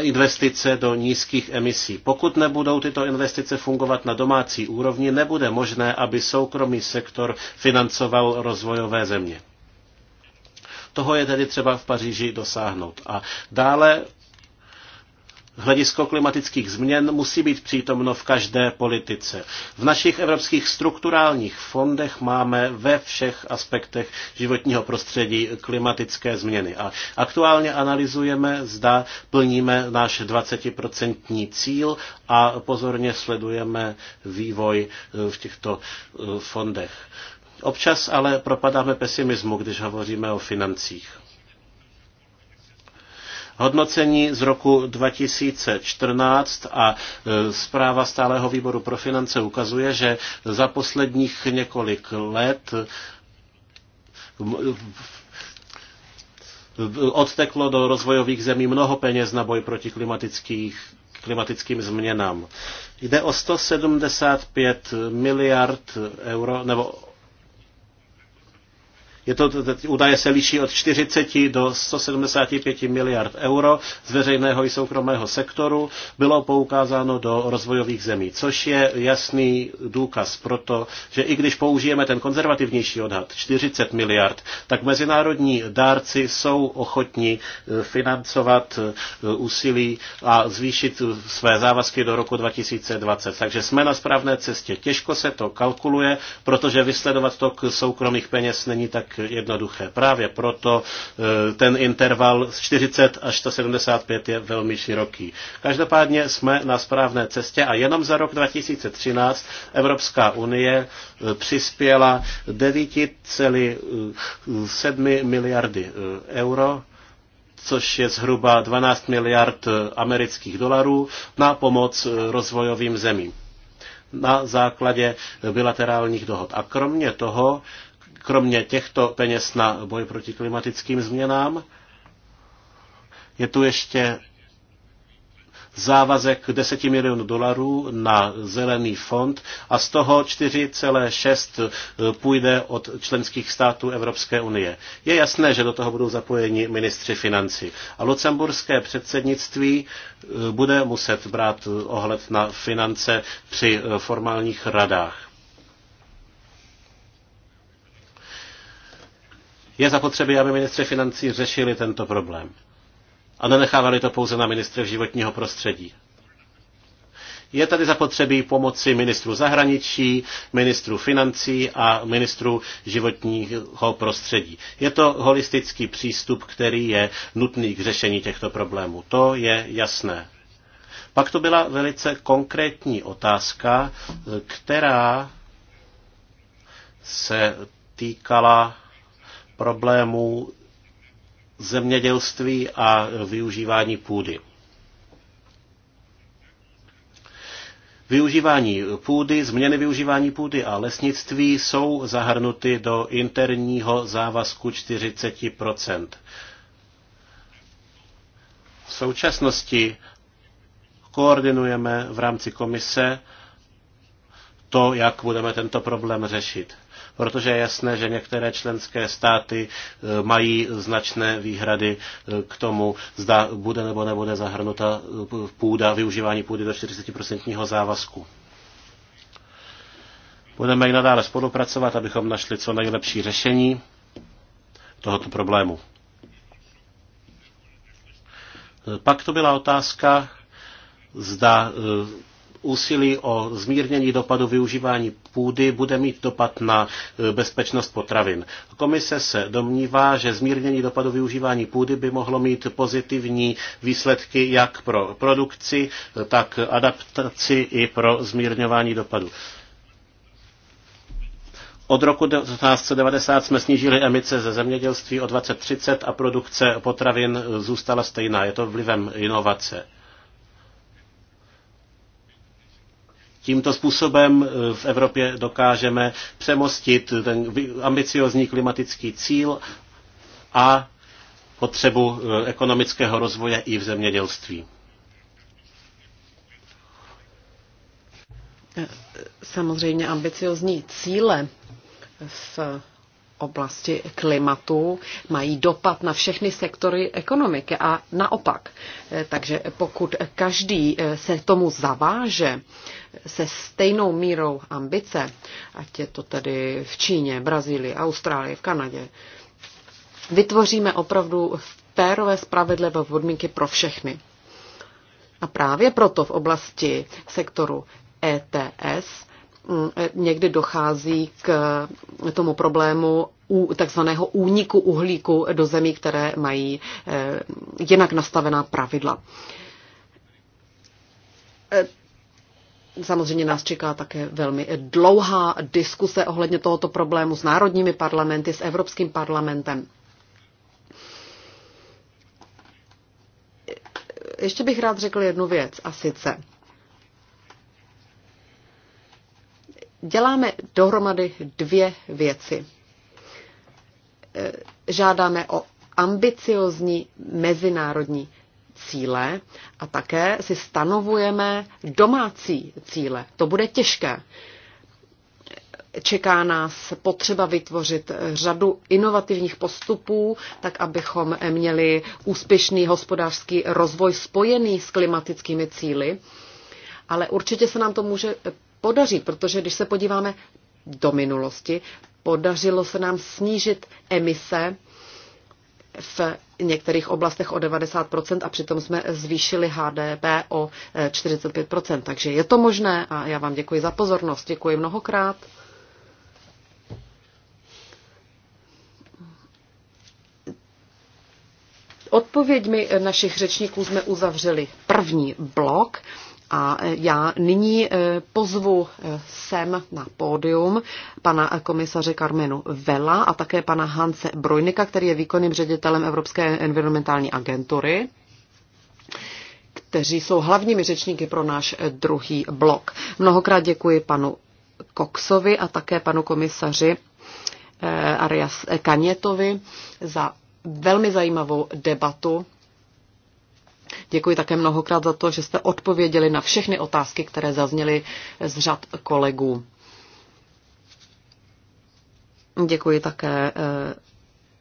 investice do nízkých emisí. Pokud nebudou tyto investice fungovat na domácí úrovni, nebude možné, aby soukromý sektor financoval rozvojové země. Toho je tedy třeba v Paříži dosáhnout. A dále Hledisko klimatických změn musí být přítomno v každé politice. V našich evropských strukturálních fondech máme ve všech aspektech životního prostředí klimatické změny. A aktuálně analyzujeme, zda plníme náš 20% cíl a pozorně sledujeme vývoj eh, v těchto eh, fondech. Občas ale propadáme pesimismu, když hovoříme o financích. Hodnocení z roku 2014 a e, zpráva stáleho výboru pro finance ukazuje, že za posledních několik let odteklo do rozvojových zemí mnoho peněz na boj proti klimatických, klimatickým změnám. Jde o 175 miliard euro, nebo je to, údaje se liší od 40 do 175 miliard euro z veřejného i soukromého sektoru. Bylo poukázáno do rozvojových zemí, což je jasný důkaz pro to, že i když použijeme ten konzervativnější odhad 40 miliard, tak mezinárodní dárci jsou ochotní eh, financovat eh, úsilí a zvýšit eh, své závazky do roku 2020. Takže jsme na správné cestě. Těžko se to kalkuluje, protože vysledovat tok soukromých peněz není tak jednoduché. Právě proto eh, ten interval z 40 až 175 je velmi široký. Každopádně jsme na správné cestě a jenom za rok 2013 Evropská unie eh, přispěla 9,7 miliardy eh, euro což je zhruba 12 miliard amerických dolarů, na pomoc rozvojovým zemím na základě bilaterálních dohod. A kromě toho kromě těchto peněz na boj proti klimatickým změnám je tu ještě závazek 10 milionů dolarů na zelený fond a z toho 4,6 eh, půjde od členských států Evropské unie. Je jasné, že do toho budou zapojeni ministři financí. A lucemburské předsednictví eh, bude muset brát eh, ohled na finance při formálních radách. Je zapotřebí, aby ministři financí řešili tento problém a nenechávali to pouze na ministře životního prostředí. Je tady zapotřebí pomoci ministru zahraničí, ministru financí a ministru životního prostředí. Je to holistický přístup, který je nutný k řešení těchto problémů. To je jasné. Pak to byla velice konkrétní otázka, která se týkala problémů zemědělství a využívání půdy. Využívání půdy, změny využívání půdy a lesnictví jsou zahrnuty do interního závazku 40 V současnosti koordinujeme v rámci komise to, jak budeme tento problém řešit protože je jasné, že některé členské státy e, mají značné výhrady e, k tomu, zda bude nebo nebude zahrnuta e, půda, využívání půdy do 40% závazku. Budeme i nadále spolupracovat, abychom našli co nejlepší řešení tohoto problému. Pak to byla otázka, zda úsilí o zmírnění dopadu využívání půdy bude mít dopad na e, bezpečnost potravin. Komise se domnívá, že zmírnění dopadu využívání půdy by mohlo mít pozitivní výsledky jak pro produkci, e, tak adaptaci i pro zmírňování dopadu. Od roku 1990 jsme snížili emice ze zemědělství o 2030 a produkce potravin e, zůstala stejná. Je to vlivem inovace. Tímto způsobem eh, v Evropě dokážeme přemostit ten ambiciozní klimatický cíl a potřebu eh, ekonomického rozvoje i v zemědělství. Eh, samozřejmě ambiciozní cíle v oblasti klimatu mají dopad na všechny sektory ekonomiky a naopak. Eh, takže pokud každý eh, se tomu zaváže eh, se stejnou mírou ambice, ať je to tedy v Číně, Brazílii, Austrálii, v Kanadě, vytvoříme opravdu férové spravedlivé podmínky pro všechny. A právě proto v oblasti sektoru ETS Mm, někdy dochází k tomu problému u takzvaného úniku uhlíku do zemí, které mají eh, jinak nastavená pravidla. Eh, samozřejmě nás čeká také velmi dlouhá diskuse ohledně tohoto problému s národními parlamenty, s Evropským parlamentem. Ještě bych rád řekl jednu věc, a sice děláme dohromady dvě věci. E, žádáme o ambiciozní mezinárodní cíle a také si stanovujeme domácí cíle. To bude těžké. Čeká nás potřeba vytvořit řadu inovativních postupů, tak abychom měli úspěšný hospodářský rozvoj spojený s klimatickými cíly ale určitě se nám to může podaří, protože když se podíváme do minulosti, podařilo se nám snížit emise v některých oblastech o 90% a přitom jsme zvýšili HDP o 45%. Eh, Takže je to možné a já vám děkuji za pozornost. Děkuji mnohokrát. Odpověďmi našich řečníků jsme uzavřeli první blok a já nyní eh, pozvu eh, sem na pódium pana komisaře Karmenu Vela a také pana Hance Brojnika, který je výkonným ředitelem Evropské environmentální agentury kteří jsou hlavními řečníky pro náš eh, druhý blok. Mnohokrát děkuji panu Koksovi a také panu komisaři Arias Kanětovi za velmi zajímavou debatu Děkuji také mnohokrát za to, že jste odpověděli na všechny otázky, které zazněly z řad kolegů. Děkuji také eh,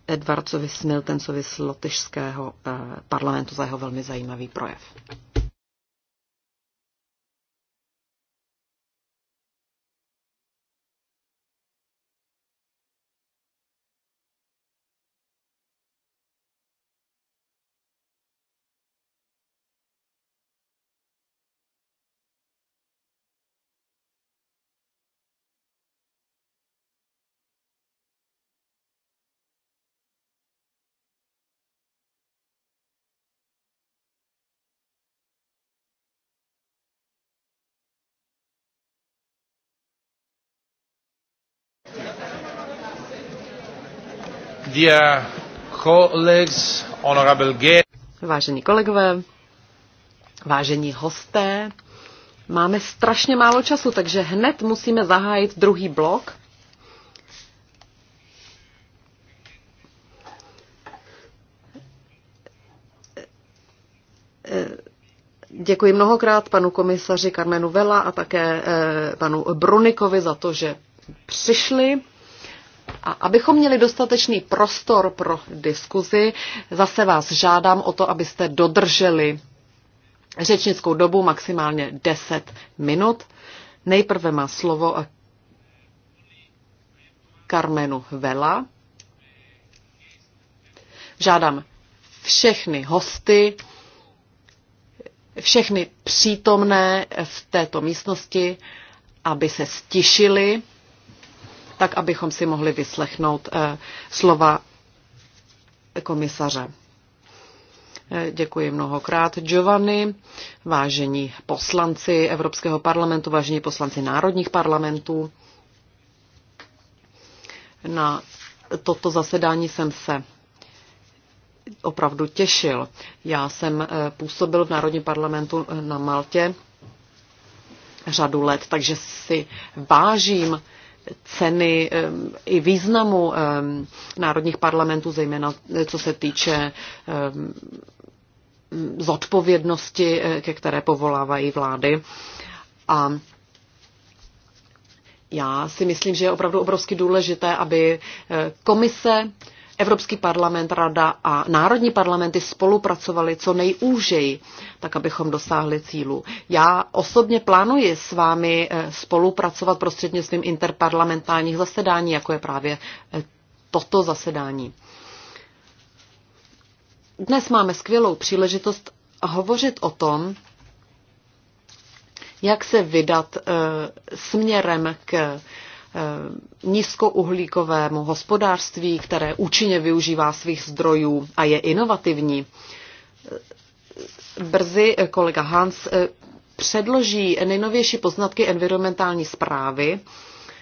Edvardcovi Smiltencovi z Lotyšského eh, parlamentu za jeho velmi zajímavý projev. Dear colleagues, honorable guests. Vážení kolegové, vážení hosté, máme strašně málo času, takže hned musíme zahájit druhý blok. Děkuji mnohokrát panu komisaři Carmenu Vela a také eh, panu Brunikovi za to, že přišli. A abychom měli dostatečný prostor pro diskuzi, zase vás žádám o to, abyste dodrželi řečnickou dobu maximálně 10 minut. Nejprve má slovo Carmenu Vela. Žádám všechny hosty, všechny přítomné v této místnosti, aby se stišili tak abychom si mohli vyslechnout eh, slova komisaře. Eh, děkuji mnohokrát. Giovanni, vážení poslanci Evropského parlamentu, vážení poslanci národních parlamentů, na toto zasedání jsem se opravdu těšil. Já jsem eh, působil v Národním parlamentu na Maltě řadu let, takže si vážím ceny i významu národních parlamentů, zejména eh, co se týče zodpovědnosti, eh, ke které povolávají vlády. A já si myslím, že je opravdu obrovsky důležité, aby eh, komise Evropský parlament, Rada a národní parlamenty spolupracovali co nejúžeji, tak abychom dosáhli cílu. Já osobně plánuji s vámi eh, spolupracovat prostřednictvím interparlamentálních zasedání, jako je právě eh, toto zasedání. Dnes máme skvělou příležitost hovořit o tom, jak se vydat eh, směrem k Eh, nízkouhlíkovému hospodářství, které účinně využívá svých zdrojů a je inovativní. Brzy kolega Hans eh, předloží nejnovější poznatky environmentální zprávy.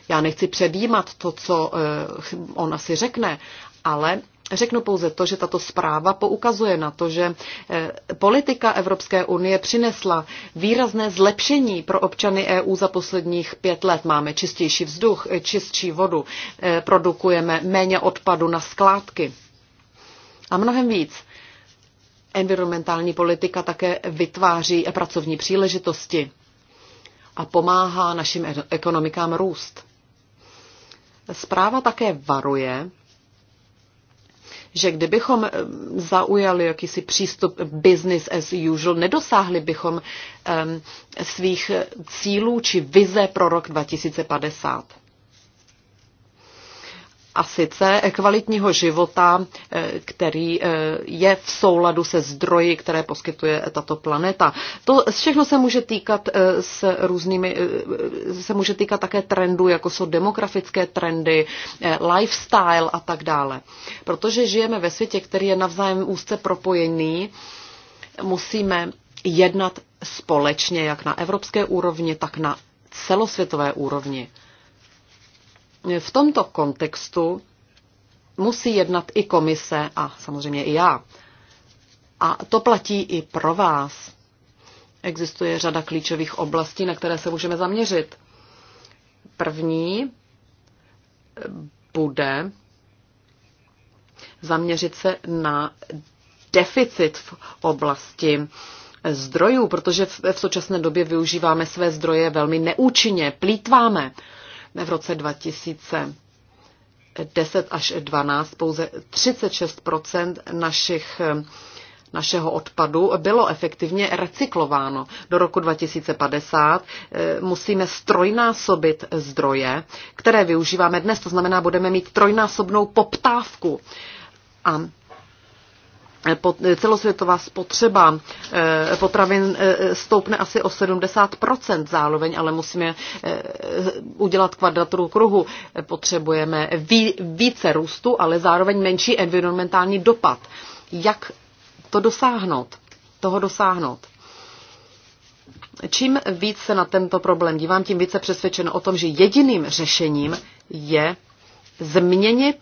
Já nechci předjímat to, co eh, on asi řekne, ale Řeknu pouze to, že tato zpráva poukazuje na to, že eh, politika Evropské unie přinesla výrazné zlepšení pro občany EU za posledních pět let. Máme čistější vzduch, čistší vodu, eh, produkujeme méně odpadu na skládky a mnohem víc. Environmentální politika také vytváří pracovní příležitosti a pomáhá našim e-, ekonomikám růst. Zpráva také varuje že kdybychom eh, zaujali jakýsi přístup business as usual, nedosáhli bychom ehm, svých eh, cílů či vize pro rok 2050 a sice kvalitního života, eh, který eh, je v souladu se zdroji, které poskytuje tato planeta. To všechno se může týkat eh, s různými, se může týkat také trendů, jako jsou demografické trendy, lifestyle a tak dále. Protože žijeme ve světě, který je navzájem úzce propojený, musíme jednat společně, jak na evropské úrovni, tak na celosvětové úrovni v tomto kontextu musí jednat i komise a samozřejmě i já. A to platí i pro vás. Existuje řada klíčových oblastí, na které se můžeme zaměřit. První bude zaměřit se na deficit v oblasti zdrojů, protože v současné době využíváme své zdroje velmi neúčinně, plítváme v roce 2010 až 12 pouze 36 našich našeho odpadu bylo efektivně recyklováno. Do roku 2050 eh, musíme strojnásobit zdroje, které využíváme dnes, to znamená, budeme mít trojnásobnou poptávku. A celosvětová spotřeba eh, potravin eh, stoupne asi o 70%. Zároveň ale musíme eh, udělat kvadraturu kruhu. Potřebujeme více růstu, ale zároveň menší environmentální dopad. Jak to dosáhnout? Toho dosáhnout? Čím víc se na tento problém dívám, tím více přesvědčen o tom, že jediným řešením je změnit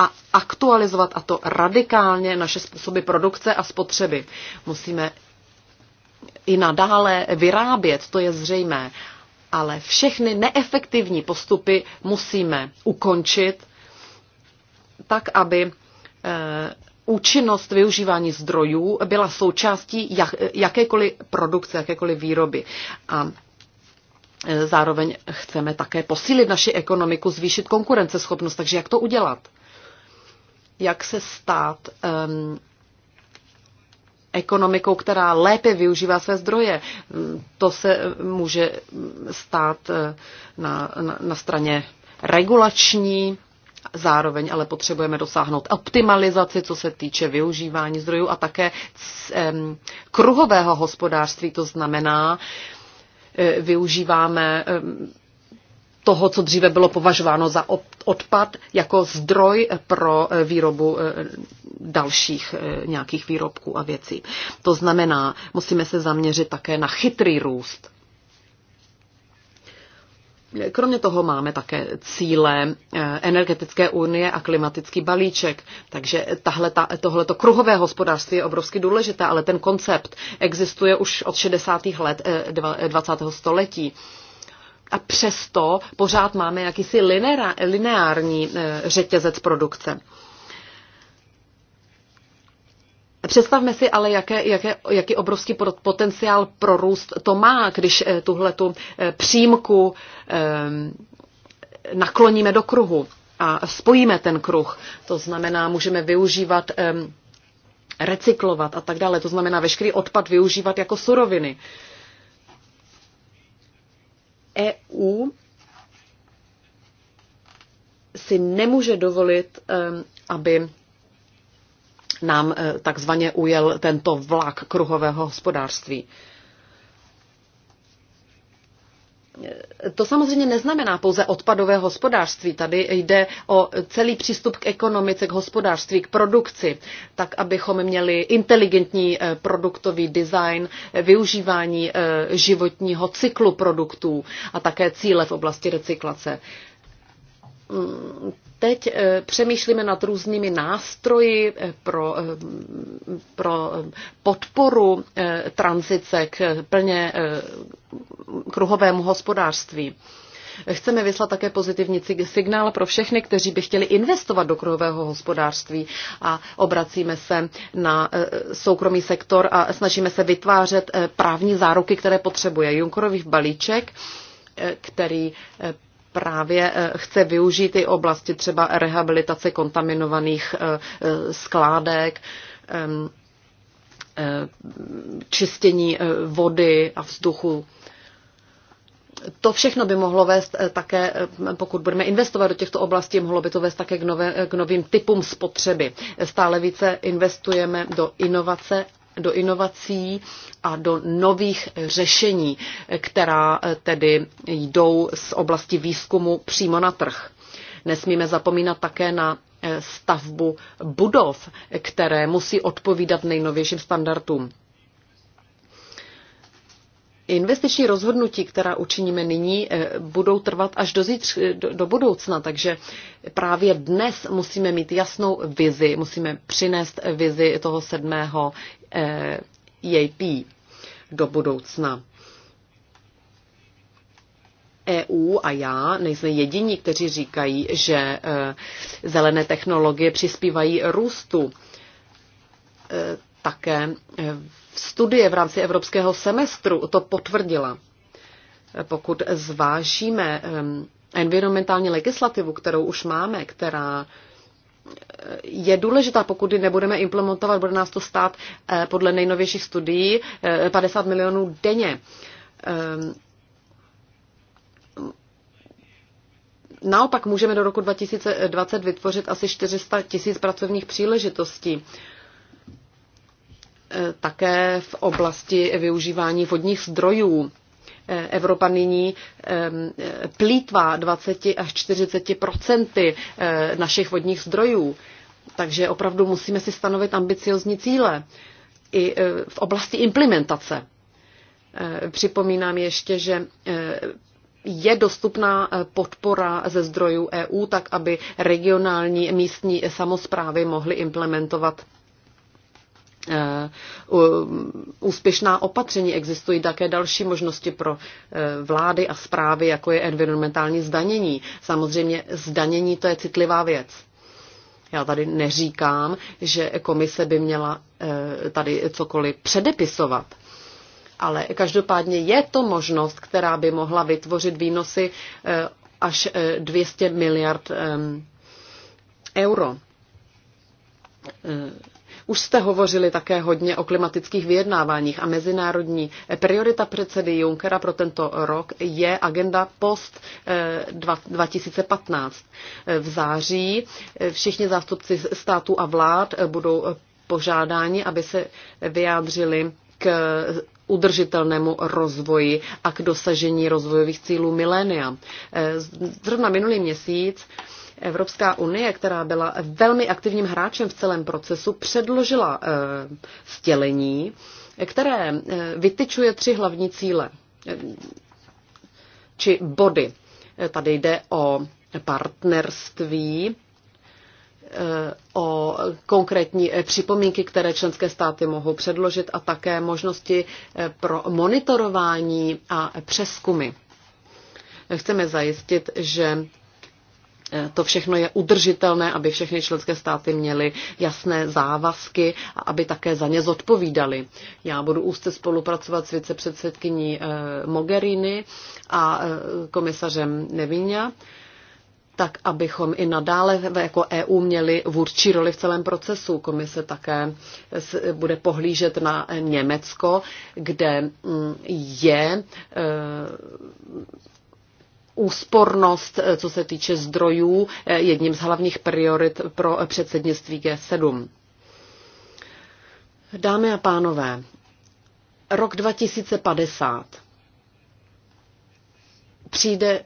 a aktualizovat, a to radikálně, naše způsoby produkce a spotřeby. Musíme i nadále vyrábět, to je zřejmé, ale všechny neefektivní postupy musíme ukončit tak, aby eh, účinnost využívání zdrojů byla součástí jak, jakékoliv produkce, jakékoliv výroby. A eh, zároveň chceme také posílit naši ekonomiku, zvýšit konkurenceschopnost. Takže jak to udělat? jak se stát um, ekonomikou, která lépe využívá své zdroje. To se může stát eh, na, na, na straně regulační, zároveň ale potřebujeme dosáhnout optimalizaci, co se týče využívání zdrojů a také kruhového hospodářství, to znamená, eh, využíváme toho, co dříve bylo považováno za odpad, jako zdroj pro eh, výrobu eh, dalších eh, nějakých výrobků a věcí. To znamená, musíme se zaměřit také na chytrý růst. Kromě toho máme také cíle energetické unie a klimatický balíček. Takže tohleto kruhové hospodářství je obrovsky důležité, ale ten koncept existuje už od 60. let 20. století a přesto pořád máme jakýsi lineární eh, řetězec produkce. Představme si ale, jaké, jaké, jaký obrovský potenciál pro růst to má, když eh, tuhle tu eh, přímku nakloníme do kruhu a spojíme ten kruh. To znamená, můžeme využívat, recyklovat a tak dále. To znamená veškerý odpad využívat jako suroviny. EU si nemůže dovolit, aby nám eh, takzvaně ujel tento vlak kruhového hospodářství to samozřejmě neznamená pouze odpadové hospodářství. Tady jde o celý přístup k ekonomice, k hospodářství, k produkci, tak abychom měli inteligentní eh, produktový design, eh, využívání eh, životního cyklu produktů a také cíle v oblasti recyklace teď eh, přemýšlíme nad různými nástroji eh, pro, eh, pro podporu tranzice k plně kruhovému hospodářství. Chceme vyslat také pozitivní signál pro všechny, kteří by chtěli investovat do kruhového hospodářství a obracíme se na soukromý sektor a snažíme se vytvářet právní záruky, které potřebuje Junkerových balíček, který právě eh, chce využít i oblasti třeba rehabilitace kontaminovaných eh, eh, skládek, čistění vody a vzduchu. To všechno by mohlo vést také, pokud budeme investovat do těchto oblastí, mohlo by to vést také k, nové, k novým typům spotřeby. Stále více investujeme do inovace do inovací a do nových řešení, která eh, tedy jdou z oblasti výzkumu přímo na trh. Nesmíme zapomínat také na eh, stavbu budov, které musí odpovídat nejnovějším standardům. Investiční rozhodnutí, která učiníme nyní, eh, budou trvat až do, zítř, do, do budoucna, takže právě dnes musíme mít jasnou vizi, musíme přinést vizi toho sedmého EAP eh, e do budoucna. EU a já nejsme jediní, kteří říkají, že eh, zelené technologie přispívají růstu. Eh, také studie v rámci evropského semestru to potvrdila. Pokud zvážíme environmentální legislativu, kterou už máme, která je důležitá, pokud ji nebudeme implementovat, bude nás to stát eh, podle nejnovějších studií 50 eh, milionů denně. Ehm, naopak můžeme do roku 2020 vytvořit asi 400 tisíc pracovních příležitostí eh, také v oblasti využívání vodních zdrojů. Evropa nyní plítvá 20 až 40 eh, našich vodních zdrojů. Takže opravdu musíme si stanovit ambiciozní cíle i eh, v oblasti implementace. Eh, připomínám ještě, že je dostupná podpora ze zdrojů EU, tak aby regionální místní samozprávy mohly implementovat Eh, úspěšná opatření. Existují také další možnosti pro eh, vlády a zprávy, jako je environmentální zdanění. Samozřejmě zdanění to je citlivá věc. Já tady neříkám, že komise by měla eh, tady cokoliv předepisovat. Ale každopádně je to možnost, která by mohla vytvořit výnosy až 200 miliard ehm, euro už jste hovořili také hodně o klimatických vyjednáváních a mezinárodní priorita předsedy Junckera pro tento rok je agenda post 2015. Eh, v září eh, všichni zástupci států a vlád eh, budou požádáni, aby se vyjádřili k udržitelnému rozvoji a k dosažení rozvojových cílů milénia. Zrovna minulý měsíc Evropská unie, která byla velmi aktivním hráčem v celém procesu, předložila eh, stělení, které eh, vytyčuje tři hlavní cíle eh, či body. Tady jde o partnerství, o konkrétní připomínky, které členské státy mohou předložit a také možnosti pro monitorování a přeskumy. Chceme zajistit, že to všechno je udržitelné, aby všechny členské státy měly jasné závazky a aby také za ně zodpovídali. Já budu úzce spolupracovat s vicepředsedkyní eh, Mogherini a eh, komisařem Nevinja tak abychom i nadále jako EU měli vůdčí roli v celém procesu. Komise také bude pohlížet na Německo, kde mm, je eh, Úspornost, eh, co se týče zdrojů, eh, jedním z hlavních priorit pro eh, předsednictví G7. Dámy a pánové, rok 2050 přijde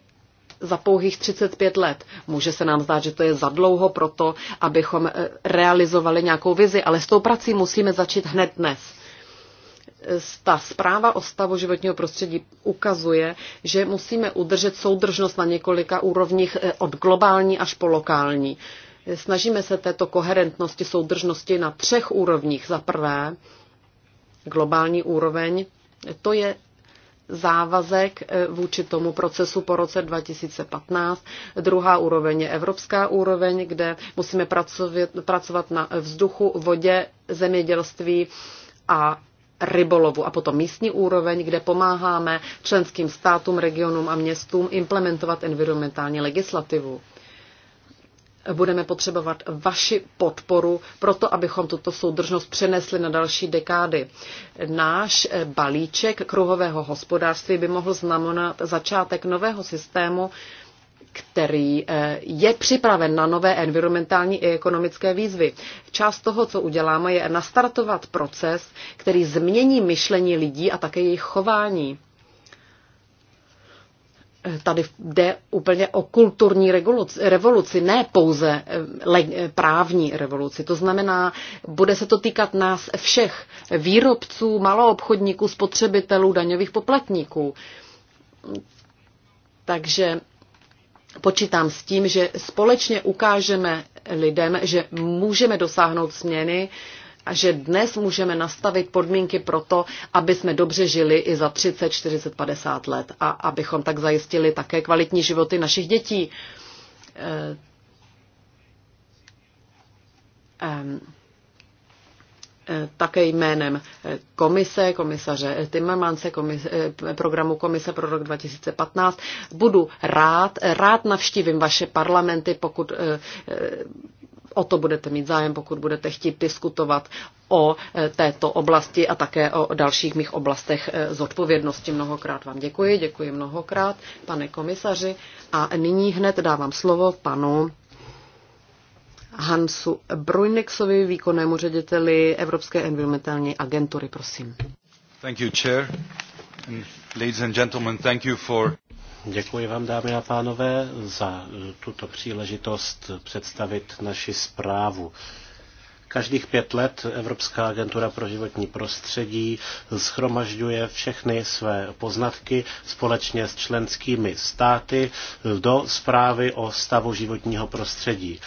za pouhých 35 let. Může se nám zdát, že to je za dlouho proto, abychom realizovali nějakou vizi, ale s tou prací musíme začít hned dnes ta zpráva o stavu životního prostředí ukazuje, že musíme udržet soudržnost na několika úrovních eh, od globální až po lokální. Snažíme se této koherentnosti, soudržnosti na třech úrovních. Za prvé, globální úroveň, to je závazek eh, vůči tomu procesu po roce 2015. Druhá úroveň je evropská úroveň, kde musíme pracovat na vzduchu, vodě, zemědělství a rybolovu a potom místní úroveň, kde pomáháme členským státům, regionům a městům implementovat environmentální legislativu. Budeme potřebovat vaši podporu pro to, abychom tuto soudržnost přenesli na další dekády. Náš eh, balíček kruhového hospodářství by mohl znamenat začátek nového systému který eh, je připraven na nové environmentální i ekonomické výzvy. Část toho, co uděláme, je nastartovat proces, který změní myšlení lidí a také jejich chování. Eh, tady jde úplně o kulturní revoluci, ne pouze eh, právní revoluci. To znamená, bude se to týkat nás všech, výrobců, maloobchodníků, spotřebitelů, daňových poplatníků. Takže počítám s tím, že společně ukážeme lidem, že můžeme dosáhnout změny a že dnes můžeme nastavit podmínky pro to, aby jsme dobře žili i za 30, 40, 50 let a abychom tak zajistili také kvalitní životy našich dětí. Um, Eh, také jménem eh, komise, komisaře Timmermanse, komise, eh, programu komise pro rok 2015. Budu rád, rád navštívím vaše parlamenty, pokud o to budete mít zájem, pokud budete chtít diskutovat o této oblasti a také o dalších mých oblastech zodpovědnosti. Mnohokrát vám děkuji, děkuji mnohokrát, pane komisaři. A nyní hned dávám slovo panu Hansu Brujnexovi, výkonnému řediteli Evropské environmentální agentury. Prosím. Thank you, chair. And ladies and gentlemen, thank you for... Děkuji vám, dámy a pánové, za eh, tuto příležitost představit naši zprávu Každých pět let Evropská agentura pro životní prostředí schromažďuje všechny své poznatky společně s členskými státy do zprávy o stavu životního prostředí.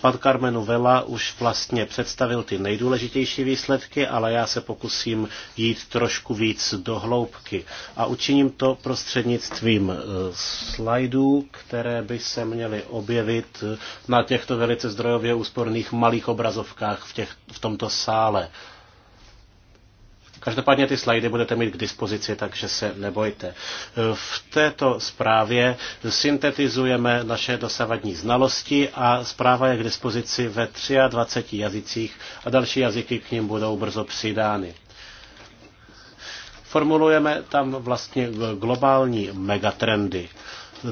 Pan Carmenu Vela už vlastně představil ty nejdůležitější výsledky, ale já se pokusím jít trošku víc do hloubky. A učiním to prostřednictvím eh, slajdů, které by se měly objevit na těchto velice zdrojově úsporných malých obrazovkách v, těch, v tomto sále. Každopádně ty slajdy budete mít k dispozici, takže se nebojte. V této zprávě syntetizujeme naše dosavadní znalosti a zpráva je k dispozici ve 23 jazycích a další jazyky k ním budou brzo přidány. Formulujeme tam vlastně globální megatrendy.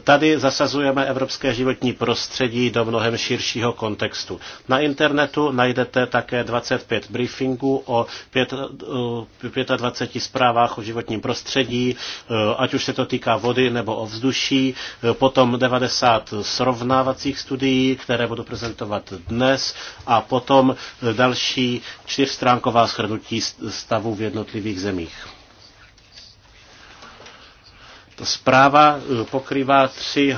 Tady zasazujeme evropské životní prostředí do mnohem širšího kontextu. Na internetu najdete také 25 briefingů o 25 eh, zprávách o životním prostředí, eh, ať už se to týká vody nebo ovzduší, eh, potom 90 srovnávacích studií, které budu prezentovat dnes, a potom další čtyřstránková shrnutí stavu v jednotlivých zemích. Zpráva eh, pokrývá tři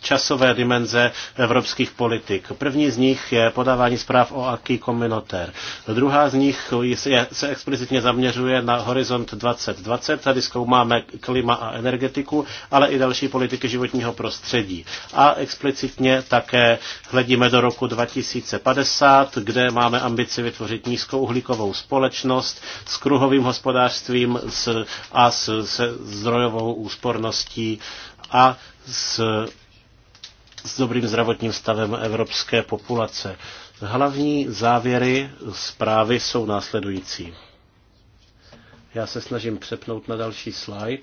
časové dimenze evropských politik. První z nich je podávání zpráv o aký kominoter. Druhá z nich je, se explicitně zaměřuje na horizont 2020. Tady zkoumáme klima a energetiku, ale i další politiky životního prostředí. A explicitně také hledíme do roku 2050, kde máme ambici vytvořit nízkouhlíkovou společnost s kruhovým hospodářstvím a s, se zdrojovou úspornou odolností a s, s dobrým zdravotním stavem evropské populace. Hlavní závěry zprávy jsou následující. Já se snažím přepnout na další slide,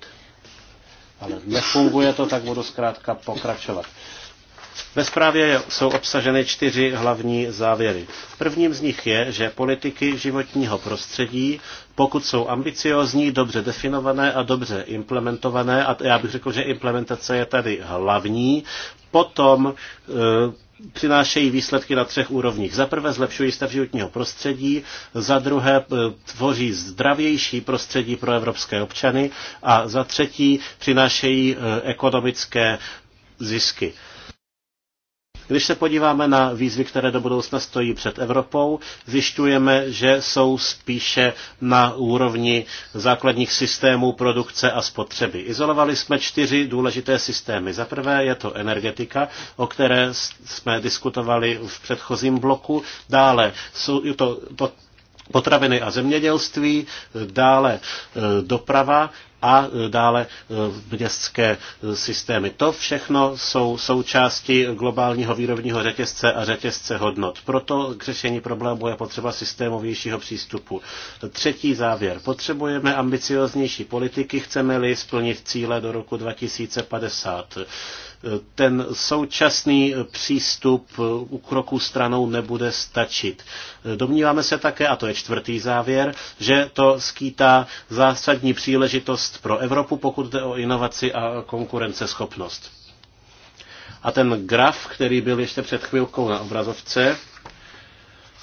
ale nefunguje to, tak budu zkrátka pokračovat. Ve zprávě jsou obsaženy čtyři hlavní závěry. Prvním z nich je, že politiky životního prostředí, pokud jsou ambiciozní, dobře definované a dobře implementované, a já bych řekl, že implementace je tady hlavní, potom eh, přinášejí výsledky na třech úrovních. Za prvé zlepšují stav životního prostředí, za druhé eh, tvoří zdravější prostředí pro evropské občany a za třetí přinášejí eh, ekonomické zisky. Když se podíváme na výzvy, které do budoucna stojí před Evropou, zjišťujeme, že jsou spíše na úrovni základních systémů produkce a spotřeby. Izolovali jsme čtyři důležité systémy. Za prvé je to energetika, o které jsme diskutovali v předchozím bloku. Dále jsou to, to potraviny a zemědělství, dále e, doprava a e, dále e, městské systémy. To všechno jsou součásti globálního výrobního řetězce a řetězce hodnot. Proto k řešení problému je potřeba systémovějšího přístupu. Třetí závěr. Potřebujeme ambicioznější politiky, chceme-li splnit cíle do roku 2050 ten současný přístup u kroku stranou nebude stačit. Domníváme se také, a to je čtvrtý závěr, že to skýtá zásadní příležitost pro Evropu, pokud jde o inovaci a konkurenceschopnost. A ten graf, který byl ještě před chvilkou na obrazovce,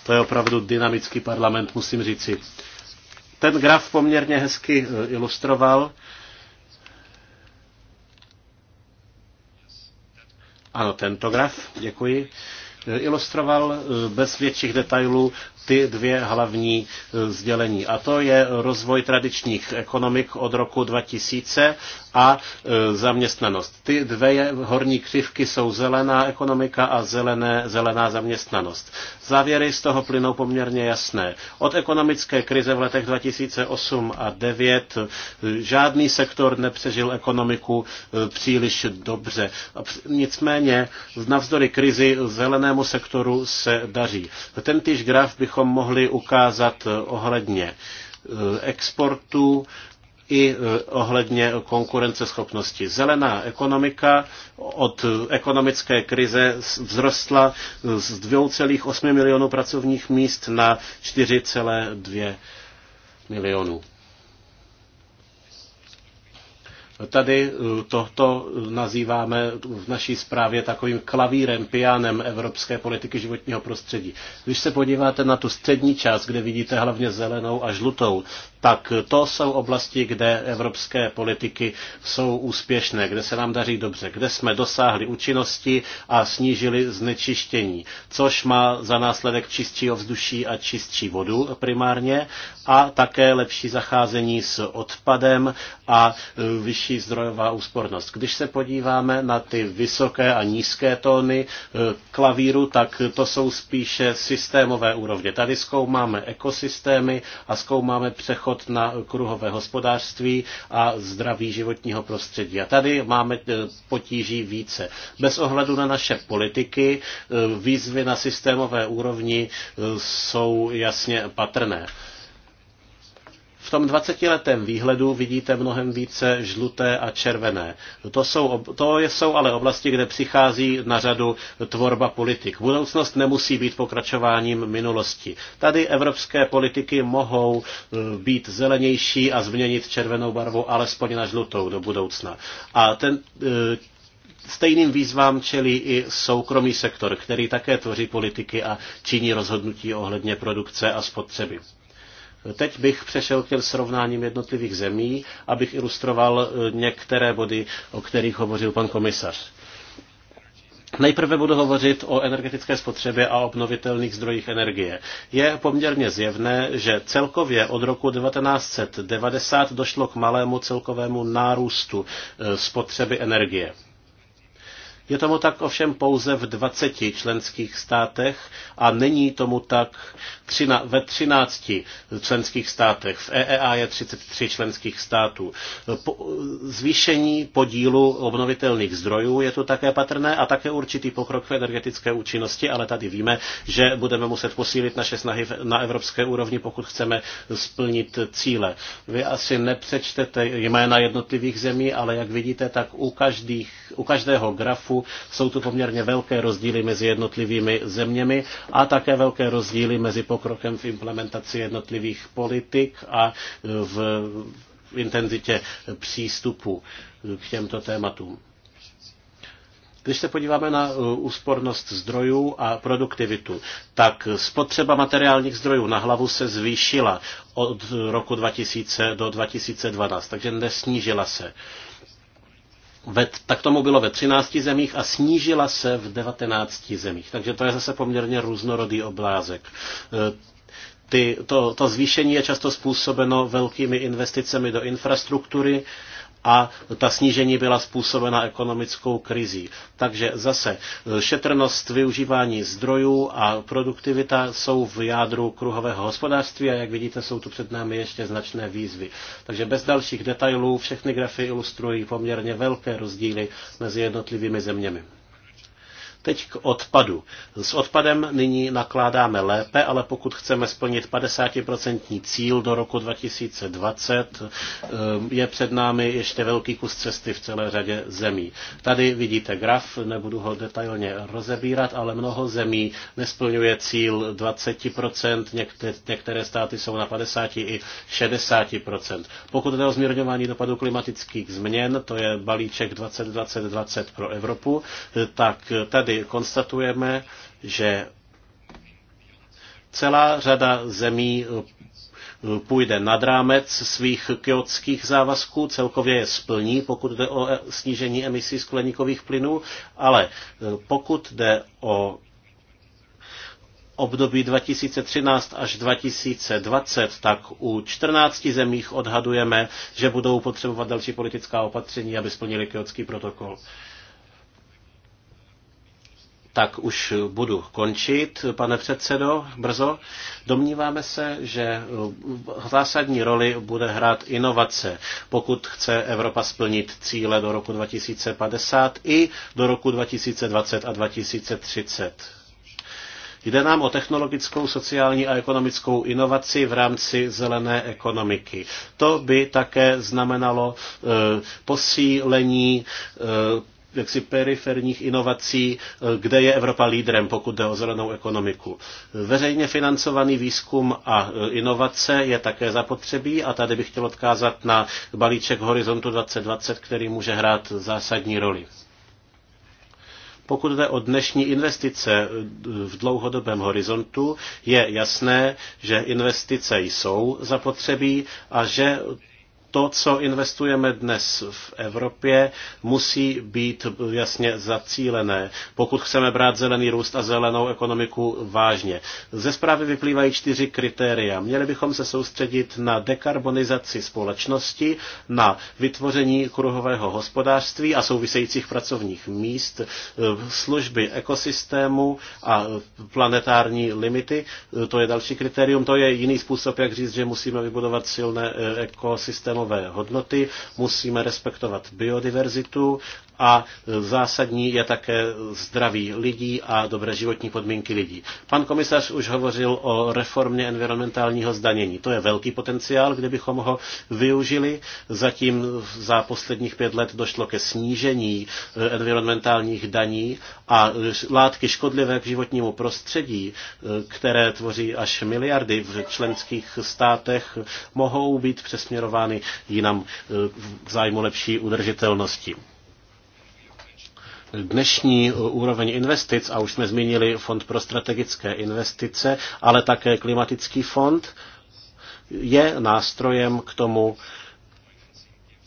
to je opravdu dynamický parlament, musím říci. Ten graf poměrně hezky eh, ilustroval, Ano, tento graf, děkuji ilustroval eh, bez větších detailů ty dvě hlavní eh, sdělení. A to je rozvoj tradičních ekonomik od roku 2000 a eh, zaměstnanost. Ty dvě horní křivky jsou zelená ekonomika a zelené, zelená zaměstnanost. Závěry z toho plynou poměrně jasné. Od ekonomické krize v letech 2008 a 2009 žádný sektor nepřežil ekonomiku příliš dobře. Nicméně navzdory krizi zelenému soukromému sektoru se daří. týž graf bychom mohli ukázat eh, ohledně eh, exportu i eh, ohledně konkurenceschopnosti. Zelená ekonomika od ekonomické krize vzrostla z 2,8 milionů pracovních míst na 4,2 milionů. Tady toto eh, nazýváme v naší zprávě takovým klavírem, pianem evropské politiky životního prostředí. Když se podíváte na tu střední část, kde vidíte hlavně zelenou a žlutou, tak to jsou oblasti, kde evropské politiky jsou úspěšné, kde se nám daří dobře, kde jsme dosáhli účinnosti a snížili znečištění, což má za následek čistší ovzduší a čistší vodu primárně a také lepší zacházení s odpadem a e, vyšší zdrojová úspornost. Když se podíváme na ty vysoké a nízké tóny e, klavíru, tak to jsou spíše systémové úrovně. Tady zkoumáme ekosystémy a zkoumáme přechod přechod na kruhové hospodářství a zdraví životního prostředí. A tady máme e, potíží více. Bez ohledu na naše politiky, e, výzvy na systémové úrovni e, jsou jasně patrné. V tom 20-letém výhledu vidíte mnohem více žluté a červené. To jsou, to jsou ale oblasti, kde přichází na řadu tvorba politik. Budoucnost nemusí být pokračováním minulosti. Tady evropské politiky mohou e, být zelenější a změnit červenou barvu alespoň na žlutou do budoucna. A ten, e, stejným výzvám čelí i soukromý sektor, který také tvoří politiky a činí rozhodnutí ohledně produkce a spotřeby. Teď bych přešel k těm srovnáním jednotlivých zemí, abych ilustroval e, některé body, o kterých hovořil pan komisař. Nejprve budu hovořit o energetické spotřebě a obnovitelných zdrojích energie. Je poměrně zjevné, že celkově od roku 1990 došlo k malému celkovému nárůstu e, spotřeby energie. Je tomu tak ovšem pouze v 20 členských státech a není tomu tak ve 13 členských státech. V EEA je 33 členských států. Zvýšení podílu obnovitelných zdrojů je tu také patrné a také určitý pokrok v energetické účinnosti, ale tady víme, že budeme muset posílit naše snahy na evropské úrovni, pokud chceme splnit cíle. Vy asi nepřečtete jména jednotlivých zemí, ale jak vidíte, tak u, každých, u každého grafu států. Jsou tu poměrně velké rozdíly mezi jednotlivými zeměmi a také velké rozdíly mezi pokrokem v implementaci jednotlivých politik a e, v intenzitě přístupu k těmto tématům. Když se podíváme na e, úspornost zdrojů a produktivitu, tak spotřeba materiálních zdrojů na hlavu se zvýšila od roku 2000 do 2012, takže nesnížila se ve, tak tomu bylo ve 13 zemích a snížila se v 19 zemích. Takže to je zase poměrně různorodý oblázek. E, ty, to, to zvýšení je často způsobeno velkými investicemi do infrastruktury a ta snížení byla způsobena ekonomickou krizí. Takže zase e, šetrnost využívání zdrojů a produktivita jsou v jádru kruhového hospodářství a jak vidíte, jsou tu před námi ještě značné výzvy. Takže bez dalších detailů všechny grafy ilustrují poměrně velké rozdíly mezi jednotlivými zeměmi. Teď k odpadu. S odpadem nyní nakládáme lépe, ale pokud chceme splnit 50% cíl do roku 2020, eh, je před námi ještě velký kus cesty v celé řadě zemí. Tady vidíte graf, nebudu ho detailně rozebírat, ale mnoho zemí nesplňuje cíl 20%, některé státy jsou na 50 i 60%. Pokud jde o změrňování dopadu klimatických změn, to je balíček 2020-2020 pro Evropu, eh, tak tady konstatujeme, že celá řada zemí eh, eh, půjde nad rámec svých kyotských závazků, celkově je splní, pokud jde o eh, snížení emisí skleníkových plynů, ale pokud jde o období 2013 až 2020, tak u 14 zemích odhadujeme, že budou potřebovat další politická opatření, aby splnili kyotský protokol tak už budu končit, pane předsedo, brzo. Domníváme se, že zásadní roli bude hrát inovace, pokud chce Evropa splnit cíle do roku 2050 i do roku 2020 a 2030. Jde nám o technologickou, sociální a ekonomickou inovaci v rámci zelené ekonomiky. To by také znamenalo eh, posílení eh, jaksi periferních inovací, eh, kde je Evropa lídrem, pokud jde o zelenou ekonomiku. Veřejně financovaný výzkum a eh, inovace je také zapotřebí a tady bych chtěl odkázat na balíček Horizontu 2020, který může hrát zásadní roli. Pokud jde o dnešní investice eh, v dlouhodobém horizontu, je jasné, že investice jsou zapotřebí a že to, co investujeme dnes v Evropě, musí být jasně zacílené, pokud chceme brát zelený růst a zelenou ekonomiku vážně. Ze zprávy vyplývají čtyři kritéria. Měli bychom se soustředit na dekarbonizaci společnosti, na vytvoření kruhového hospodářství a souvisejících pracovních míst, služby ekosystému a planetární limity. To je další kritérium, to je jiný způsob, jak říct, že musíme vybudovat silné eh, ekosystémové nové hodnoty, musíme respektovat biodiverzitu a zásadní je také zdraví lidí a dobré životní podmínky lidí. Pan komisař už hovořil o reformě environmentálního zdanění. To je velký potenciál, kdybychom ho využili. Zatím za posledních pět let došlo ke snížení eh, environmentálních daní a látky škodlivé k životnímu prostředí, eh, které tvoří až miliardy v členských státech, mohou být přesměrovány jinam eh, v zájmu lepší udržitelnosti dnešní úroveň investic, a už jsme zmínili Fond pro strategické investice, ale také klimatický fond, je nástrojem k tomu,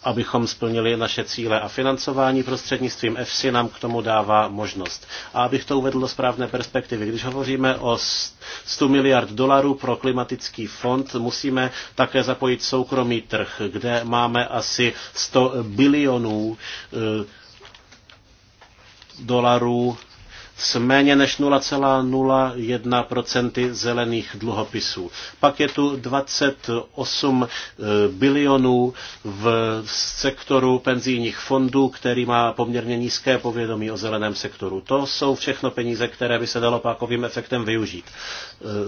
abychom splnili naše cíle a financování prostřednictvím EFSI nám k tomu dává možnost. A abych to uvedl do správné perspektivy, když hovoříme o 100 miliard dolarů pro klimatický fond, musíme také zapojit soukromý trh, kde máme asi 100 bilionů eh, dolarů s méně než 0,01% zelených dluhopisů. Pak je tu 28 eh, bilionů v sektoru penzijních fondů, který má poměrně nízké povědomí o zeleném sektoru. To jsou všechno peníze, které by se dalo pákovým efektem využít. Eh,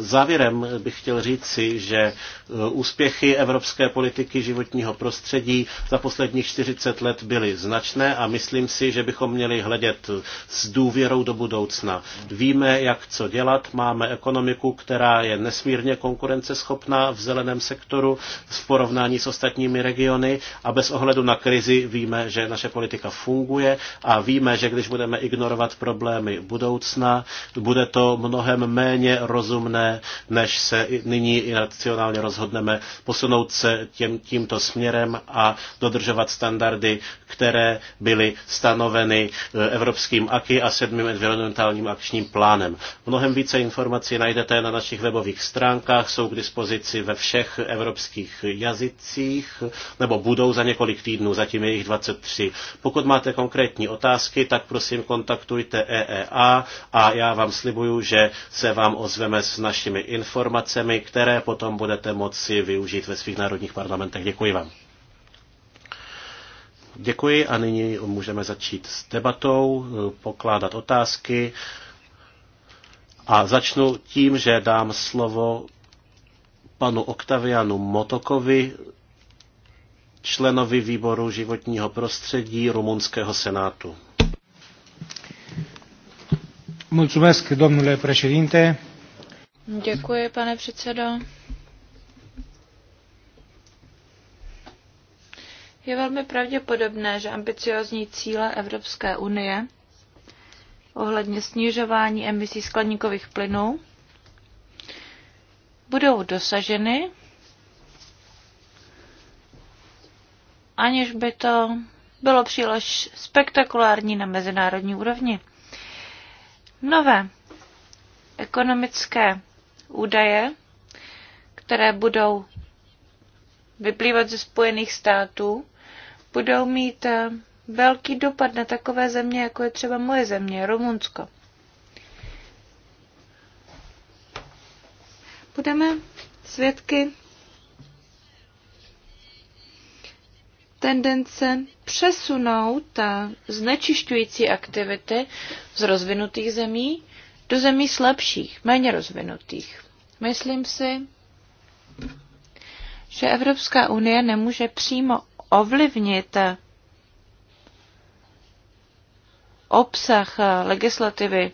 závěrem bych chtěl říci, že eh, úspěchy evropské politiky životního prostředí za posledních 40 let byly značné a myslím si, že bychom měli hledět s důvěrou do budoucna budoucna. Víme, jak co dělat, máme ekonomiku, která je nesmírně konkurenceschopná v zeleném sektoru v porovnání s ostatními regiony a bez ohledu na krizi víme, že naše politika funguje a víme, že když budeme ignorovat problémy budoucna, bude to mnohem méně rozumné, než se nyní i racionálně rozhodneme posunout se těm, tímto směrem a dodržovat standardy, které byly stanoveny eh, evropským AKI a sedmým environmentálním akčním plánem. Mnohem více informací najdete na našich webových stránkách, jsou k dispozici ve všech evropských jazycích, nebo budou za několik týdnů, zatím je jich 23. Pokud máte konkrétní otázky, tak prosím kontaktujte EEA a já vám slibuju, že se vám ozveme s našimi informacemi, které potom budete moci využít ve svých národních parlamentech. Děkuji vám. Děkuji a nyní můžeme začít s debatou, pokládat otázky. A začnu tím, že dám slovo panu Oktavianu Motokovi, členovi výboru životního prostředí rumunského senátu. Mulțumesc, domnule președinte. Děkuji, pane předsedo. Je velmi pravděpodobné, že ambiciozní cíle Evropské unie ohledně snižování emisí skleníkových plynů budou dosaženy, aniž by to bylo příliš spektakulární na mezinárodní úrovni. Nové ekonomické údaje, které budou vyplývat ze Spojených států, budou mít eh, velký dopad na takové země, jako je třeba moje země, Rumunsko. Budeme svědky tendence přesunout eh, znečišťující aktivity z rozvinutých zemí do zemí slabších, méně rozvinutých. Myslím si, že Evropská unie nemůže přímo ovlivnit obsah legislativy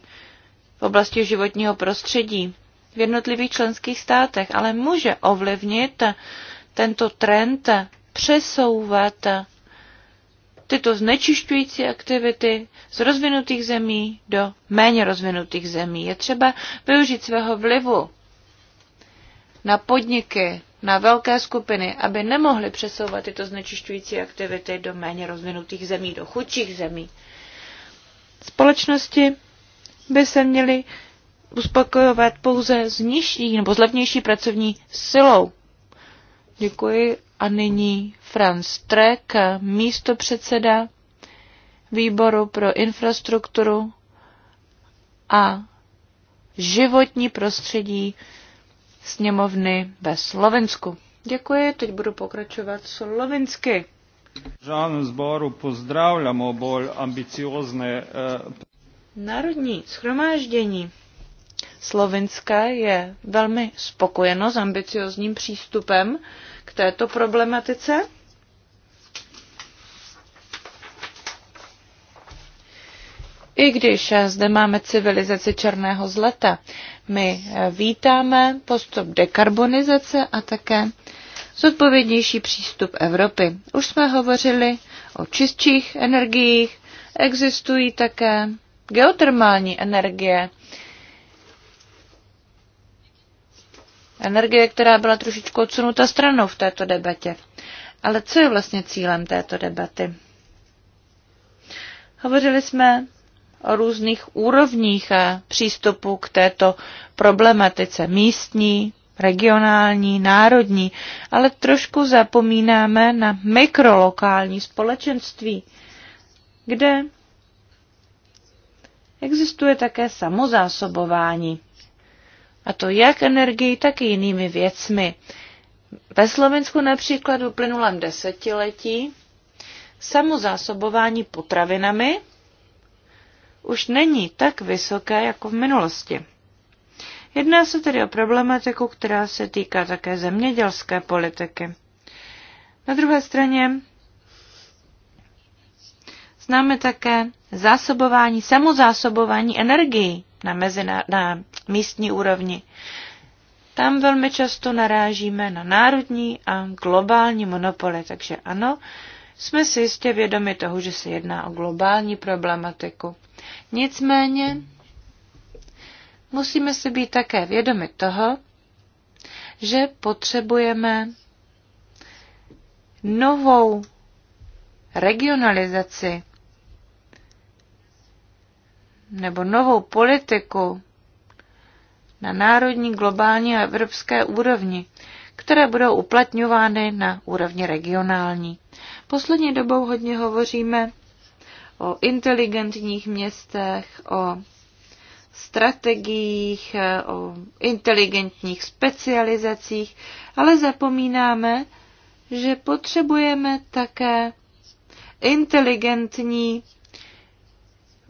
v oblasti životního prostředí v jednotlivých členských státech, ale může ovlivnit tento trend přesouvat tyto znečišťující aktivity z rozvinutých zemí do méně rozvinutých zemí. Je třeba využít svého vlivu na podniky, na velké skupiny, aby nemohly přesouvat tyto znečišťující aktivity do méně rozvinutých zemí, do chudších zemí. Společnosti by se měly uspokojovat pouze s nižší nebo s levnější pracovní silou. Děkuji. A nyní Franz Trek, místo předseda výboru pro infrastrukturu a životní prostředí sněmovny ve Slovensku. Děkuji, teď budu pokračovat slovensky. Žánu zboru pozdravljamo bolj ambiciozne. Eh, Národní schromáždění Slovenska je velmi spokojeno s ambiciozním přístupem k této problematice. I když zde máme civilizaci černého zlata, my vítáme postup dekarbonizace a také zodpovědnější přístup Evropy. Už jsme hovořili o čistších energiích, existují také geotermální energie, energie, která byla trošičku odsunuta stranou v této debatě. Ale co je vlastně cílem této debaty? Hovořili jsme různých úrovních eh, přístupu k této problematice místní, regionální, národní, ale trošku zapomínáme na mikrolokální společenství, kde existuje také samozásobování. A to jak energií, tak i jinými věcmi. Ve Slovensku například v uplynulém desetiletí samozásobování potravinami už není tak vysoké jako v minulosti. Jedná se tedy o problematiku, která se týká také zemědělské politiky. Na druhé straně známe také zásobování, samozásobování energií na, mezina, na místní úrovni. Tam velmi často narážíme na národní a globální monopoly, takže ano, jsme si jistě vědomi toho, že se jedná o globální problematiku. Nicméně musíme si být také vědomi toho, že potřebujeme novou regionalizaci nebo novou politiku na národní, globální a evropské úrovni, které budou uplatňovány na úrovni regionální. Poslední dobou hodně hovoříme o inteligentních městech, o strategiích, o inteligentních specializacích, ale zapomínáme, že potřebujeme také inteligentní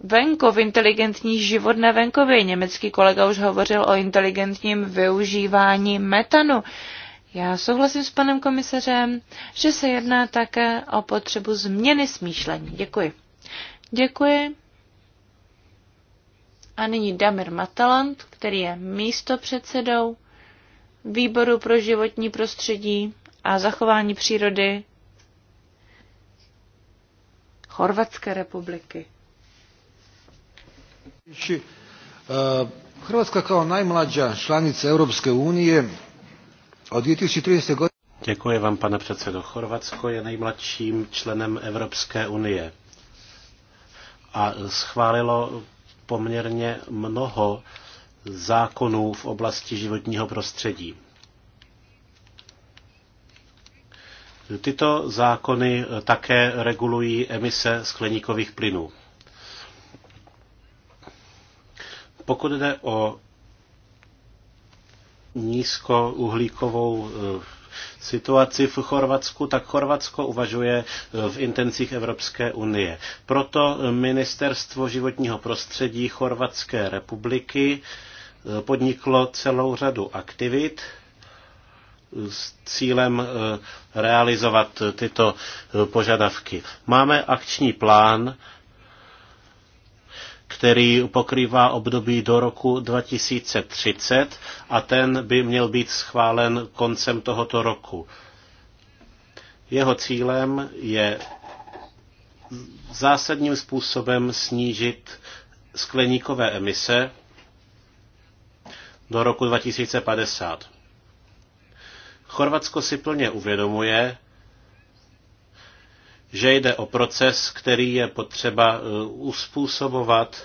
venkov, inteligentní život na venkově. Německý kolega už hovořil o inteligentním využívání metanu. Já souhlasím s panem komisařem, že se jedná také o potřebu změny smýšlení. Děkuji. Děkuji. A nyní Damir Matalant, který je místopředsedou Výboru pro životní prostředí a zachování přírody Chorvatské republiky. Chorvatska jako nejmladší členice Evropské unie od 2030. Děkuji vám, pane předsedo. Chorvatsko je nejmladším členem Evropské unie a schválilo poměrně mnoho zákonů v oblasti životního prostředí. Tyto zákony také regulují emise skleníkových plynů. Pokud jde o nízkouhlíkovou eh, situaci v Chorvatsku, tak Chorvatsko uvažuje eh, v intencích Evropské unie. Proto eh, Ministerstvo životního prostředí Chorvatské republiky eh, podniklo celou řadu aktivit, s cílem realizovat tyto požadavky. Máme akční plán který pokrývá období do roku 2030 a ten by měl být schválen koncem tohoto roku. Jeho cílem je zásadním způsobem snížit skleníkové emise do roku 2050. Chorvatsko si plně uvědomuje, že jde o proces, který je potřeba eh, uspůsobovat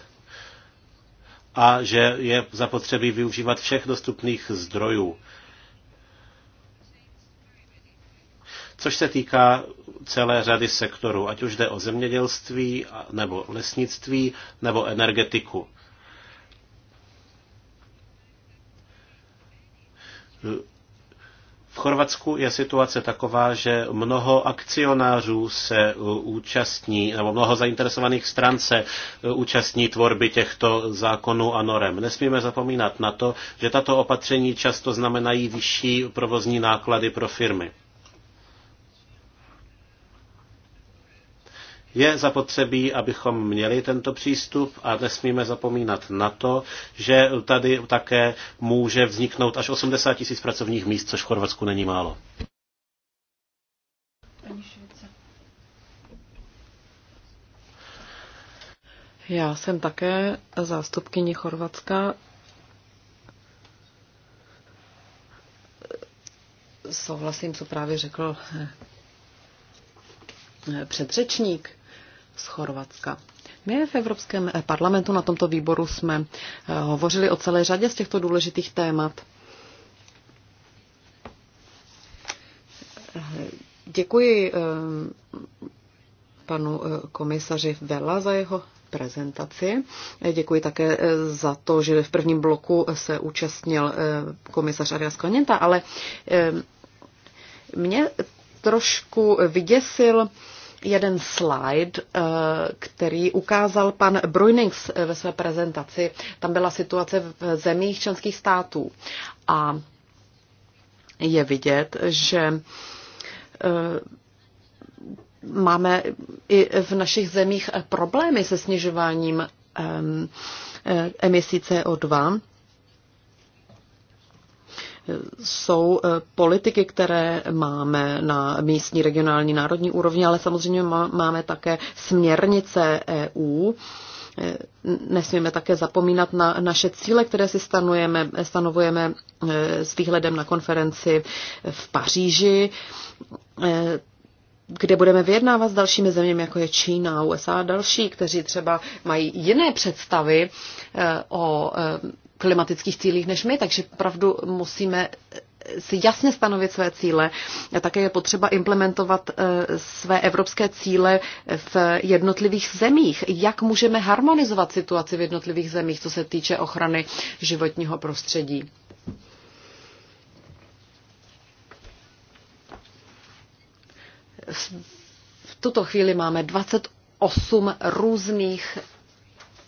a že je zapotřebí využívat všech dostupných zdrojů. Což se týká celé řady sektorů, ať už jde o zemědělství, nebo lesnictví, nebo energetiku. V Chorvatsku je situace taková, že mnoho akcionářů se uh, účastní, nebo mnoho zainteresovaných stran se uh, účastní tvorby těchto zákonů a norem. Nesmíme zapomínat na to, že tato opatření často znamenají vyšší provozní náklady pro firmy. Je zapotřebí, abychom měli tento přístup a nesmíme zapomínat na to, že tady také může vzniknout až 80 tisíc pracovních míst, což v Chorvatsku není málo. Já jsem také zástupkyně Chorvatska. Souhlasím, co právě řekl eh, předřečník z Chorvatska. My v Evropském parlamentu na tomto výboru jsme eh, hovořili o celé řadě z těchto důležitých témat. Děkuji eh, panu eh, komisaři Vela za jeho prezentaci. Děkuji také za to, že v prvním bloku se účastnil komisař Arias Klanienta, ale mě trošku vyděsil jeden slide, eh, který ukázal pan Brunings eh, ve své prezentaci. Tam byla situace v zemích členských států. A je vidět, že eh, máme i v našich zemích problémy se snižováním emisí CO2 jsou eh, politiky, které máme na místní, regionální, národní úrovni, ale samozřejmě máme také směrnice EU. Eh, nesmíme také zapomínat na naše cíle, které si stanujeme, stanovujeme eh, s výhledem na konferenci v Paříži kde budeme vyjednávat s dalšími zeměmi, jako je Čína, USA a další, kteří třeba mají jiné představy o klimatických cílích než my, takže pravdu musíme si jasně stanovit své cíle. A také je potřeba implementovat eh, své evropské cíle v jednotlivých zemích. Jak můžeme harmonizovat situaci v jednotlivých zemích, co se týče ochrany životního prostředí? V tuto chvíli máme 28 různých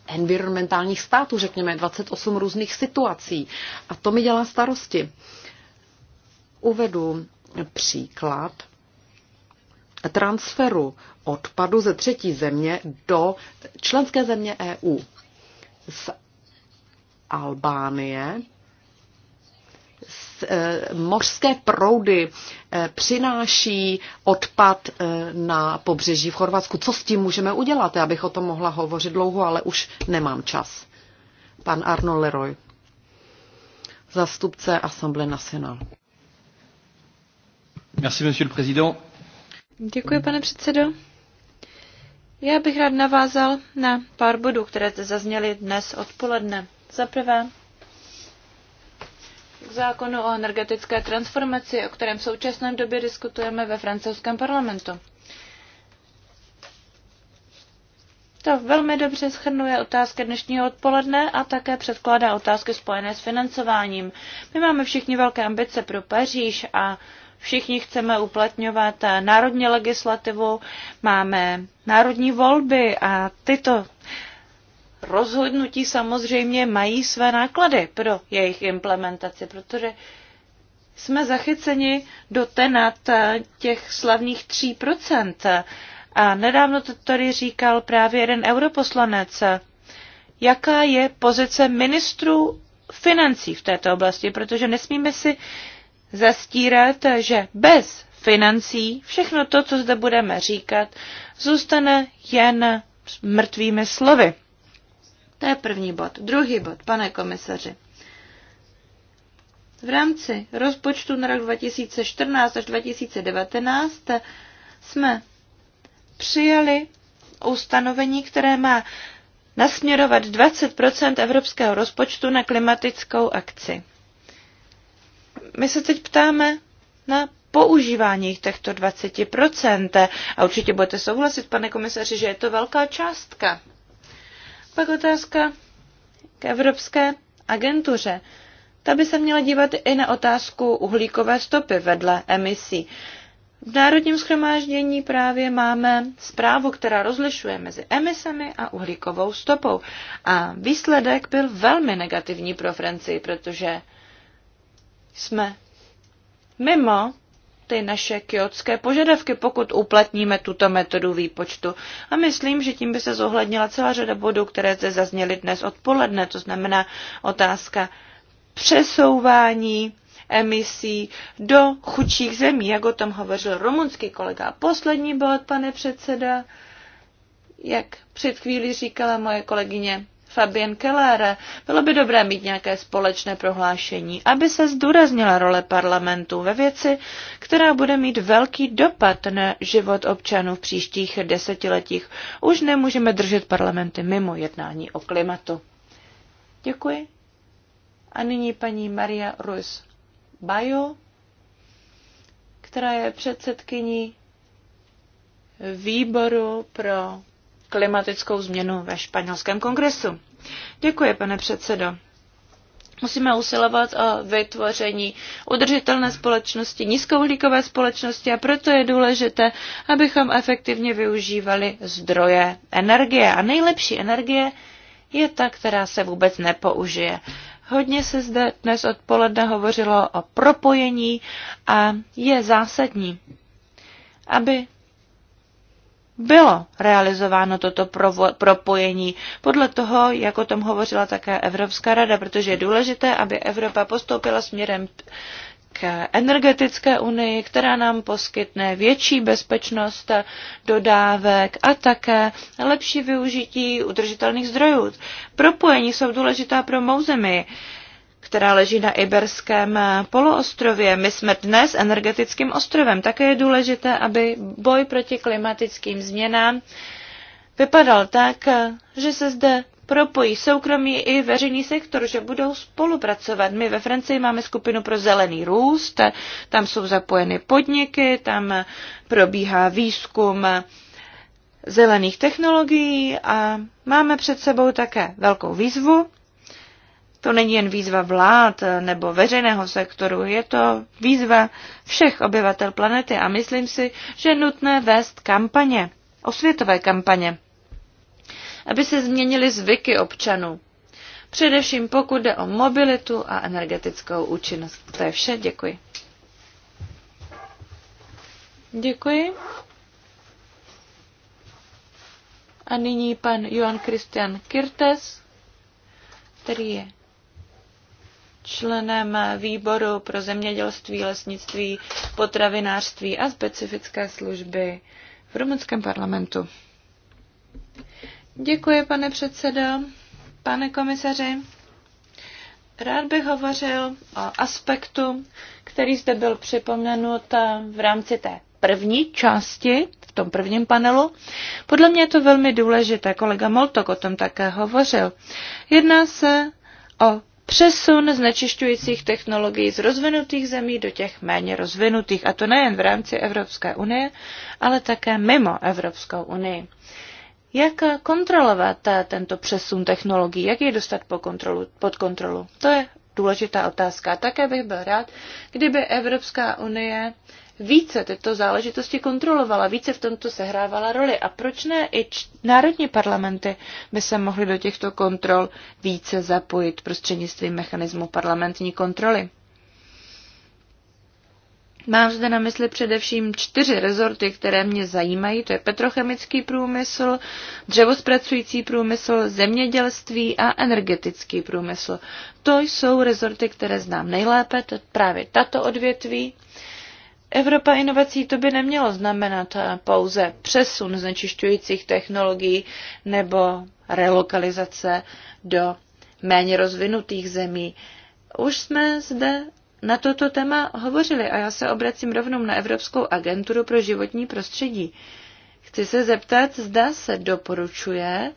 environmentálních států, řekněme 28 různých situací. A to mi dělá starosti. Uvedu příklad transferu odpadu ze třetí země do členské země EU. Z Albánie Eh, mořské proudy eh, přináší odpad eh, na pobřeží v Chorvatsku. Co s tím můžeme udělat? Já bych o tom mohla hovořit dlouho, ale už nemám čas. Pan Arno Leroy, zastupce Assemblée Nationale. Merci, monsieur le président. Děkuji, pane předsedo. Já bych rád navázal na pár bodů, které zazněly dnes odpoledne. Za prvé, k zákonu o energetické transformaci, o kterém v současném době diskutujeme ve francouzském parlamentu. To velmi dobře schrnuje otázky dnešního odpoledne a také předkládá otázky spojené s financováním. My máme všichni velké ambice pro Paříž a všichni chceme uplatňovat národní legislativu, máme národní volby a tyto rozhodnutí samozřejmě mají své náklady pro jejich implementaci, protože jsme zachyceni do tenat eh, těch slavných 3%. A nedávno to tady říkal právě jeden europoslanec. Jaká je pozice ministrů financí v této oblasti? Protože nesmíme si zastírat, že bez financí všechno to, co zde budeme říkat, zůstane jen mrtvými slovy. To je první bod. Druhý bod, pane komisaři. V rámci rozpočtu na rok 2014 až 2019 jsme přijali ustanovení, které má nasměrovat 20 evropského rozpočtu na klimatickou akci. My se teď ptáme na používání těchto 20 a určitě budete souhlasit, pane komisaři, že je to velká částka. Pak otázka k Evropské agentuře. Ta by se měla dívat i na otázku uhlíkové stopy vedle emisí. V Národním schromáždění právě máme zprávu, která rozlišuje mezi emisemi a uhlíkovou stopou. A výsledek byl velmi negativní pro Francii, protože jsme mimo ty naše kyotské požadavky, pokud uplatníme tuto metodu výpočtu. A myslím, že tím by se zohlednila celá řada bodů, které zde zazněly dnes odpoledne, to znamená otázka přesouvání emisí do chudších zemí, jak o tom hovořil rumunský kolega. poslední bod, pane předseda, jak před chvílí říkala moje kolegyně Fabien Keller, bylo by dobré mít nějaké společné prohlášení, aby se zdůraznila role parlamentu ve věci, která bude mít velký dopad na život občanů v příštích desetiletích. Už nemůžeme držet parlamenty mimo jednání o klimatu. Děkuji. A nyní paní Maria Ruiz Bajo, která je předsedkyní výboru pro klimatickou změnu ve španělském kongresu. Děkuji, pane předsedo. Musíme usilovat o vytvoření udržitelné společnosti, nízkouhlíkové společnosti a proto je důležité, abychom efektivně využívali zdroje energie. A nejlepší energie je ta, která se vůbec nepoužije. Hodně se zde dnes odpoledne hovořilo o propojení a je zásadní, aby bylo realizováno toto propojení podle toho, jak o tom hovořila také Evropská rada, protože je důležité, aby Evropa postoupila směrem k energetické unii, která nám poskytne větší bezpečnost dodávek a také lepší využití udržitelných zdrojů. Propojení jsou důležitá pro mou zemi která leží na Iberském eh, poloostrově. My jsme dnes energetickým ostrovem. Také je důležité, aby boj proti klimatickým změnám vypadal tak, eh, že se zde propojí soukromí i veřejný sektor, že budou spolupracovat. My ve Francii máme skupinu pro zelený růst, tam jsou zapojeny podniky, tam eh, probíhá výzkum zelených technologií a máme před sebou také velkou výzvu, to není jen výzva vlád nebo veřejného sektoru, je to výzva všech obyvatel planety a myslím si, že je nutné vést kampaně, osvětové kampaně, aby se změnily zvyky občanů. Především pokud jde o mobilitu a energetickou účinnost. To je vše, děkuji. Děkuji. A nyní pan Johan Christian Kirtes, který je členem výboru pro zemědělství, lesnictví, potravinářství a specifické služby v rumunském parlamentu. Děkuji, pane předsedo, pane komisaři. Rád bych hovořil o aspektu, který zde byl připomenut eh, v rámci té první části, v tom prvním panelu. Podle mě je to velmi důležité, kolega Moltok o tom také hovořil. Jedná se o přesun znečišťujících technologií z rozvinutých zemí do těch méně rozvinutých, a to nejen v rámci Evropské unie, ale také mimo Evropskou unii. Jak kontrolovat tento přesun technologií, jak je dostat po kontrolu, pod kontrolu? To je důležitá otázka. Také bych byl rád, kdyby Evropská unie více tyto záležitosti kontrolovala, více v tomto sehrávala roli. A proč ne? I národní parlamenty by se mohly do těchto kontrol více zapojit prostřednictvím mechanismu parlamentní kontroly. Mám zde na mysli především čtyři rezorty, které mě zajímají. To je petrochemický průmysl, dřevospracující průmysl, zemědělství a energetický průmysl. To jsou rezorty, které znám nejlépe, to právě tato odvětví. Evropa inovací to by nemělo znamenat eh, pouze přesun znečišťujících technologií nebo relokalizace do méně rozvinutých zemí. Už jsme zde na toto téma hovořili a já se obracím rovnou na Evropskou agenturu pro životní prostředí. Chci se zeptat, zda se doporučuje,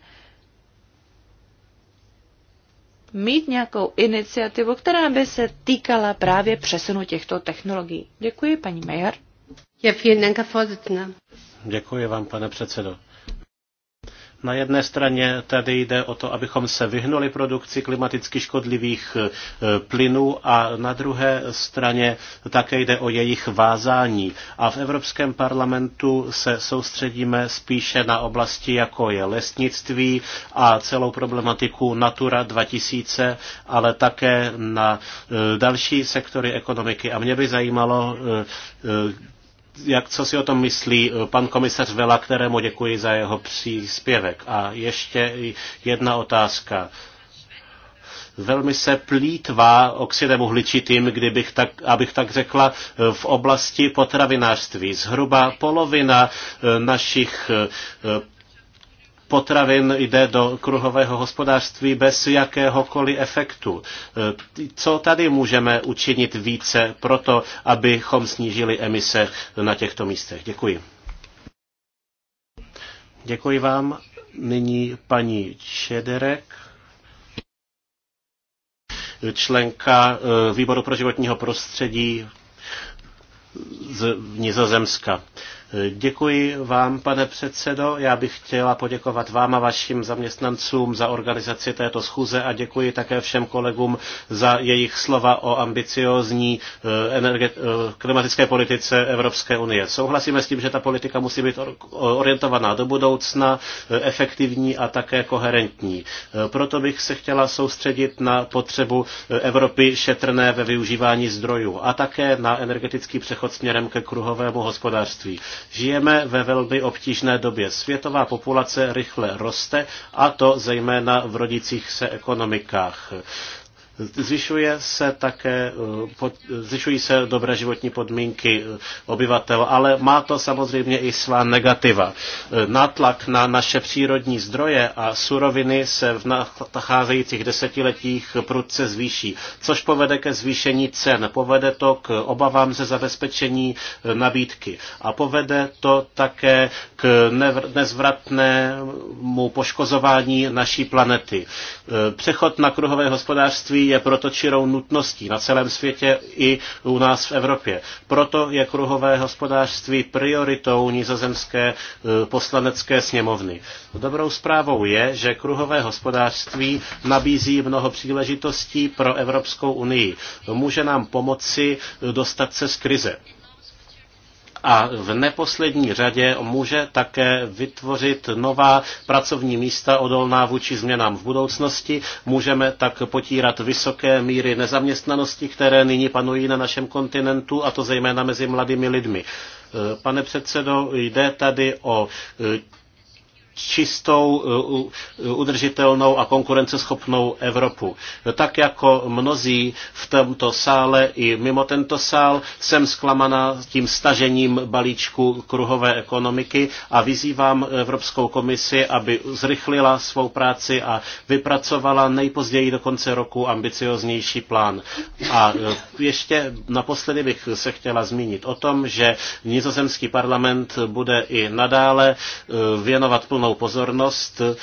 mít nějakou iniciativu, která by se týkala právě přesunu těchto technologií. Děkuji, paní Mayer. Děkuji vám, pane předsedo. Na jedné straně tady jde o to, abychom se vyhnuli produkci klimaticky škodlivých e, plynů a na druhé straně také jde o jejich vázání. A v Evropském parlamentu se soustředíme spíše na oblasti, jako je lesnictví a celou problematiku Natura 2000, ale také na e, další sektory ekonomiky. A mě by zajímalo, e, jak, co si o tom myslí eh, pan komisař Vela, kterému děkuji za jeho příspěvek. A ještě jedna otázka velmi se plítvá oxidem uhličitým, kdybych tak, abych tak řekla, eh, v oblasti potravinářství. Zhruba polovina eh, našich potravin jde do kruhového hospodářství bez jakéhokoliv efektu. E, co tady můžeme učinit více pro to, abychom snížili emise na těchto místech? Děkuji. Děkuji vám. Nyní paní Čederek členka e, výboru pro životního prostředí z Nizozemska. Děkuji vám, pane předsedo. Já bych chtěla poděkovat vám a vašim zaměstnancům za organizaci této schůze a děkuji také všem kolegům za jejich slova o ambiciozní eh, eh, klimatické politice Evropské unie. Souhlasíme s tím, že ta politika musí být orientovaná do budoucna, eh, efektivní a také koherentní. Proto bych se chtěla soustředit na potřebu Evropy šetrné ve využívání zdrojů a také na energetický přechod směrem ke kruhovému hospodářství. Žijeme ve velmi obtížné době. Světová populace rychle roste a to zejména v rodicích se ekonomikách. Zvyšuje se také, eh, zvyšují se dobré životní podmínky eh, obyvatel, ale má to samozřejmě i svá negativa. Eh, nátlak na naše přírodní zdroje a suroviny se v nacházejících desetiletích prudce zvýší, což povede ke zvýšení cen, povede to k obavám ze zabezpečení nabídky a povede to také k nezvratnému poškozování naší planety. Přechod na kruhové hospodářství je proto čirou nutností na celém světě i u nás v Evropě. Proto je kruhové hospodářství prioritou nizozemské e, poslanecké sněmovny. Dobrou zprávou je, že kruhové hospodářství nabízí mnoho příležitostí pro Evropskou unii. Může nám pomoci e, dostat se z krize a v neposlední řadě může také vytvořit nová pracovní místa odolná vůči změnám v budoucnosti. Můžeme tak potírat vysoké míry nezaměstnanosti, které nyní panují na našem kontinentu, a to zejména mezi mladými lidmi. Pane předsedo, jde tady o čistou, eh, eh, udržitelnou a konkurenceschopnou Evropu. Tak jako mnozí v tomto sále i mimo tento sál jsem zklamaná tím stažením balíčku kruhové ekonomiky a vyzývám Evropskou komisi, aby zrychlila svou práci a vypracovala nejpozději do konce roku ambicioznější plán. A eh, ještě naposledy bych se chtěla zmínit o tom, že nizozemský parlament bude i nadále věnovat plnou mou pozornost eh,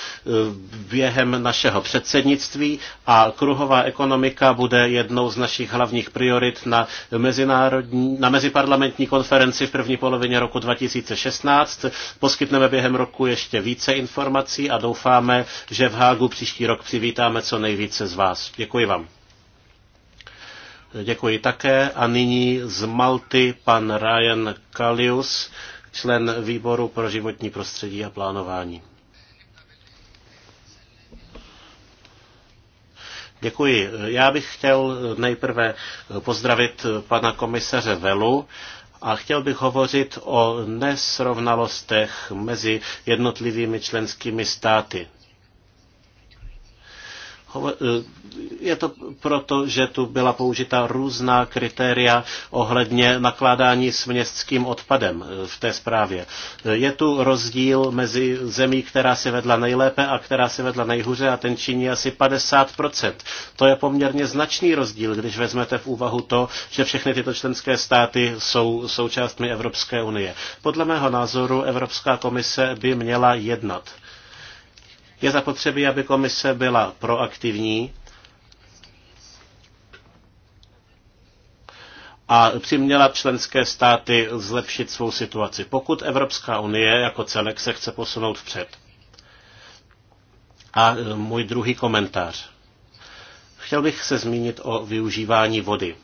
během našeho předsednictví a kruhová ekonomika bude jednou z našich hlavních priorit na, mezinárodní, na meziparlamentní konferenci v první polovině roku 2016. Poskytneme během roku ještě více informací a doufáme, že v Hágu příští rok přivítáme co nejvíce z vás. Děkuji vám. Děkuji také. A nyní z Malty pan Ryan Kalius, člen výboru pro životní prostředí a plánování. Děkuji. Já bych chtěl nejprve pozdravit pana komisaře Velu a chtěl bych hovořit o nesrovnalostech mezi jednotlivými členskými státy Eh, je to proto, že tu byla použita různá kritéria ohledně nakládání s městským odpadem eh, v té zprávě. Eh, je tu rozdíl mezi zemí, která se vedla nejlépe a která se vedla nejhůře a ten činí asi 50%. To je poměrně značný rozdíl, když vezmete v úvahu to, že všechny tyto členské státy jsou součástmi Evropské unie. Podle mého názoru Evropská komise by měla jednat je zapotřebí, aby komise byla proaktivní a přiměla členské státy zlepšit svou situaci, pokud Evropská unie jako celek se chce posunout vpřed. A e, můj druhý komentář. Chtěl bych se zmínit o využívání vody.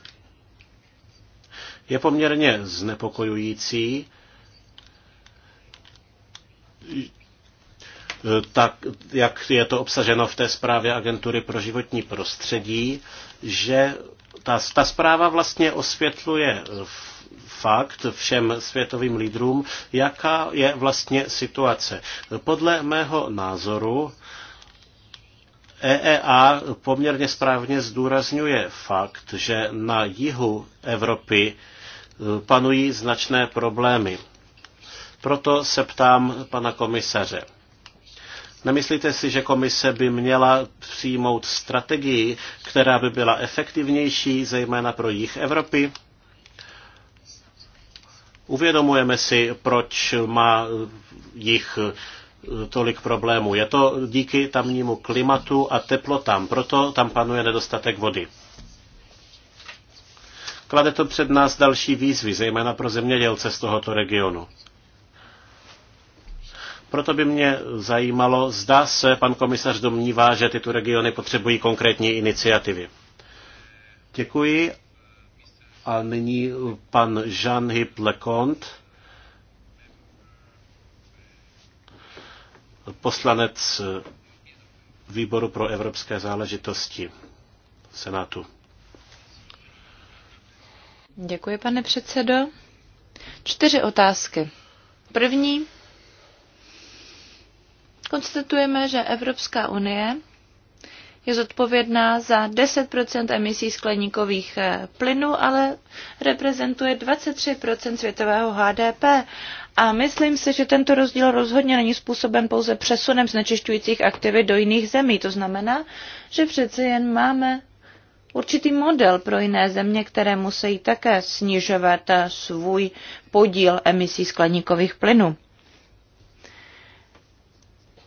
Je poměrně znepokojující, Eh, tak jak je to obsaženo v té zprávě Agentury pro životní prostředí, že ta, ta zpráva vlastně osvětluje fakt všem světovým lídrům, jaká je vlastně situace. Podle mého názoru EEA poměrně správně zdůrazňuje fakt, že na jihu Evropy eh, panují značné problémy. Proto se ptám pana komisaře. Nemyslíte si, že komise by měla přijmout strategii, která by byla efektivnější, zejména pro jich Evropy? Uvědomujeme si, proč má jich eh, tolik problémů. Je to díky tamnímu klimatu a teplotám, proto tam panuje nedostatek vody. Klade to před nás další výzvy, zejména pro zemědělce z tohoto regionu. Proto by mě zajímalo, zda se pan komisař domnívá, že tyto regiony potřebují konkrétní iniciativy. Děkuji. A nyní pan Jean-Hyp Leconte, poslanec výboru pro evropské záležitosti Senátu. Děkuji, pane předsedo. Čtyři otázky. První, konstatujeme, že Evropská unie je zodpovědná za 10 emisí skleníkových eh, plynů, ale reprezentuje 23 světového HDP. A myslím si, že tento rozdíl rozhodně není způsoben pouze přesunem znečišťujících aktivit do jiných zemí. To znamená, že přece jen máme určitý model pro jiné země, které musí také snižovat eh, svůj podíl emisí skleníkových plynů.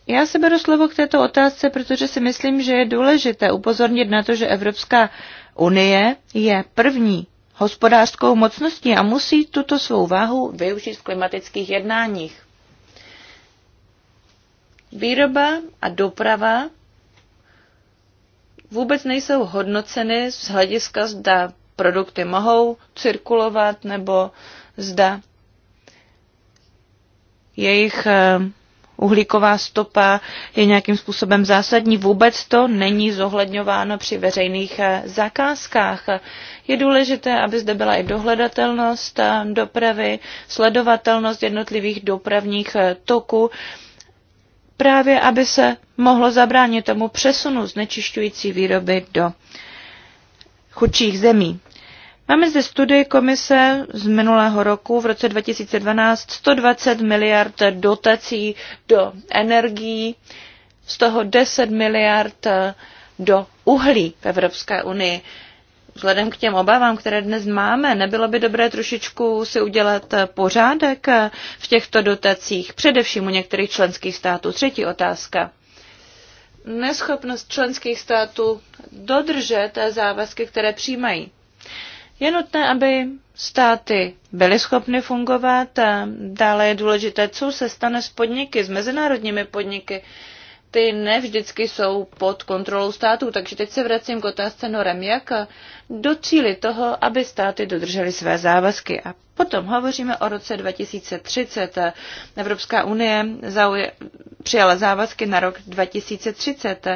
Já se beru slovo k této otázce, protože si myslím, že je důležité upozornit na to, že Evropská unie je první hospodářskou mocností a musí tuto svou váhu využít v klimatických jednáních. Výroba a doprava vůbec nejsou hodnoceny z hlediska, zda produkty mohou cirkulovat nebo zda jejich eh, uhlíková stopa je nějakým způsobem zásadní. Vůbec to není zohledňováno při veřejných eh, zakázkách. Je důležité, aby zde byla i dohledatelnost eh, dopravy, sledovatelnost jednotlivých dopravních eh, toků, právě aby se mohlo zabránit tomu přesunu znečišťující výroby do chudších zemí. Máme zde studii komise z minulého roku, v roce 2012, 120 miliard dotací do energií, z toho 10 miliard do uhlí v Evropské unii. Vzhledem k těm obavám, které dnes máme, nebylo by dobré trošičku si udělat pořádek v těchto dotacích, především u některých členských států. Třetí otázka neschopnost členských států dodržet závazky, které přijímají. Je nutné, aby státy byly schopny fungovat a dále je důležité, co se stane s podniky, s mezinárodními podniky. Ty ne vždycky jsou pod kontrolou států, takže teď se vracím k otázce norem, jak docílit toho, aby státy dodržely své závazky. A potom hovoříme o roce 2030. Evropská unie zauje, přijala závazky na rok 2030.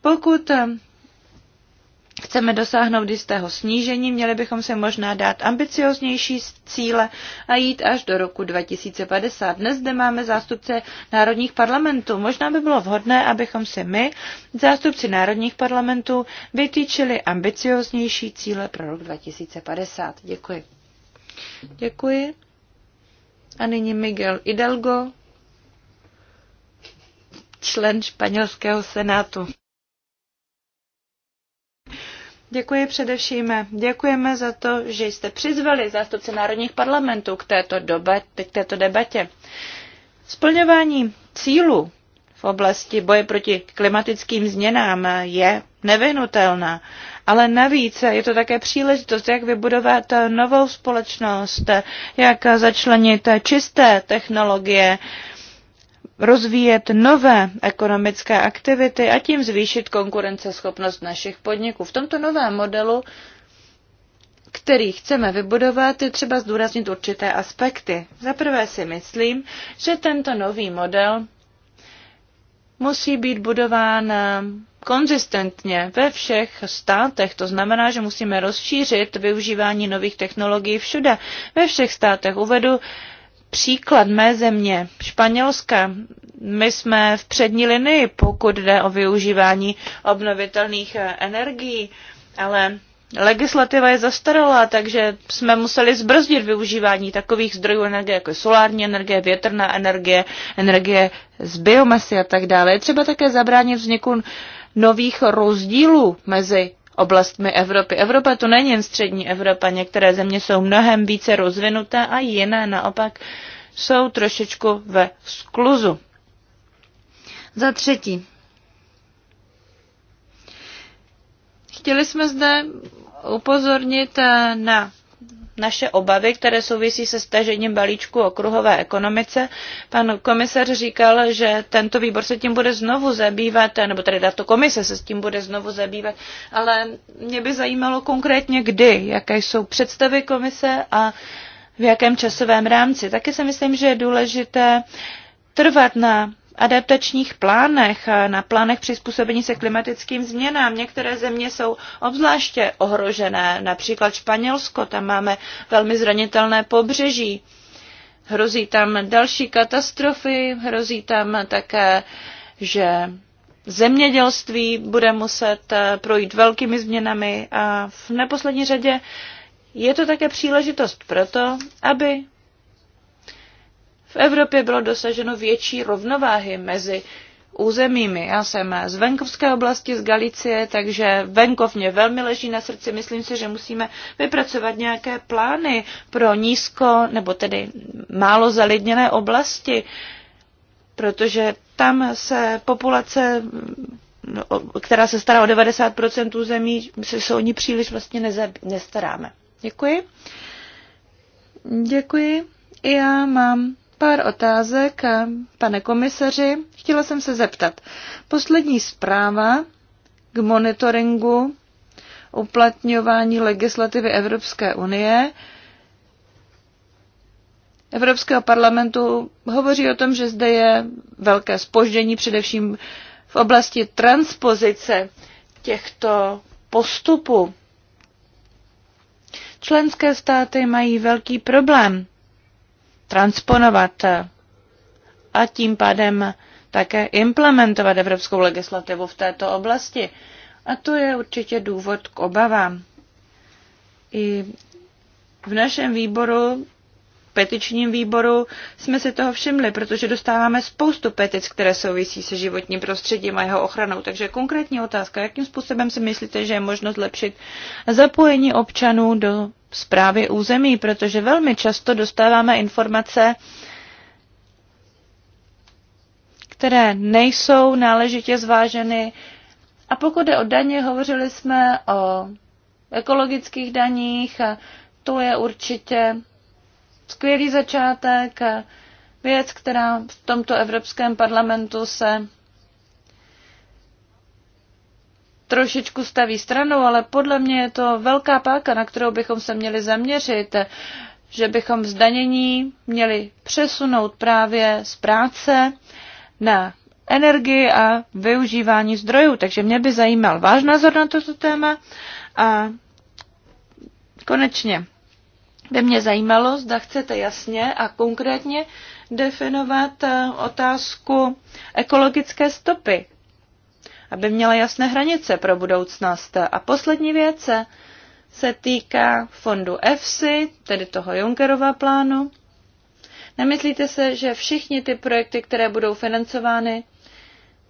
Pokud chceme dosáhnout jistého snížení, měli bychom se možná dát ambicioznější cíle a jít až do roku 2050. Dnes zde máme zástupce národních parlamentů. Možná by bylo vhodné, abychom si my, zástupci národních parlamentů, vytýčili ambicioznější cíle pro rok 2050. Děkuji. Děkuji. A nyní Miguel Hidalgo, člen španělského senátu. Děkuji především. Děkujeme za to, že jste přizvali zástupce národních parlamentů k této, dobe, k této debatě. Splňování cílů v oblasti boje proti klimatickým změnám je nevyhnutelná, ale navíc je to také příležitost, jak vybudovat novou společnost, jak začlenit čisté technologie, rozvíjet nové ekonomické aktivity a tím zvýšit konkurenceschopnost našich podniků. V tomto novém modelu, který chceme vybudovat, je třeba zdůraznit určité aspekty. Za prvé si myslím, že tento nový model musí být budován eh, konzistentně ve všech státech. To znamená, že musíme rozšířit využívání nových technologií všude, ve všech státech. Uvedu příklad mé země, Španělska. My jsme v přední linii, pokud jde o využívání obnovitelných eh, energií, ale legislativa je zastaralá, takže jsme museli zbrzdit využívání takových zdrojů energie, jako solární energie, větrná energie, energie z biomasy a tak dále. Je třeba také zabránit vzniku nových rozdílů mezi oblastmi Evropy. Evropa to není jen střední Evropa, některé země jsou mnohem více rozvinuté a jiné naopak jsou trošičku ve skluzu. Za třetí. Chtěli jsme zde upozornit eh, na naše obavy, které souvisí se stažením balíčku o kruhové ekonomice. Pan komisař říkal, že tento výbor se tím bude znovu zabývat, nebo tady tato komise se s tím bude znovu zabývat, ale mě by zajímalo konkrétně kdy, jaké jsou představy komise a v jakém časovém rámci. Taky si myslím, že je důležité trvat na adaptačních plánech, na plánech přizpůsobení se klimatickým změnám. Některé země jsou obzvláště ohrožené, například Španělsko, tam máme velmi zranitelné pobřeží. Hrozí tam další katastrofy, hrozí tam také, že zemědělství bude muset eh, projít velkými změnami a v neposlední řadě je to také příležitost pro to, aby v Evropě bylo dosaženo větší rovnováhy mezi územími. Já jsem z venkovské oblasti, z Galicie, takže venkov mě velmi leží na srdci. Myslím si, že musíme vypracovat nějaké plány pro nízko nebo tedy málo zalidněné oblasti, protože tam se populace která se stará o 90% území, se o ní příliš vlastně nezab- nestaráme. Děkuji. Děkuji. Já mám pár otázek, eh, pane komisaři. Chtěla jsem se zeptat. Poslední zpráva k monitoringu uplatňování legislativy Evropské unie Evropského parlamentu hovoří o tom, že zde je velké spoždění, především v oblasti transpozice těchto postupů. Členské státy mají velký problém transponovat a tím pádem také implementovat evropskou legislativu v této oblasti. A to je určitě důvod k obavám. I v našem výboru, petičním výboru, jsme si toho všimli, protože dostáváme spoustu petic, které souvisí se životním prostředím a jeho ochranou. Takže konkrétní otázka, jakým způsobem si myslíte, že je možno zlepšit zapojení občanů do zprávy území, protože velmi často dostáváme informace, které nejsou náležitě zváženy. A pokud je o daně, hovořili jsme o ekologických daních, a to je určitě skvělý začátek, věc, která v tomto Evropském parlamentu se trošičku staví stranou, ale podle mě je to velká páka, na kterou bychom se měli zaměřit, že bychom zdanění měli přesunout právě z práce na energii a využívání zdrojů. Takže mě by zajímal váš názor na toto téma a konečně by mě zajímalo, zda chcete jasně a konkrétně definovat eh, otázku ekologické stopy aby měla jasné hranice pro budoucnost. A poslední věc se týká fondu EFSI, tedy toho Junckerova plánu. Nemyslíte se, že všichni ty projekty, které budou financovány,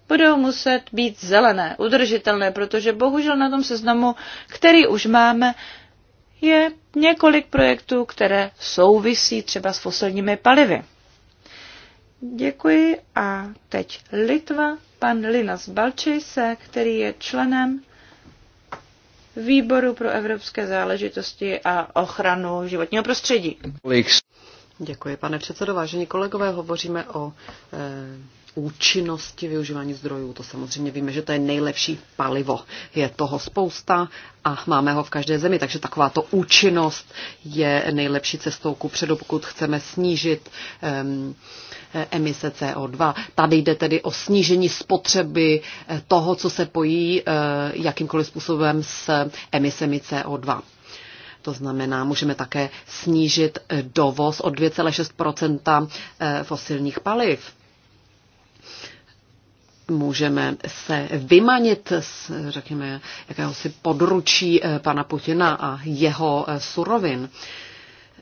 budou muset být zelené, udržitelné, protože bohužel na tom seznamu, který už máme, je několik projektů, které souvisí třeba s fosilními palivy. Děkuji a teď Litva, pan Linas Balčejse, který je členem Výboru pro evropské záležitosti a ochranu životního prostředí. Děkuji, pane předsedo. Vážení kolegové, hovoříme o eh, účinnosti využívání zdrojů. To samozřejmě víme, že to je nejlepší palivo. Je toho spousta a máme ho v každé zemi, takže takováto účinnost je nejlepší cestou ku předu, pokud chceme snížit um, emise CO2. Tady jde tedy o snížení spotřeby eh, toho, co se pojí uh, jakýmkoliv způsobem s emisemi CO2. To znamená, můžeme také snížit dovoz o 2,6 eh, fosilních paliv můžeme se vymanit z, řekněme, jakéhosi područí eh, pana Putina a jeho eh, surovin.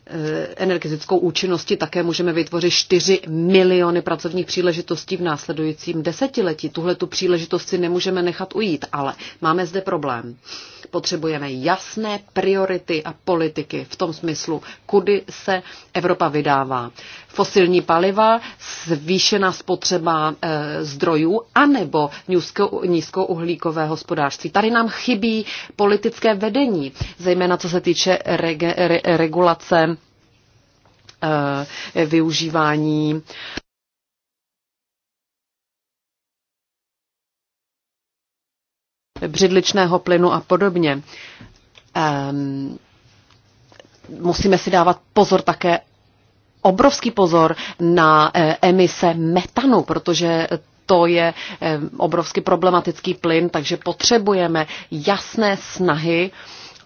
Eh, energetickou účinností také můžeme vytvořit 4 miliony pracovních příležitostí v následujícím desetiletí. Tuhle tu příležitost si nemůžeme nechat ujít, ale máme zde problém. Potřebujeme jasné priority a politiky v tom smyslu, kudy se Evropa vydává. Fosilní paliva, zvýšená spotřeba e, zdrojů anebo nízko, nízkouhlíkové hospodářství. Tady nám chybí politické vedení, zejména co se týče rege, re, regulace e, využívání e, břidličného plynu a podobně. Um, musíme si dávat pozor také, obrovský pozor na e, emise metanu, protože to je obrovsky problematický plyn, takže potřebujeme jasné snahy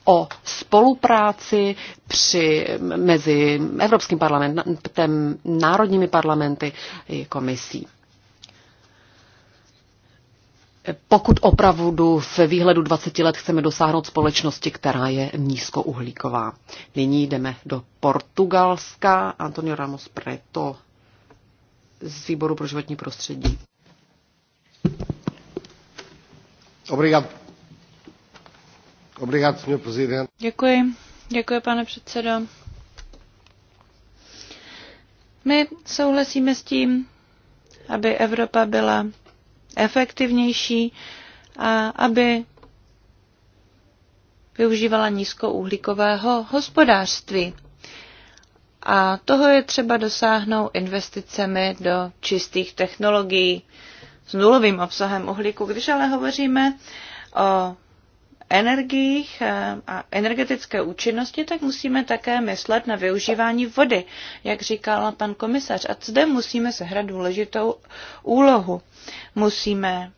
o spolupráci při, mezi Evropským parlamentem, národními parlamenty i komisí pokud opravdu v výhledu 20 let chceme dosáhnout společnosti, která je nízkouhlíková. Nyní jdeme do Portugalska. Antonio Ramos Preto z výboru pro životní prostředí. Obrigado. Obrigado, senhor presidente. Děkuji. Děkuji, pane předsedo. My souhlasíme s tím, aby Evropa byla efektivnější a aby využívala nízkouhlíkového hospodářství. A toho je třeba dosáhnout investicemi do čistých technologií s nulovým obsahem uhlíku. Když ale hovoříme o energiích eh, a energetické účinnosti, tak musíme také myslet na využívání vody, jak říkal pan komisař. A zde musíme sehrat důležitou úlohu. Musíme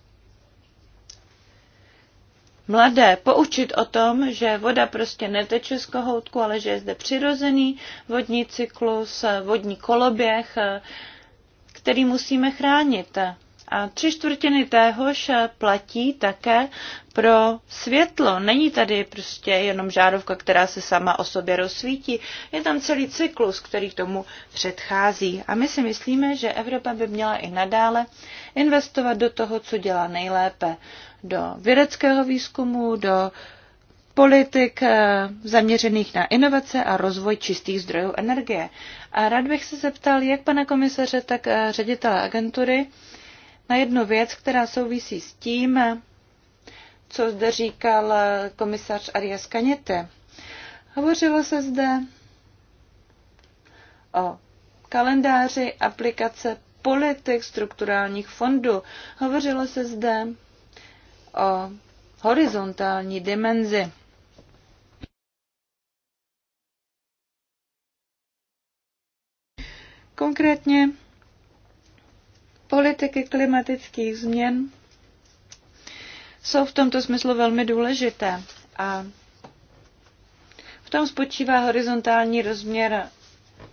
mladé poučit o tom, že voda prostě neteče z kohoutku, ale že je zde přirozený vodní cyklus, eh, vodní koloběh, eh, který musíme chránit. A tři čtvrtiny téhož platí také pro světlo. Není tady prostě jenom žárovka, která se sama o sobě rozsvítí. Je tam celý cyklus, který tomu předchází. A my si myslíme, že Evropa by měla i nadále investovat do toho, co dělá nejlépe. Do vědeckého výzkumu, do politik eh, zaměřených na inovace a rozvoj čistých zdrojů energie. A rád bych se zeptal jak pana komisaře, tak eh, ředitele agentury, na jednu věc, která souvisí s tím, co zde říkal komisař Arias Kanete. Hovořilo se zde o kalendáři aplikace politik strukturálních fondů. Hovořilo se zde o horizontální dimenzi. Konkrétně Politiky klimatických změn jsou v tomto smyslu velmi důležité a v tom spočívá horizontální rozměr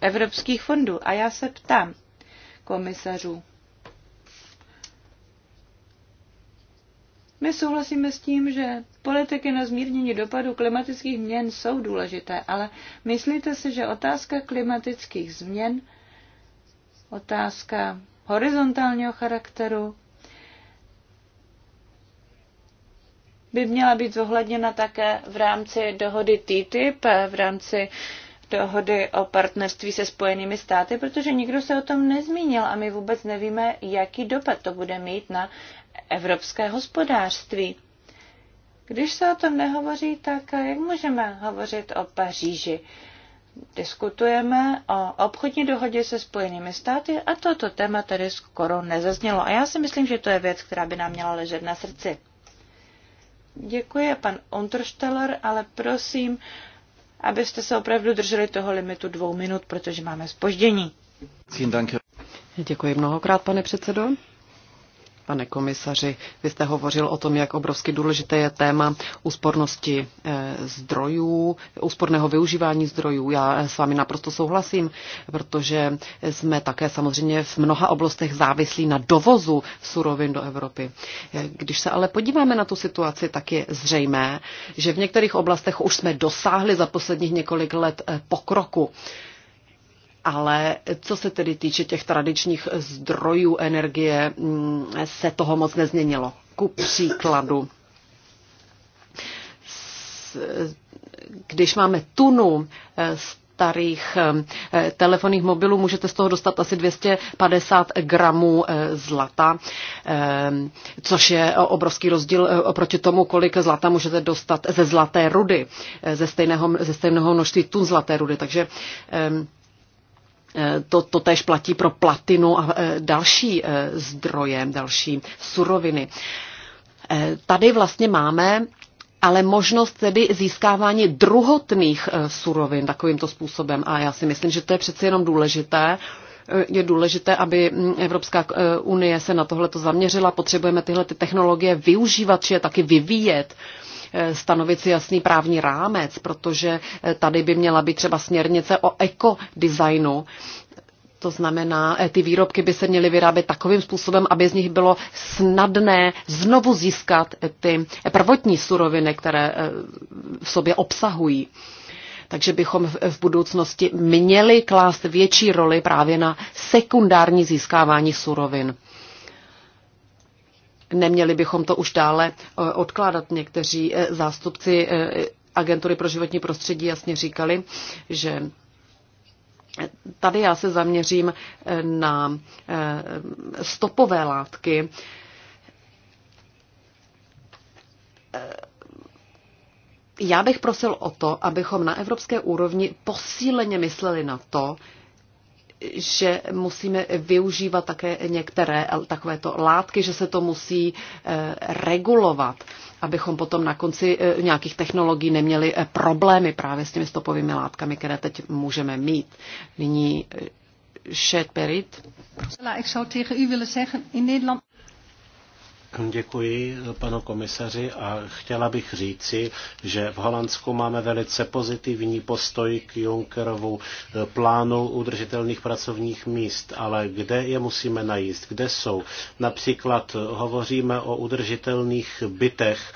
evropských fondů. A já se ptám komisařů. My souhlasíme s tím, že politiky na zmírnění dopadu klimatických změn jsou důležité, ale myslíte si, že otázka klimatických změn, otázka horizontálního charakteru by měla být zohledněna také v rámci dohody TTIP, v rámci dohody o partnerství se Spojenými státy, protože nikdo se o tom nezmínil a my vůbec nevíme, jaký dopad to bude mít na evropské hospodářství. Když se o tom nehovoří, tak jak můžeme hovořit o Paříži? diskutujeme o obchodní dohodě se Spojenými státy a toto téma tady skoro nezaznělo. A já si myslím, že to je věc, která by nám měla ležet na srdci. Děkuji, pan Untersteller, ale prosím, abyste se opravdu drželi toho limitu dvou minut, protože máme spoždění. Děkuji mnohokrát, pane předsedo. Pane komisaři, vy jste hovořil o tom, jak obrovsky důležité je téma úspornosti eh, zdrojů, úsporného využívání zdrojů. Já eh, s vámi naprosto souhlasím, protože jsme také samozřejmě v mnoha oblastech závislí na dovozu surovin do Evropy. Eh, když se ale podíváme na tu situaci, tak je zřejmé, že v některých oblastech už jsme dosáhli za posledních několik let pokroku ale co se tedy týče těch tradičních zdrojů energie, mm, se toho moc nezměnilo. Ku příkladu, když máme tunu eh, starých eh, telefonních mobilů, můžete z toho dostat asi 250 gramů eh, zlata, což je obrovský rozdíl oproti tomu, kolik zlata můžete dostat ze zlaté rudy, ze stejného, ze stejného množství tun zlaté rudy. Takže to, to tež platí pro platinu a e, další e, zdroje, další suroviny. E, tady vlastně máme ale možnost tedy získávání druhotných surovin takovýmto způsobem. A já si myslím, že to je přeci jenom důležité. Je důležité, aby Evropská unie se na tohle zaměřila. Potřebujeme tyhle ty technologie využívat, či je taky vyvíjet stanovit si jasný právní rámec, protože tady by měla být třeba směrnice o ekodesignu, to znamená, eh, ty výrobky by se měly vyrábět takovým způsobem, aby z nich bylo snadné znovu získat eh, ty prvotní suroviny, které eh, v sobě obsahují. Takže bychom v budoucnosti měli klást větší roli právě na sekundární získávání surovin. Neměli bychom to už dále eh, odkládat. Někteří eh, zástupci eh, agentury pro životní prostředí jasně říkali, že tady já se zaměřím na stopové látky. Já bych prosil o to, abychom na evropské úrovni posíleně mysleli na to, že musíme využívat také některé takovéto látky, že se to musí eh, regulovat, abychom potom na konci eh, nějakých technologií neměli eh, problémy právě s těmi stopovými látkami, které teď můžeme mít. Nyní Shed Perit. Ik Děkuji panu komisaři a chtěla bych říci, že v Holandsku máme velice pozitivní postoj k Junckerovu plánu udržitelných pracovních míst, ale kde je musíme najíst? kde jsou. Například hovoříme o udržitelných bytech,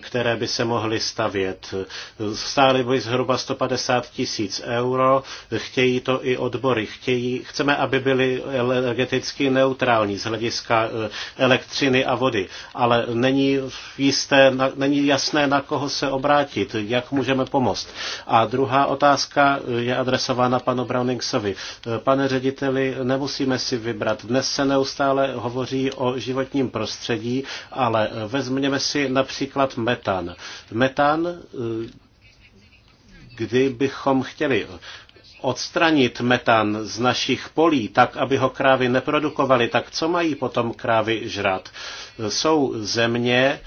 které by se mohly stavět. Stály by zhruba 150 tisíc euro, chtějí to i odbory, chtějí, chceme, aby byly energeticky neutrální z hlediska elektřiny a vody body, ale není, jisté, není jasné, na koho se obrátit, jak můžeme pomoct. A druhá otázka je adresována panu Browningsovi. Pane řediteli, nemusíme si vybrat. Dnes se neustále hovoří o životním prostředí, ale vezměme si například metan. Metan kdybychom chtěli odstranit metan z našich polí, tak aby ho krávy neprodukovaly, tak co mají potom krávy žrat? Jsou země,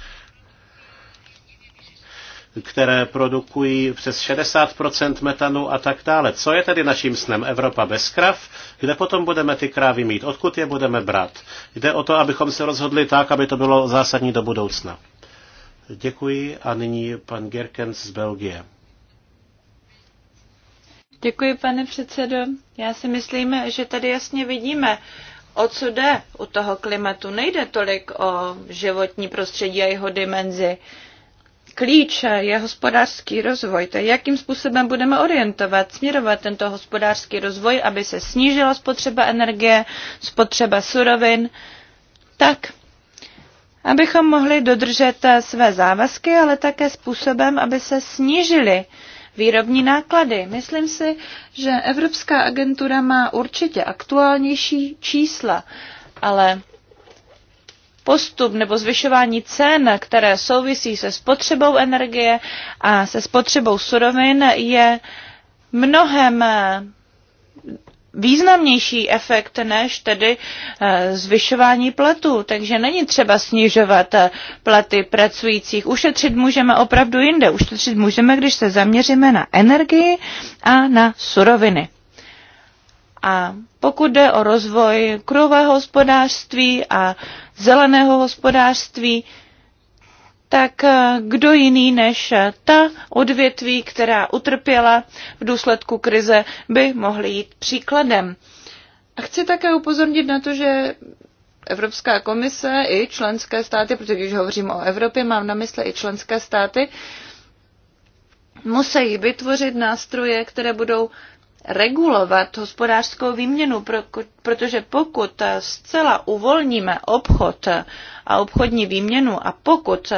které produkují přes 60% metanu a tak dále. Co je tedy naším snem? Evropa bez krav? Kde potom budeme ty krávy mít? Odkud je budeme brát? Jde o to, abychom se rozhodli tak, aby to bylo zásadní do budoucna. Děkuji a nyní pan Gerkens z Belgie. Děkuji, pane předsedo. Já si myslím, že tady jasně vidíme, o co jde u toho klimatu. Nejde tolik o životní prostředí a jeho dimenzi. Klíč je hospodářský rozvoj, to je jakým způsobem budeme orientovat, směrovat tento hospodářský rozvoj, aby se snížila spotřeba energie, spotřeba surovin, tak, abychom mohli dodržet své závazky, ale také způsobem, aby se snížily výrobní náklady. Myslím si, že Evropská agentura má určitě aktuálnější čísla, ale postup nebo zvyšování cen, které souvisí se spotřebou energie a se spotřebou surovin, je mnohem významnější efekt než tedy eh, zvyšování platů. Takže není třeba snižovat eh, platy pracujících. Ušetřit můžeme opravdu jinde. Ušetřit můžeme, když se zaměříme na energii a na suroviny. A pokud jde o rozvoj kruhového hospodářství a zeleného hospodářství, tak eh, kdo jiný než eh, ta odvětví, která utrpěla v důsledku krize, by mohly jít příkladem. A chci také upozornit na to, že Evropská komise i členské státy, protože když hovořím o Evropě, mám na mysli i členské státy, musí vytvořit nástroje, které budou regulovat hospodářskou výměnu, protože pokud zcela uvolníme obchod a obchodní výměnu a pokud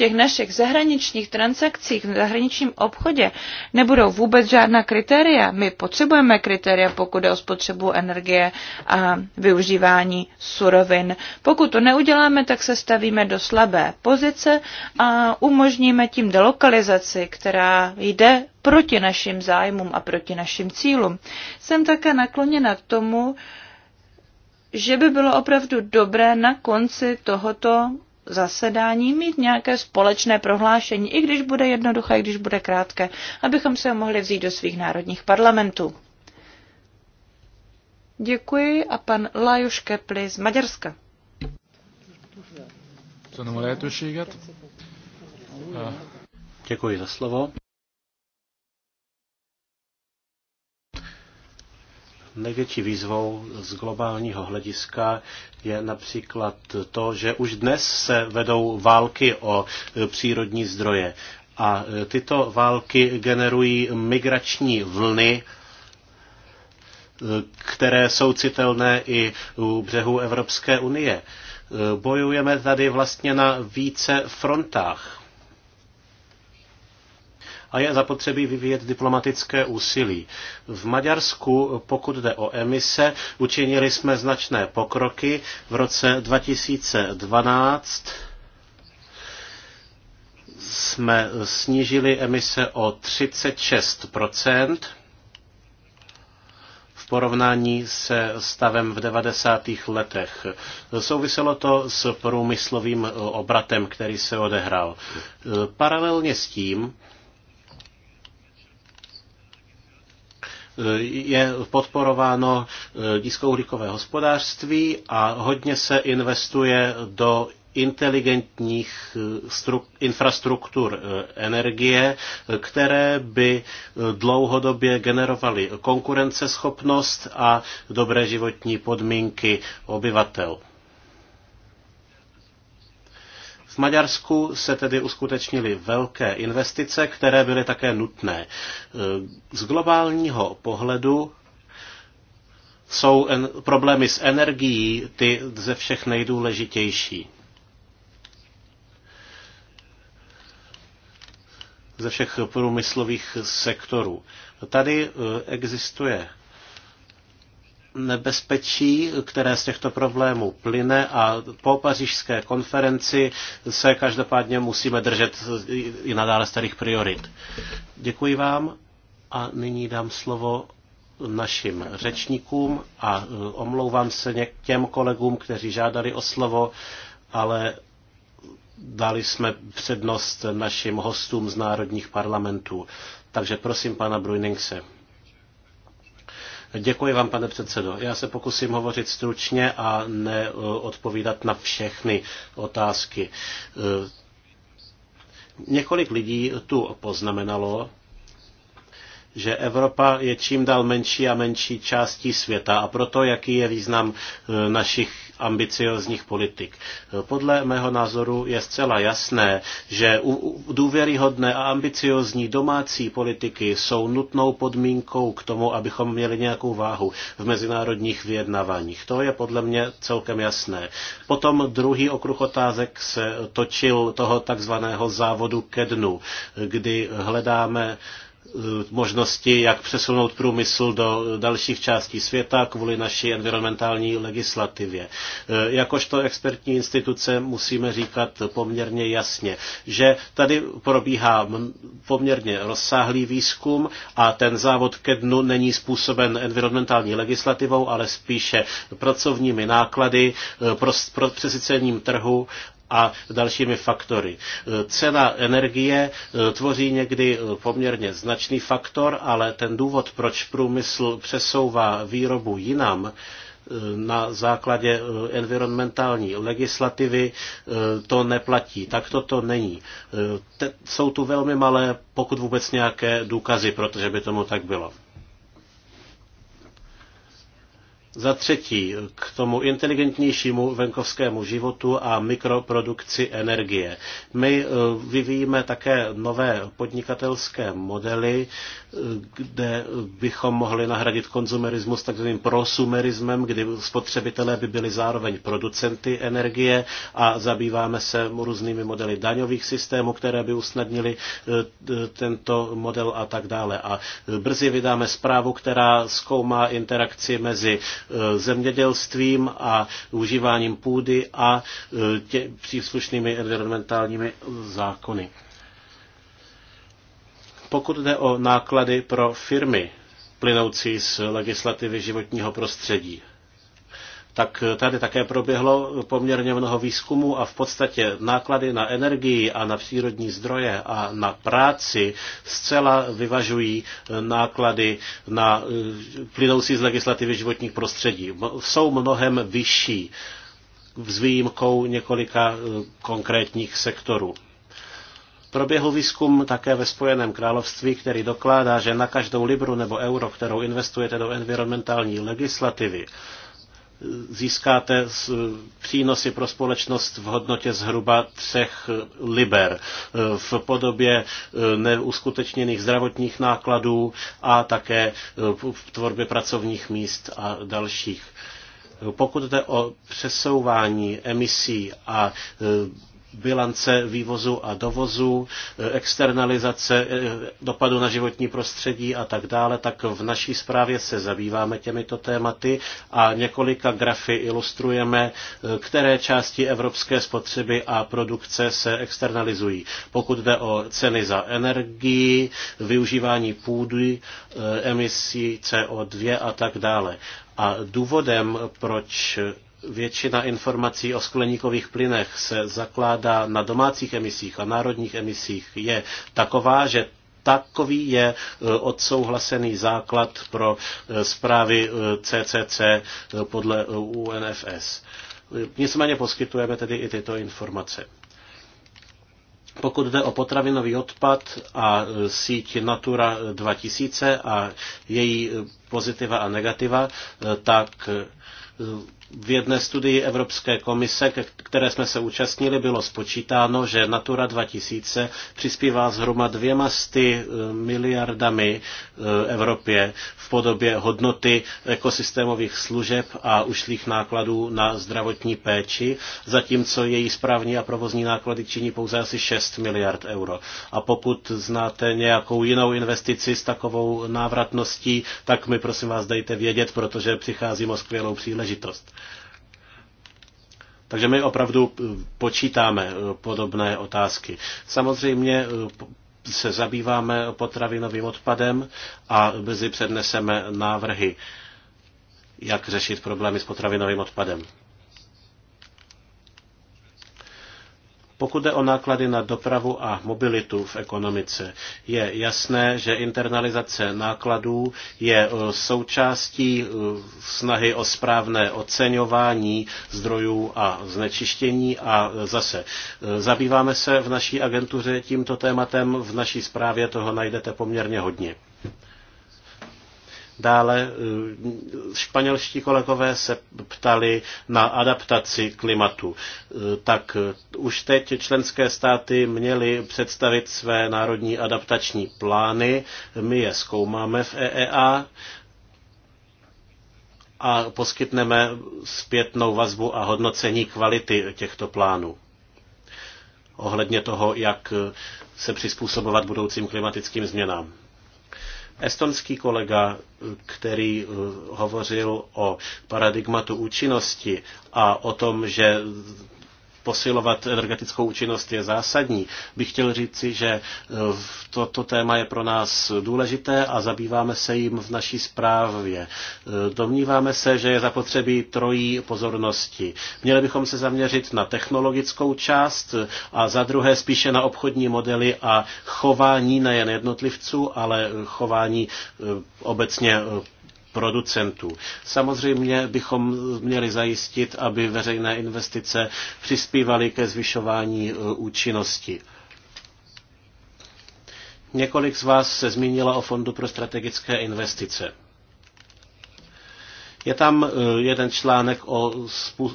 těch našich zahraničních transakcích v zahraničním obchodě nebudou vůbec žádná kritéria, my potřebujeme kritéria, pokud jde o spotřebu energie a využívání surovin. Pokud to neuděláme, tak se stavíme do slabé pozice a umožníme tím delokalizaci, která jde proti našim zájmům a proti našim cílům. Jsem také nakloněna k tomu, že by bylo opravdu dobré na konci tohoto zasedání mít nějaké společné prohlášení, i když bude jednoduché, i když bude krátké, abychom se mohli vzít do svých národních parlamentů. Děkuji a pan Lajuš Kepli z Maďarska. Děkuji za slovo. Největší výzvou z globálního hlediska je například to, že už dnes se vedou války o e, přírodní zdroje. A e, tyto války generují migrační vlny, e, které jsou citelné i u břehů Evropské unie. Bojujeme tady vlastně na více frontách a je zapotřebí vyvíjet diplomatické úsilí. V Maďarsku, pokud jde o emise, učinili jsme značné pokroky. V roce 2012 jsme snížili emise o 36 porovnání se stavem v 90. letech. Souviselo to s průmyslovým obratem, který se odehrál. Paralelně s tím je podporováno eh, nízkouhlíkové hospodářství a hodně se investuje do inteligentních eh, infrastruktur eh, energie, které by dlouhodobě generovaly konkurenceschopnost a dobré životní podmínky obyvatel. V Maďarsku se tedy uskutečnily velké investice, které byly také nutné. E, z globálního pohledu jsou en- problémy s energií ty ze všech nejdůležitější. Ze všech průmyslových sektorů. Tady e, existuje nebezpečí, které z těchto problémů plyne a po pařížské konferenci se každopádně musíme držet i nadále starých priorit. Děkuji vám a nyní dám slovo našim řečníkům a e, omlouvám se těm kolegům, kteří žádali o slovo, ale dali jsme přednost našim hostům z národních parlamentů. Takže prosím pana Brujningse. Děkuji vám, pane předsedo. Já se pokusím hovořit stručně a neodpovídat eh, na všechny otázky. Eh, Několik lidí tu poznamenalo, že Evropa je čím dál menší a menší částí světa a proto jaký je význam e, našich ambiciozních politik. E, podle mého názoru je zcela jasné, že důvěryhodné a ambiciozní domácí politiky jsou nutnou podmínkou k tomu, abychom měli nějakou váhu v mezinárodních vyjednáváních. To je podle mě celkem jasné. Potom druhý okruh otázek se točil toho takzvaného závodu ke dnu, kdy hledáme Eh, možnosti, jak přesunout průmysl do dalších částí světa kvůli naší environmentální legislativě. Eh, jakožto expertní instituce musíme říkat poměrně jasně, že tady probíhá poměrně rozsáhlý výzkum a ten závod ke dnu není způsoben environmentální legislativou, ale spíše pracovními náklady, eh, přesycením trhu a dalšími faktory. Cena energie eh, tvoří někdy eh, poměrně značný faktor, ale ten důvod, proč průmysl přesouvá výrobu jinam, eh, na základě environmentální legislativy to neplatí. Tak to to není. Te, jsou tu velmi malé, pokud vůbec nějaké důkazy, protože by tomu tak bylo. Za třetí, k tomu inteligentnějšímu venkovskému životu a mikroprodukci energie. My eh, vyvíjíme také nové podnikatelské modely, eh, kde bychom mohli nahradit konzumerismus takzvaným prosumerismem, kdy spotřebitelé by byli zároveň producenty energie a zabýváme se různými modely daňových systémů, které by usnadnili eh, tento model a tak dále. A brzy vydáme zprávu, která zkoumá interakci mezi Eh, zemědělstvím a užíváním půdy a eh, tě, příslušnými environmentálními zákony. Pokud jde o náklady pro firmy plynoucí z legislativy životního prostředí, tak tady také proběhlo poměrně mnoho výzkumů a v podstatě náklady na energii a na přírodní zdroje a na práci zcela vyvažují náklady na eh, plynoucí z legislativy životních prostředí. Jsou mnohem vyšší s výjimkou několika eh, konkrétních sektorů. Proběhl výzkum také ve Spojeném království, který dokládá, že na každou libru nebo euro, kterou investujete do environmentální legislativy, získáte eh, přínosy pro společnost v hodnotě zhruba třech eh, liber eh, v podobě neuskutečněných zdravotních nákladů a také v tvorbě pracovních míst a dalších. Pokud jde o přesouvání emisí a bilance vývozu a dovozu, e, externalizace e, dopadu na životní prostředí a tak dále, tak v naší zprávě se zabýváme těmito tématy a několika grafy ilustrujeme, e, které části evropské spotřeby a produkce se externalizují. Pokud jde o ceny za energii, využívání půdy, emisí CO2 a tak dále. A důvodem, proč většina informací o skleníkových plynech se zakládá na domácích emisích a národních emisích, je taková, že takový je eh, odsouhlasený základ pro eh, zprávy CCC eh, podle UNFS. Nicméně poskytujeme tedy i tyto informace. Pokud jde o potravinový odpad a síť Natura 2000 a její pozitiva a negativa, tak v jedné studii Evropské komise, které jsme se účastnili, bylo spočítáno, že Natura 2000 přispívá zhruba dvěma sty eh, miliardami eh, Evropě v podobě hodnoty ekosystémových služeb a ušlých nákladů na zdravotní péči, zatímco její správní a provozní náklady činí pouze asi 6 miliard euro. A pokud znáte nějakou jinou investici s takovou návratností, tak mi prosím vás dejte vědět, protože přicházím o skvělou příležitost. Takže my opravdu eh, počítáme eh, podobné otázky. Samozřejmě eh, se zabýváme potravinovým odpadem a brzy předneseme návrhy, jak řešit problémy s potravinovým odpadem. Pokud jde o náklady na dopravu a mobilitu v ekonomice, je jasné, že internalizace nákladů je e, součástí e, snahy o správné oceňování zdrojů a znečištění a zase e, zabýváme se v naší agentuře tímto tématem, v naší zprávě toho najdete poměrně hodně. Dále eh, španělští kolegové se ptali na adaptaci klimatu. Eh, tak eh, už teď členské státy měly představit své národní adaptační plány. My je zkoumáme v EEA a poskytneme zpětnou vazbu a hodnocení kvality těchto plánů ohledně toho, jak se přizpůsobovat budoucím klimatickým změnám. Estonský kolega, který eh, hovořil o paradigmatu účinnosti a o tom, že posilovat energetickou účinnost je zásadní. Bych chtěl říci, že eh, toto téma je pro nás důležité a zabýváme se jim v naší zprávě. Eh, domníváme se, že je zapotřebí trojí pozornosti. Měli bychom se zaměřit na technologickou část eh, a za druhé spíše na obchodní modely a chování nejen jednotlivců, ale chování obecně producentů. Samozřejmě bychom měli zajistit, aby veřejné investice přispívaly ke zvyšování e, účinnosti. Několik z vás se zmínilo o Fondu pro strategické investice. Je tam eh, jeden článek o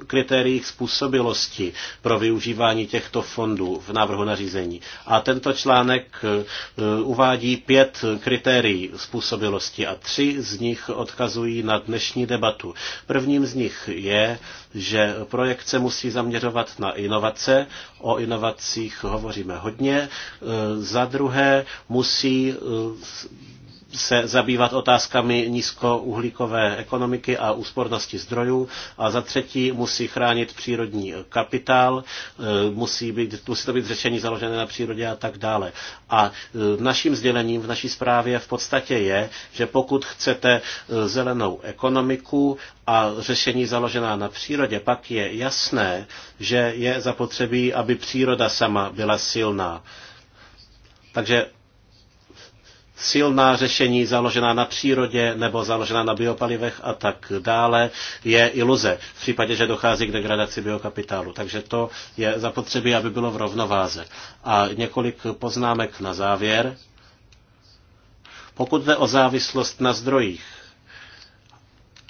kritériích způsobilosti pro využívání těchto fondů v návrhu nařízení. A tento článek eh, eh, uvádí pět kritérií způsobilosti a tři z nich odkazují na dnešní debatu. Prvním z nich je, že projekt se musí zaměřovat na inovace. O inovacích hovoříme hodně. Za druhé musí se zabývat otázkami nízkouhlíkové ekonomiky a úspornosti zdrojů. A za třetí musí chránit přírodní kapitál, eh, musí, být, musí to být řešení založené na přírodě a tak dále. A eh, naším sdělením v naší zprávě v podstatě je, že pokud chcete eh, zelenou ekonomiku a řešení založená na přírodě, pak je jasné, že je zapotřebí, aby příroda sama byla silná. Takže silná řešení založená na přírodě nebo založená na biopalivech a tak dále je iluze v případě, že dochází k degradaci biokapitálu. Takže to je zapotřebí, aby bylo v rovnováze. A několik poznámek na závěr. Pokud jde o závislost na zdrojích,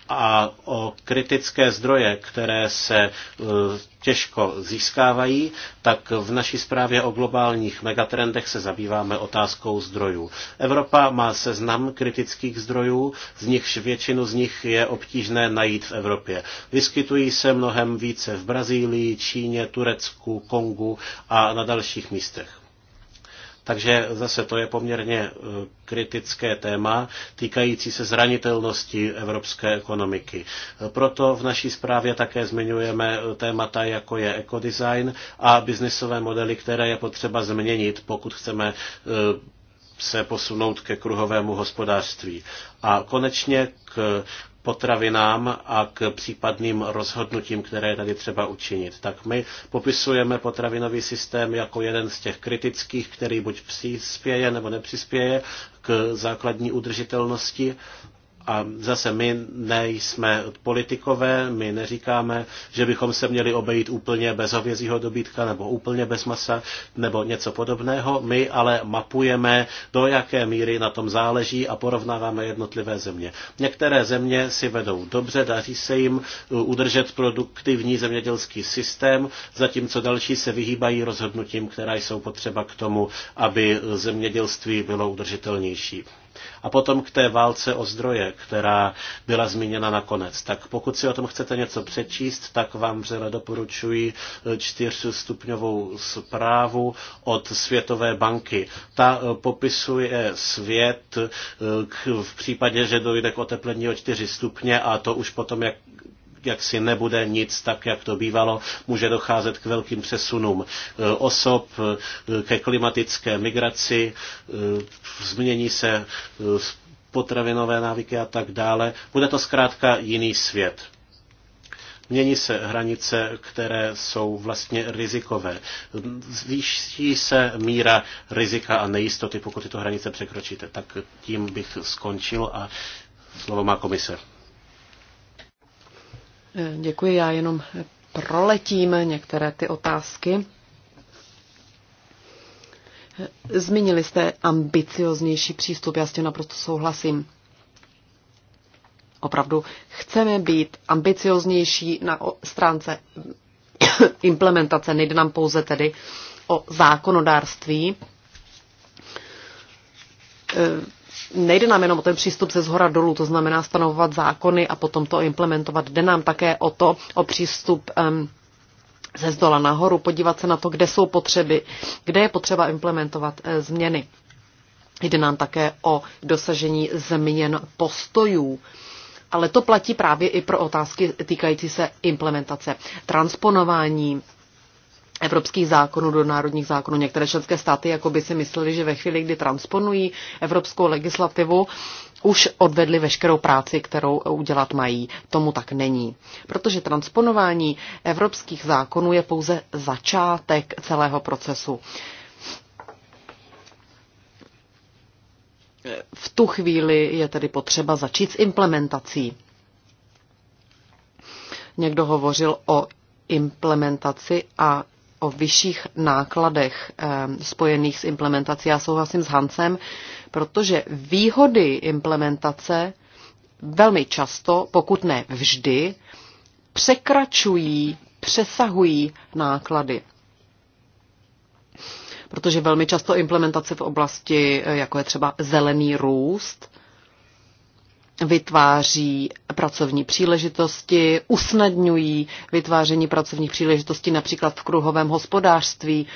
a o kritické zdroje, které se e, těžko získávají, tak v naší zprávě o globálních megatrendech se zabýváme otázkou zdrojů. Evropa má seznam kritických zdrojů, z nichž většinu z nich je obtížné najít v Evropě. Vyskytují se mnohem více v Brazílii, Číně, Turecku, Kongu a na dalších místech. Takže zase to je poměrně e, kritické téma týkající se zranitelnosti evropské ekonomiky. E, proto v naší zprávě také zmiňujeme e, témata, jako je ekodesign a biznisové modely, které je potřeba změnit, pokud chceme se posunout ke kruhovému hospodářství. A konečně k potravinám a k případným rozhodnutím, které je tady třeba učinit. Tak my popisujeme potravinový systém jako jeden z těch kritických, který buď přispěje nebo nepřispěje k základní udržitelnosti a zase my nejsme politikové, my neříkáme, že bychom se měli obejít úplně bez hovězího dobytka nebo úplně bez masa nebo něco podobného. My ale mapujeme, do jaké míry na tom záleží a porovnáváme jednotlivé země. Některé země si vedou dobře, daří se jim uh, udržet produktivní zemědělský systém, zatímco další se vyhýbají rozhodnutím, která jsou potřeba k tomu, aby uh, zemědělství bylo udržitelnější. A potom k té válce o zdroje, která byla zmíněna nakonec. Tak pokud si o tom chcete něco přečíst, tak vám vřele doporučuji eh, čtyřstupňovou zprávu od Světové banky. Ta eh, popisuje svět eh, v případě, že dojde k oteplení o čtyři stupně a to už potom, jak jaksi nebude nic tak, jak to bývalo, může docházet k velkým přesunům e, osob, e, ke klimatické migraci, e, změní se potravinové návyky a tak dále. Bude to zkrátka jiný svět. Mění se hranice, které jsou vlastně rizikové. Zvýší se míra rizika a nejistoty, pokud tyto hranice překročíte. Tak tím bych skončil a slovo má komise. Děkuji, já jenom proletím některé ty otázky. Zmínili jste ambicioznější přístup, já s tím naprosto souhlasím. Opravdu chceme být ambicioznější na stránce implementace, nejde nám pouze tedy o zákonodárství nejde nám jenom o ten přístup ze zhora dolů, to znamená stanovovat zákony a potom to implementovat. Jde nám také o to, o přístup um, ze zdola nahoru, podívat se na to, kde jsou potřeby, kde je potřeba implementovat uh, změny. Jde nám také o dosažení změn postojů. Ale to platí právě i pro otázky týkající se implementace, transponování, evropských zákonů do národních zákonů. Některé členské státy jako by si mysleli, že ve chvíli, kdy transponují evropskou legislativu, už odvedli veškerou práci, kterou udělat mají. Tomu tak není. Protože transponování evropských zákonů je pouze začátek celého procesu. V tu chvíli je tedy potřeba začít s implementací. Někdo hovořil o implementaci a o vyšších nákladech eh, spojených s implementací. Já souhlasím s Hancem, protože výhody implementace velmi často, pokud ne vždy, překračují, přesahují náklady. Protože velmi často implementace v oblasti, eh, jako je třeba zelený růst, vytváří pracovní příležitosti, usnadňují vytváření pracovních příležitostí například v kruhovém hospodářství.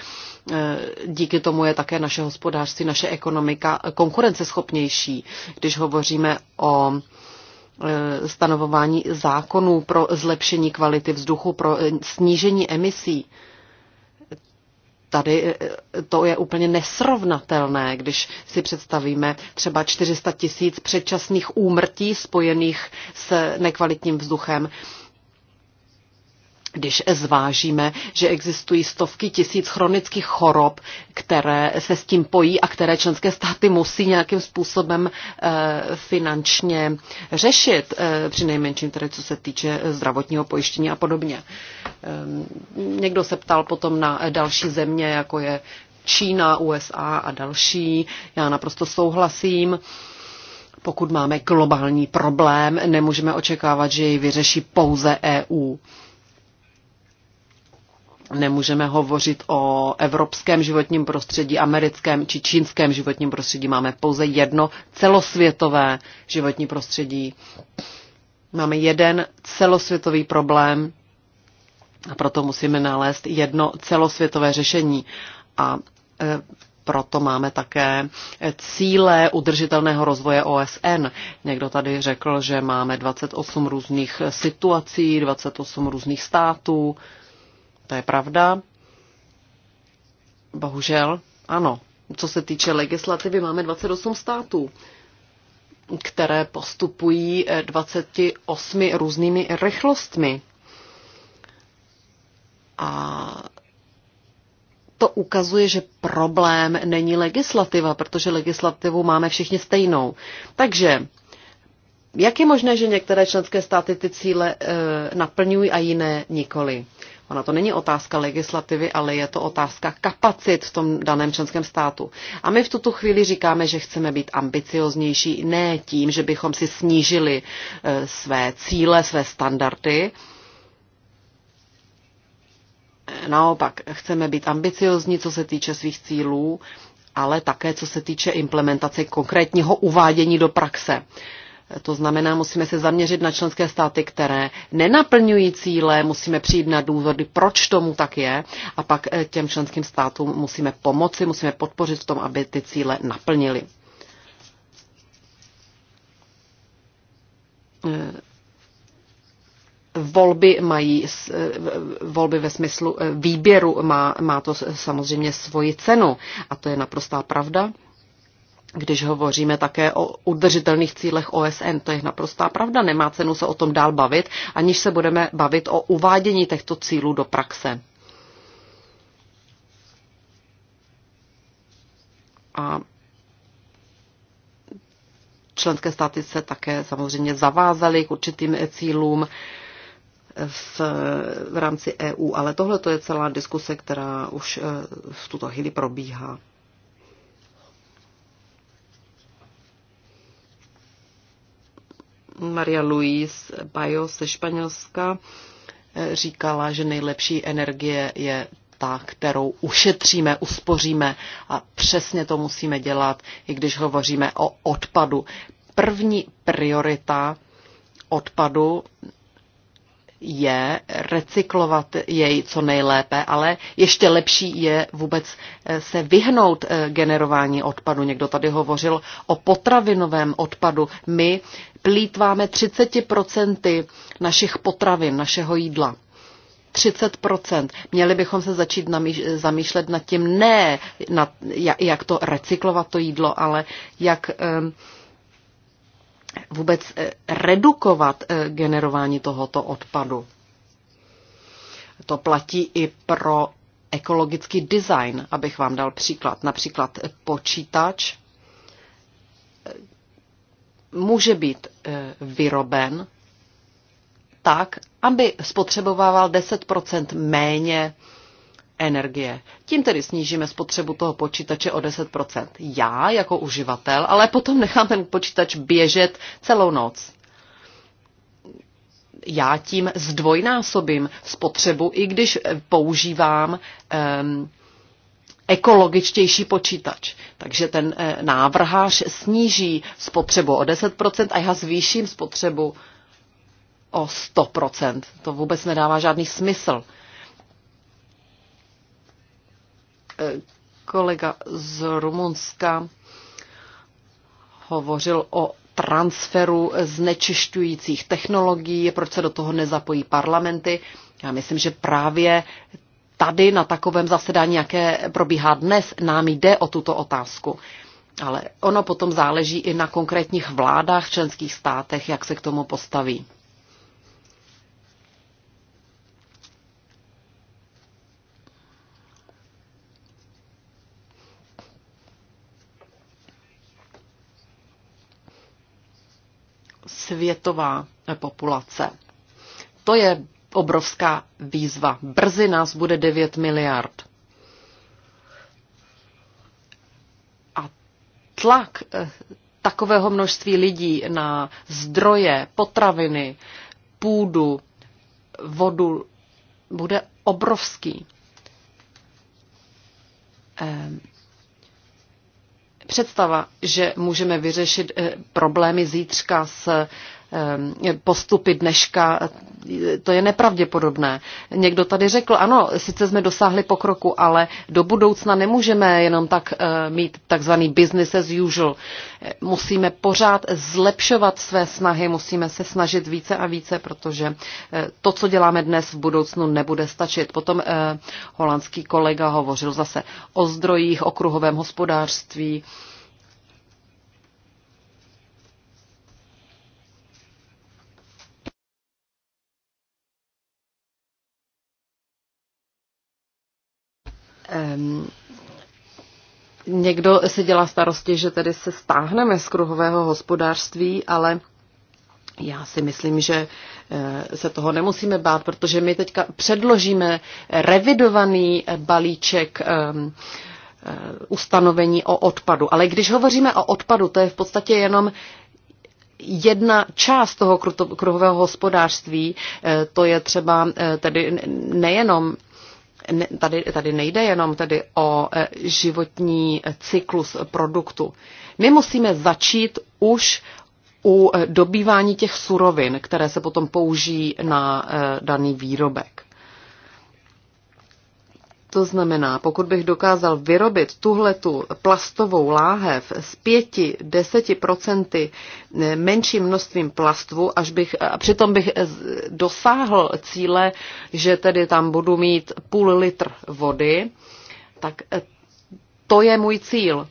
E, díky tomu je také naše hospodářství, naše ekonomika konkurenceschopnější. Když hovoříme o e, stanovování zákonů pro zlepšení kvality vzduchu, pro e, snížení emisí, tady eh, to je úplně nesrovnatelné, když si představíme třeba 400 tisíc předčasných úmrtí spojených s nekvalitním vzduchem když zvážíme, že existují stovky tisíc chronických chorob, které se s tím pojí a které členské státy musí nějakým způsobem eh, finančně řešit, eh, při nejmenším tedy co se týče zdravotního pojištění a podobně. Eh, někdo se ptal potom na další země, jako je Čína, USA a další. Já naprosto souhlasím pokud máme globální problém, nemůžeme očekávat, že ji vyřeší pouze EU nemůžeme hovořit o evropském životním prostředí, americkém či čínském životním prostředí. Máme pouze jedno celosvětové životní prostředí. Máme jeden celosvětový problém a proto musíme nalézt jedno celosvětové řešení. A e, proto máme také cíle udržitelného rozvoje OSN. Někdo tady řekl, že máme 28 různých situací, 28 různých států, to je pravda. Bohužel, ano. Co se týče legislativy, máme 28 států, které postupují 28 eh, různými rychlostmi. A to ukazuje, že problém není legislativa, protože legislativu máme všichni stejnou. Takže jak je možné, že některé členské státy ty cíle e, naplňují a jiné nikoli? Ona to není otázka legislativy, ale je to otázka kapacit v tom daném členském státu. A my v tuto chvíli říkáme, že chceme být ambicioznější ne tím, že bychom si snížili e, své cíle, své standardy. Naopak, chceme být ambiciozní, co se týče svých cílů, ale také co se týče implementace konkrétního uvádění do praxe. To znamená, musíme se zaměřit na členské státy, které nenaplňují cíle, musíme přijít na důvody, proč tomu tak je, a pak eh, těm členským státům musíme pomoci, musíme podpořit v tom, aby ty cíle naplnili. Eh, volby mají, eh, volby ve smyslu výběru má, má to samozřejmě svoji cenu a to je naprostá pravda když hovoříme také o udržitelných cílech OSN. To je naprostá pravda, nemá cenu se o tom dál bavit, aniž se budeme bavit o uvádění těchto cílů do praxe. A členské státy se také samozřejmě zavázaly k určitým cílům v, v rámci EU, ale tohle to je celá diskuse, která už eh, v tuto chvíli probíhá. Maria Luis Bajo ze Španělska eh, říkala, že nejlepší energie je ta, kterou ušetříme, uspoříme a přesně to musíme dělat, i když hovoříme o odpadu. První priorita odpadu je recyklovat jej co nejlépe, ale ještě lepší je vůbec eh, se vyhnout eh, generování odpadu. Někdo tady hovořil o potravinovém odpadu. My plítváme 30% našich potravin, našeho jídla. 30%. Měli bychom se začít zamýšlet nad tím ne, nad, jak to recyklovat to jídlo, ale jak vůbec eh, redukovat eh, generování tohoto odpadu. To platí i pro ekologický design, abych vám dal příklad. Například počítač, může být eh, vyroben tak, aby spotřebovával 10 méně energie. Tím tedy snížíme spotřebu toho počítače o 10 Já jako uživatel, ale potom nechám ten počítač běžet celou noc. Já tím zdvojnásobím spotřebu, i když používám um, ekologičtější počítač. Takže ten eh, návrhář sníží spotřebu o 10% a já zvýším spotřebu o 100%. To vůbec nedává žádný smysl. Eh, kolega z Rumunska hovořil o transferu znečišťujících technologií, proč se do toho nezapojí parlamenty. Já myslím, že právě tady na takovém zasedání, jaké probíhá dnes, nám jde o tuto otázku. Ale ono potom záleží i na konkrétních vládách v členských státech, jak se k tomu postaví. Světová populace. To je obrovská výzva. Brzy nás bude 9 miliard. A tlak eh, takového množství lidí na zdroje, potraviny, půdu, vodu bude obrovský. Ehm, představa, že můžeme vyřešit eh, problémy zítřka s Eh, postupy dneška, to je nepravděpodobné. Někdo tady řekl, ano, sice jsme dosáhli pokroku, ale do budoucna nemůžeme jenom tak eh, mít takzvaný business as usual. Musíme pořád zlepšovat své snahy, musíme se snažit více a více, protože eh, to, co děláme dnes v budoucnu, nebude stačit. Potom holandský kolega hovořil zase o zdrojích, o kruhovém hospodářství, někdo si dělá starosti, že tedy se stáhneme z kruhového hospodářství, ale já si myslím, že eh, se toho nemusíme bát, protože my teďka předložíme revidovaný eh, balíček eh, ustanovení o odpadu. Ale když hovoříme o odpadu, to je v podstatě jenom jedna část toho kruhového hospodářství, to je třeba tedy nejenom tady, tady nejde jenom tedy o e, životní cyklus produktu. My musíme začít už u e, dobývání těch surovin, které se potom použijí na e, daný výrobek. To znamená, pokud bych dokázal vyrobit tuhletu plastovou láhev z 5-10% eh, menším množstvím plastvu, až bych, a přitom bych dosáhl cíle, že tedy tam budu mít půl litr vody, tak eh, to je můj cíl.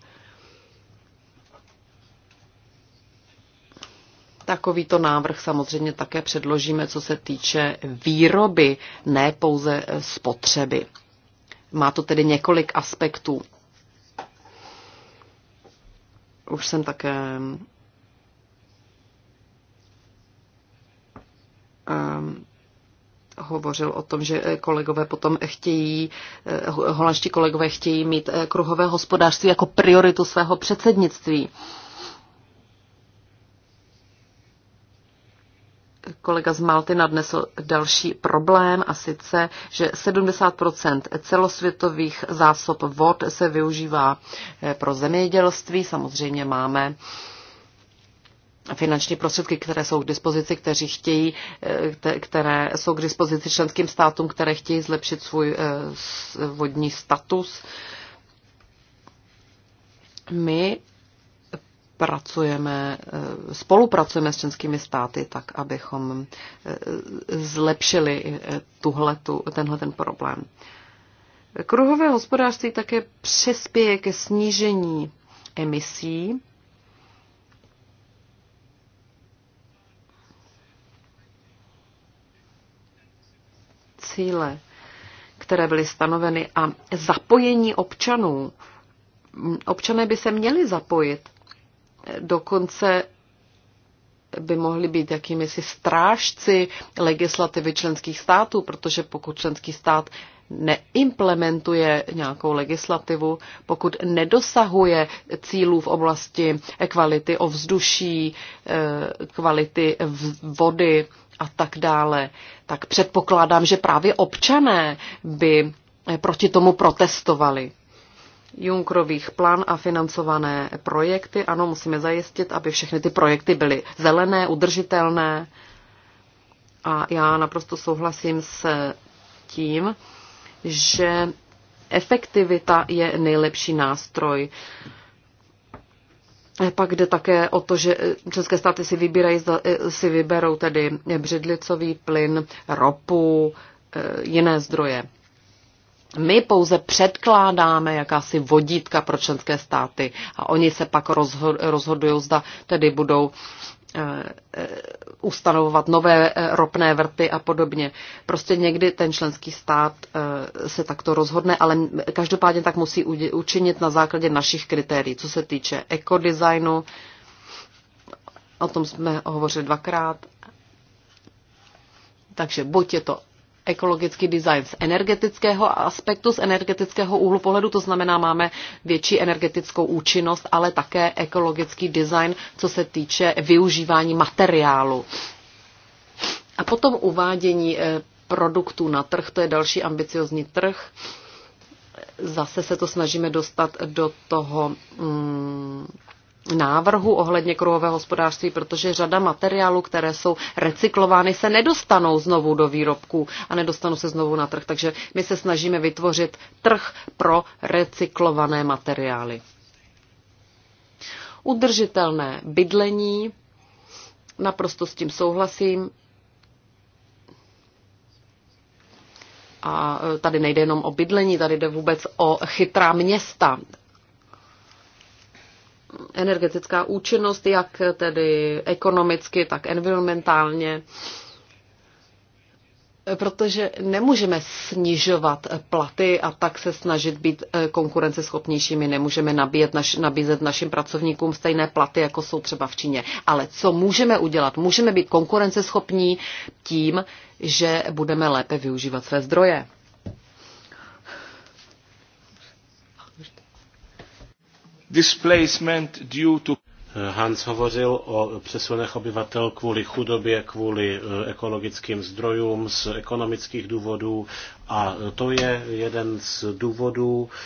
Takovýto návrh samozřejmě také předložíme, co se týče výroby, ne pouze eh, spotřeby. Má to tedy několik aspektů. Už jsem také um, hovořil o tom, že kolegové potom chtějí, eh, holandští kolegové chtějí mít eh, kruhové hospodářství jako prioritu svého předsednictví. kolega z Malty nadnesl další problém a sice, že 70 celosvětových zásob vod se využívá eh, pro zemědělství. Samozřejmě máme finanční prostředky, které jsou k dispozici, kteří chtějí, eh, které jsou k dispozici členským státům, které chtějí zlepšit svůj eh, vodní status. My pracujeme, eh, spolupracujeme s českými státy tak, abychom eh, zlepšili eh, tuhletu, tenhle ten problém. Kruhové hospodářství také přispěje ke snížení emisí. Cíle, které byly stanoveny a zapojení občanů. Občané by se měli zapojit dokonce by mohli být jakými si strážci legislativy členských států, protože pokud členský stát neimplementuje nějakou legislativu, pokud nedosahuje cílů v oblasti kvality ovzduší, eh, kvality vody a tak dále, tak předpokládám, že právě občané by eh, proti tomu protestovali. Junkrových plán a financované projekty. Ano, musíme zajistit, aby všechny ty projekty byly zelené, udržitelné. A já naprosto souhlasím s tím, že efektivita je nejlepší nástroj. Pak jde také o to, že české státy si, vybírají, e, si vyberou tedy břidlicový plyn, ropu, e, jiné zdroje. My pouze předkládáme jakási vodítka pro členské státy a oni se pak rozhodují, zda tedy budou eh, eh, ustanovovat nové eh, ropné vrty a podobně. Prostě někdy ten členský stát se takto rozhodne, ale každopádně tak musí učinit na základě našich kritérií, co se týče ekodesignu. O tom jsme hovořili dvakrát. Takže buď je to ekologický design z energetického aspektu, z energetického úhlu pohledu, to znamená, máme větší energetickou účinnost, ale také ekologický design, co se týče využívání materiálu. A potom uvádění eh, produktů na trh, to je další ambiciozní trh. Zase se to snažíme dostat do toho. Hmm, návrhu ohledně kruhového hospodářství, protože řada materiálů, které jsou recyklovány, se nedostanou znovu do výrobků a nedostanou se znovu na trh. Takže my se snažíme vytvořit trh pro recyklované materiály. Udržitelné bydlení, naprosto s tím souhlasím. A e, tady nejde jenom o bydlení, tady jde vůbec o chytrá města, energetická účinnost, jak tedy ekonomicky, tak environmentálně protože nemůžeme snižovat platy a tak se snažit být konkurenceschopnějšími. Nemůžeme nabíjet naš, nabízet našim pracovníkům stejné platy, jako jsou třeba v Číně. Ale co můžeme udělat? Můžeme být konkurenceschopní tím, že budeme lépe využívat své zdroje. displacement due to Hans hovořil o přesunech obyvatel kvůli chudobě, kvůli e, ekologickým zdrojům, z ekonomických důvodů a to je jeden z důvodů e,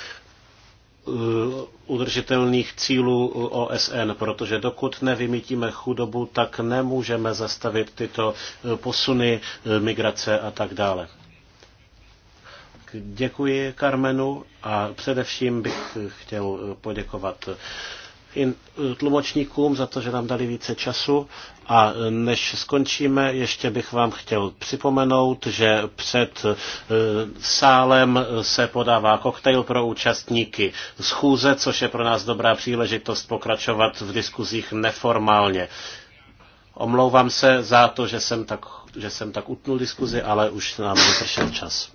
udržitelných cílů OSN, protože dokud nevymítíme chudobu, tak nemůžeme zastavit tyto e, posuny, migrace a tak dále. Děkuji Karmenu a především bych chtěl poděkovat in, tlumočníkům za to, že nám dali více času a než skončíme, ještě bych vám chtěl připomenout, že před eh, sálem se podává koktejl pro účastníky schůze, což je pro nás dobrá příležitost pokračovat v diskuzích neformálně. Omlouvám se za to, že jsem tak, že jsem tak utnul diskuzi, ale už nám vypršel čas.